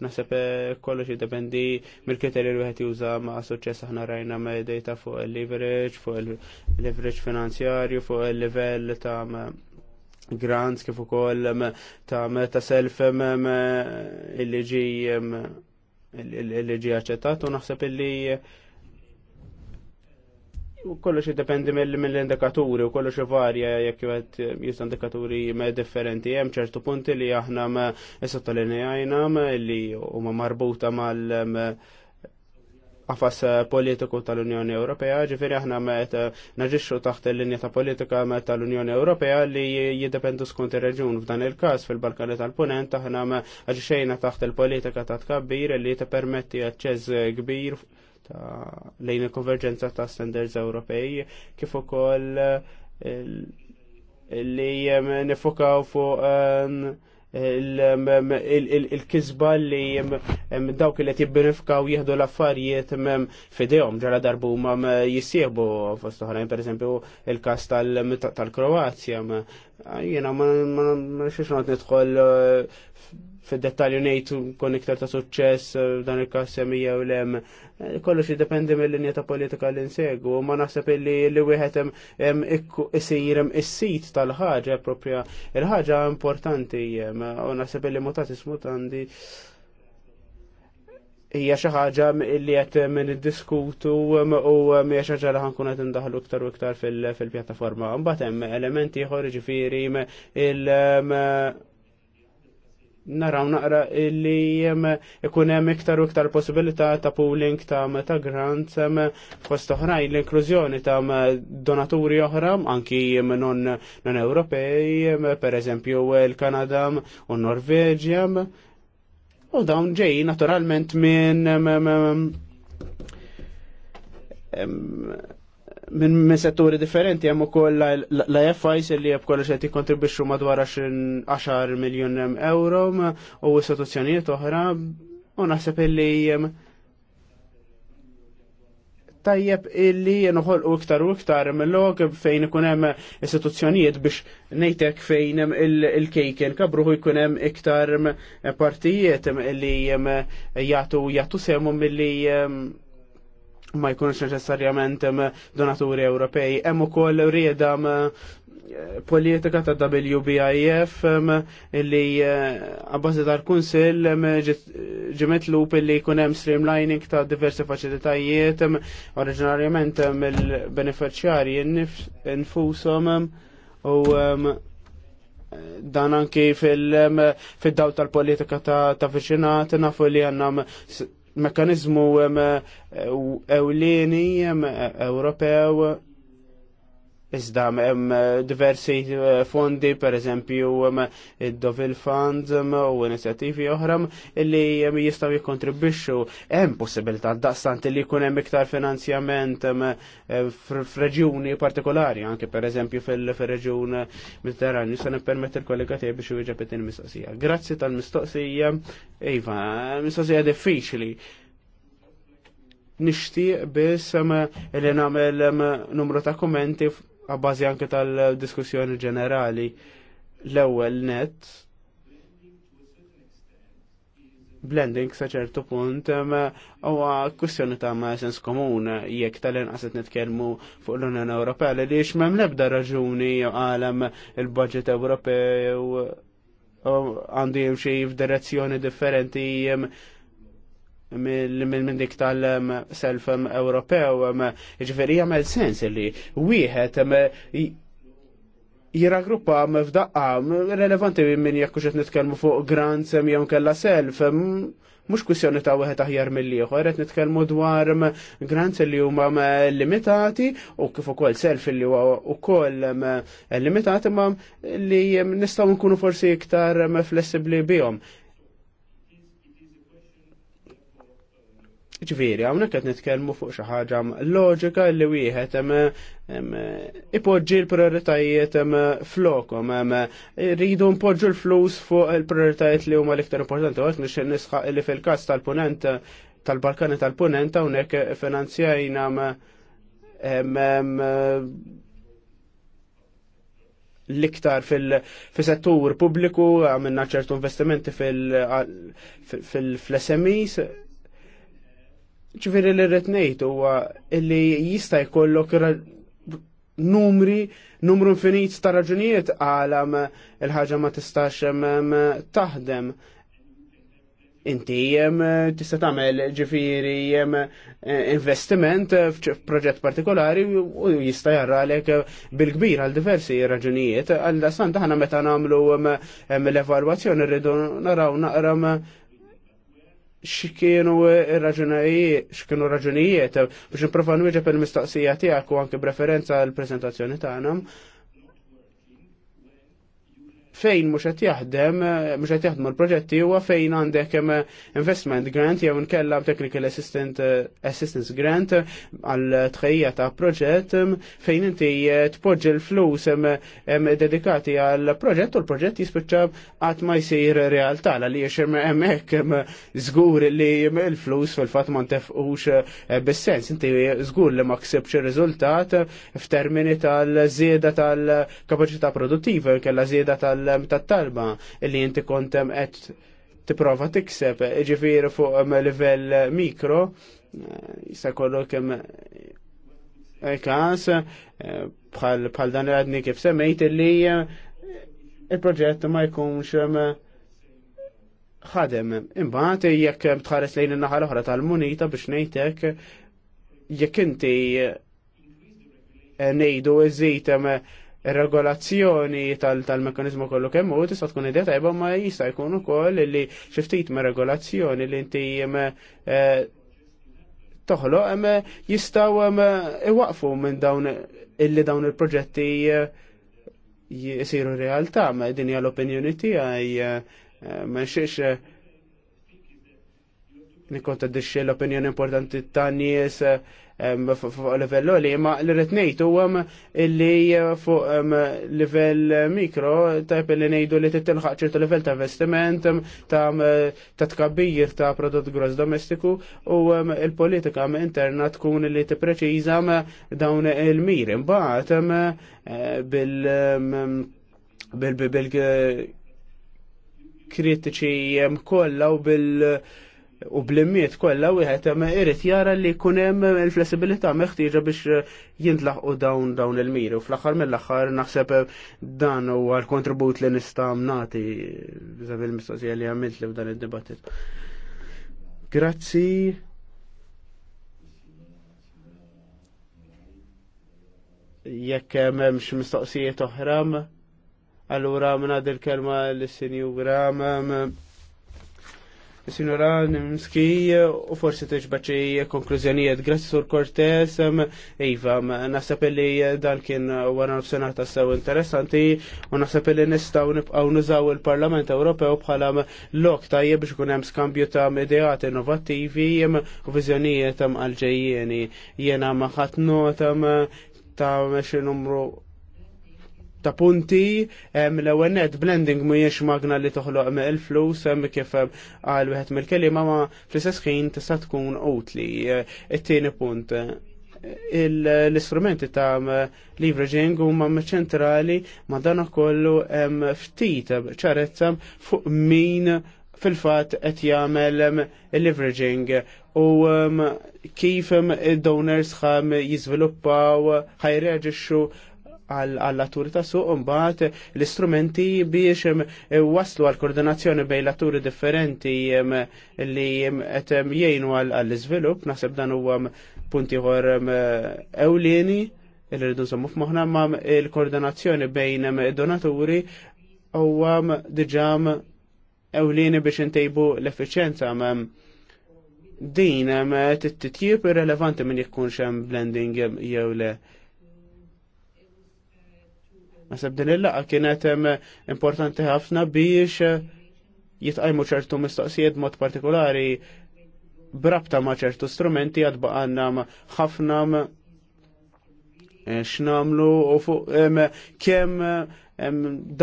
Naseb eh, kollox jiddependi mill-kriterji li wieħed juża ma' suċċess aħna rajna ma' data fuq il-leverage, fuq il-leverage finanzjarju, fuq il-livell ta' grants kif ukoll ta' ta' self il-li ġi il-li ġi aċċettat u naħseb illi u kollox jiddependi mill-indikaturi u kollox varja jekk jgħet eh, jista indikaturi differenti hemm ċertu punti li aħna sottolinjajna li huma marbuta mal għafas eh, politiku tal-Unjoni Ewropea, ġifiri aħna met eh, naġixxu taħt il-linja ta' politika tal-Unjoni Ewropea li jiddependu skont ir-reġun. F'dan il-każ fil-Balkani tal-Punent aħna aġixxejna taħt il-politika ta' tkabbir li permetti aċċeż kbir ta' lejn il-konverġenza ta' standards Ewropej kif ukoll eh, li eh, nifokaw fuq ehm, ehm, il-kizba li ehm, dawk li jibbenifkaw jihdu l-affarijiet fidejhom ġala darbu ma jisiebu fost oħrajn esempio il-kas tal-Kroazja. jena ma nixiex nitħol fil-dettalju nejtu kon iktar ta' suċċess eh, dan il-kas semija u lem. Eh, xie jiddependi mill-linja ta' politika li nsegu, ma naħseb li li wieħed hemm isirem is-sit tal-ħaġa propja il-ħaġa importanti u naħseb li mutatis mutandi hija xi ħaġa li qed niddiskutu u hija xi ħaġa li ħankun qed indaħlu iktar u iktar fil-pjattaforma. Mbagħad hemm elementi ieħor jiġifieri il- naraw naqra li ikun hemm iktar u iktar possibilità ta' pooling ta' ta' grants fost oħrajn l-inklużjoni ta' donaturi oħra anki non non Ewropej, per eżempju l-Kanada u Norveġja. U dawn ġej naturalment minn minn min setturi differenti hemm ukoll la FIs li jeb kollox qed jikkontribwixxu madwar 10 miljun euro u istituzzjonijiet oħra u naħseb illi tajjeb illi noħolqu iktar u iktar mill-lok fejn ikun hemm istituzzjonijiet biex ngħidlek fejn il-kejken kabruħu jkun hemm iktar partijiet illi jagħtu jagħtu semhom milli ehm, ma jkunx neċessarjament donaturi Ewropej. Hemm ukoll rieda eh, politika ta' WBIF li għabbażi eh, tal-Kunsill ġimet lup li jkun hemm streamlining ta' diversi faċilitajiet oriġinarjament mill-beneficjarji infushom u dan anki fil-daw tal-politika ta' viċinat nafu li għannam mekanizmu ewlieni Ewropew Iżda hemm eh, diversi eh, fondi, per eżempju id-Dovil eh, Fund u inizjattivi oħra li jistgħu jikkontribwixxu hemm possibilità daqstant li jkun hemm iktar finanzjament f'reġjuni partikolari, anke per eżempju fil-reġjun Mediterranju se nippermetti l-kollega tiegħi biex jiġab it mistoqsija. Grazzi tal-mistoqsija, iva, mistoqsija diffiċli nishtiq biss li namel numru ta' kommenti għabbażi anke tal-diskussjoni ġenerali l-ewwel net blending sa ċertu punt huwa kwistjoni ta' ma' sens komun jekk tal-inqas qed nitkellmu fuq l-Unjoni Ewropea li x m'hemm l-ebda raġuni għalem il-budget Ewropew għandu jimxi f'direzzjoni differenti minn dik tal-self Ewropew, ġifiri jagħmel sens li wieħed jiragruppa f'daqqa relevanti minn jekk qed nitkellmu fuq grants jew kella self, mhux kwissjoni ta' wieħed aħjar mill-ieħor, qed nitkellmu dwar grants li huma limitati u kif ukoll self li huwa wkoll limitati ma li nistgħu nkunu forsi iktar flessibbli bihom. Ġviri, għamna qed nitkellmu fuq xi ħaġa loġika li wieħed ipoġġi l-prioritajiet flokom, rridu npoġġu l-flus fuq il-prioritajiet li huma l-iktar importanti, għat nix nisħaq li fil-każ tal-punent tal-Balkani tal-punent hawnhekk finanzjajna l-iktar fil-settur pubbliku għamilna ċertu investimenti fil-SMEs, fil, fil, fil ċifiri li rritnejt u li jista jkollok numri, numru infinit ta' raġunijiet għalam il-ħagġa ma tistax taħdem. Inti jem tista tagħmel ġifiri jem investiment f'proġett partikolari u jista jarralek bil-kbir għal diversi raġunijiet. Għal dasan taħna meta nagħmlu l-evalwazzjoni rridu naraw naqram xikienu raġunajiet, xikienu raġunijiet, biex niprofa nwieġa per mistaqsija tijak u anke preferenza l-prezentazzjoni ta' għanam fejn mhux qed jaħdem, eh, mhux qed jaħdmu l-proġetti huwa fejn għandek eh, investment grant jew nkella technical assistant eh, assistance grant għal tħejja ta' proġett fejn inti tpoġġi l-flus dedikati għal proġett u l-proġett jispiċċa għat ma jsir realtà għaliex hemmhekk żgur li l-flus fil-fatt ma ntefqux bis-sens inti żgur li ma ksibx ir-riżultat f'termini tal zieda tal-kapaċità produttiva kella żieda tal tal-tallem tal talba illi jinti kontem għed t-prova t tikseb, ġifieri fuq um, level mikro, jista' kollu kem eh, każ eh, bħal dan għadni kif semmejt illi eh, il-proġett ma jkunx um, ħadem. Imbagħad jekk tħares lejn in-naħa l-oħra tal-munita biex ngħidlek jekk inti ngħidu iżid um, regolazzjoni tal-mekanizmu kollu kemmu tista' tkun idea tajba ma jista' jkun ukoll li xi ftit ma' regolazzjoni li inti eh, toħloq hemm jistgħu iwaqfu minn dawn illi dawn il-proġetti eh, jisiru realtà ma din hija l-opinjoni tiegħi eh, ma xiex nikkonta l-opinjoni importanti tan nies fuq level li ma l ritnejt nejtu għam li eh, fuq level eh, mikro tajp li nejdu li t titilħaq ċertu level ta' investiment ta' t tkabbir ta' prodott gross domestiku u il-politika interna tkun li t-preċiza dawn il-mir imbaħt eh, bil bil bil kritiċi kollha u bil u blimmiet kollha wieħed irid jara li jkun hemm il-flessibilità meħtieġa biex eh, u dawn dawn il-miri u fl-aħħar mill-aħħar naħseb eh, dan huwa l-kontribut li nista' nati biżav il-mistoqsija li għamilt li f'dan id-dibattit. Grazzi. Jekk memx mistoqsijiet oħra, allura minn kelma lis-sinjura Sinura Nimski, u forsi teġbaċi konklużjonijiet, grazzi sur Cortez, Iva, nasab li dan kien wara senata sew interessanti, u nasab li nistaw nibqaw nużaw il-Parlament Ewropew bħala lok tajjeb biex kun hemm skambju ta' ideat innovattivi u viżjonijiet għal-ġejjieni. Jena maħat notam ta' meċi numru ta' punti l-ewwel net blending mhijiex magna li toħloq il-flus kif għal wieħed mill-kelima ma fl sesħin ħin tista' tkun utli. It-tieni punt l-istrumenti ta' leveraging u ma' ċentrali ma' dan kollu ftit ċarezza fuq min fil-fat qed jagħmel leveraging u kif id donors ħam jiżviluppaw ħajreġixxu għall laturi ta' suq mbagħad l-istrumenti biex waslu għal koordinazzjoni bejn l-atturi differenti li qed jgħinu għall-iżvilupp naħseb dan huwa punti ieħor ewlieni il rridu nsemmu f'moħħna ma il-koordinazzjoni bejn donaturi huwa diġam ewlieni biex intejbu l-effiċenza din titjib irrelevanti minn jekkunx hemm blending jew le. Nasib din il-laqa kienet importanti ħafna biex eh, jitqajmu ċertu mistoqsijiet mod partikolari brabta ma' ċertu strumenti għad baqanna ħafna eh, x'namlu u fuq kemm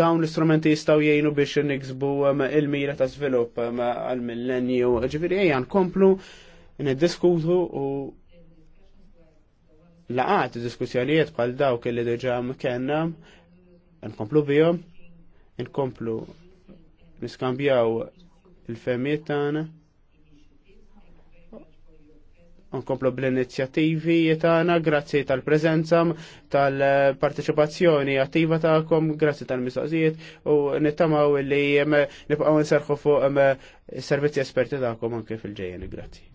dawn l-istrumenti jistaw jgħinu biex niksbu il-mira ta' svilup għal-millenju. Ġifiri ejja nkomplu niddiskutu u laqat diskussjonijiet bħal dawk li diġa kellna nkomplu bihom, nkomplu niskambjaw il-femiet tagħna, nkomplu bl-inizjattivi tagħna grazzi tal prezenza tal-parteċipazzjoni attiva tagħkom, grazzi tal-mistoqsijiet u nittamaw li nibqgħu nserħu fuq servizzi esperti tagħkom anke fil-ġejjeni. Grazzi.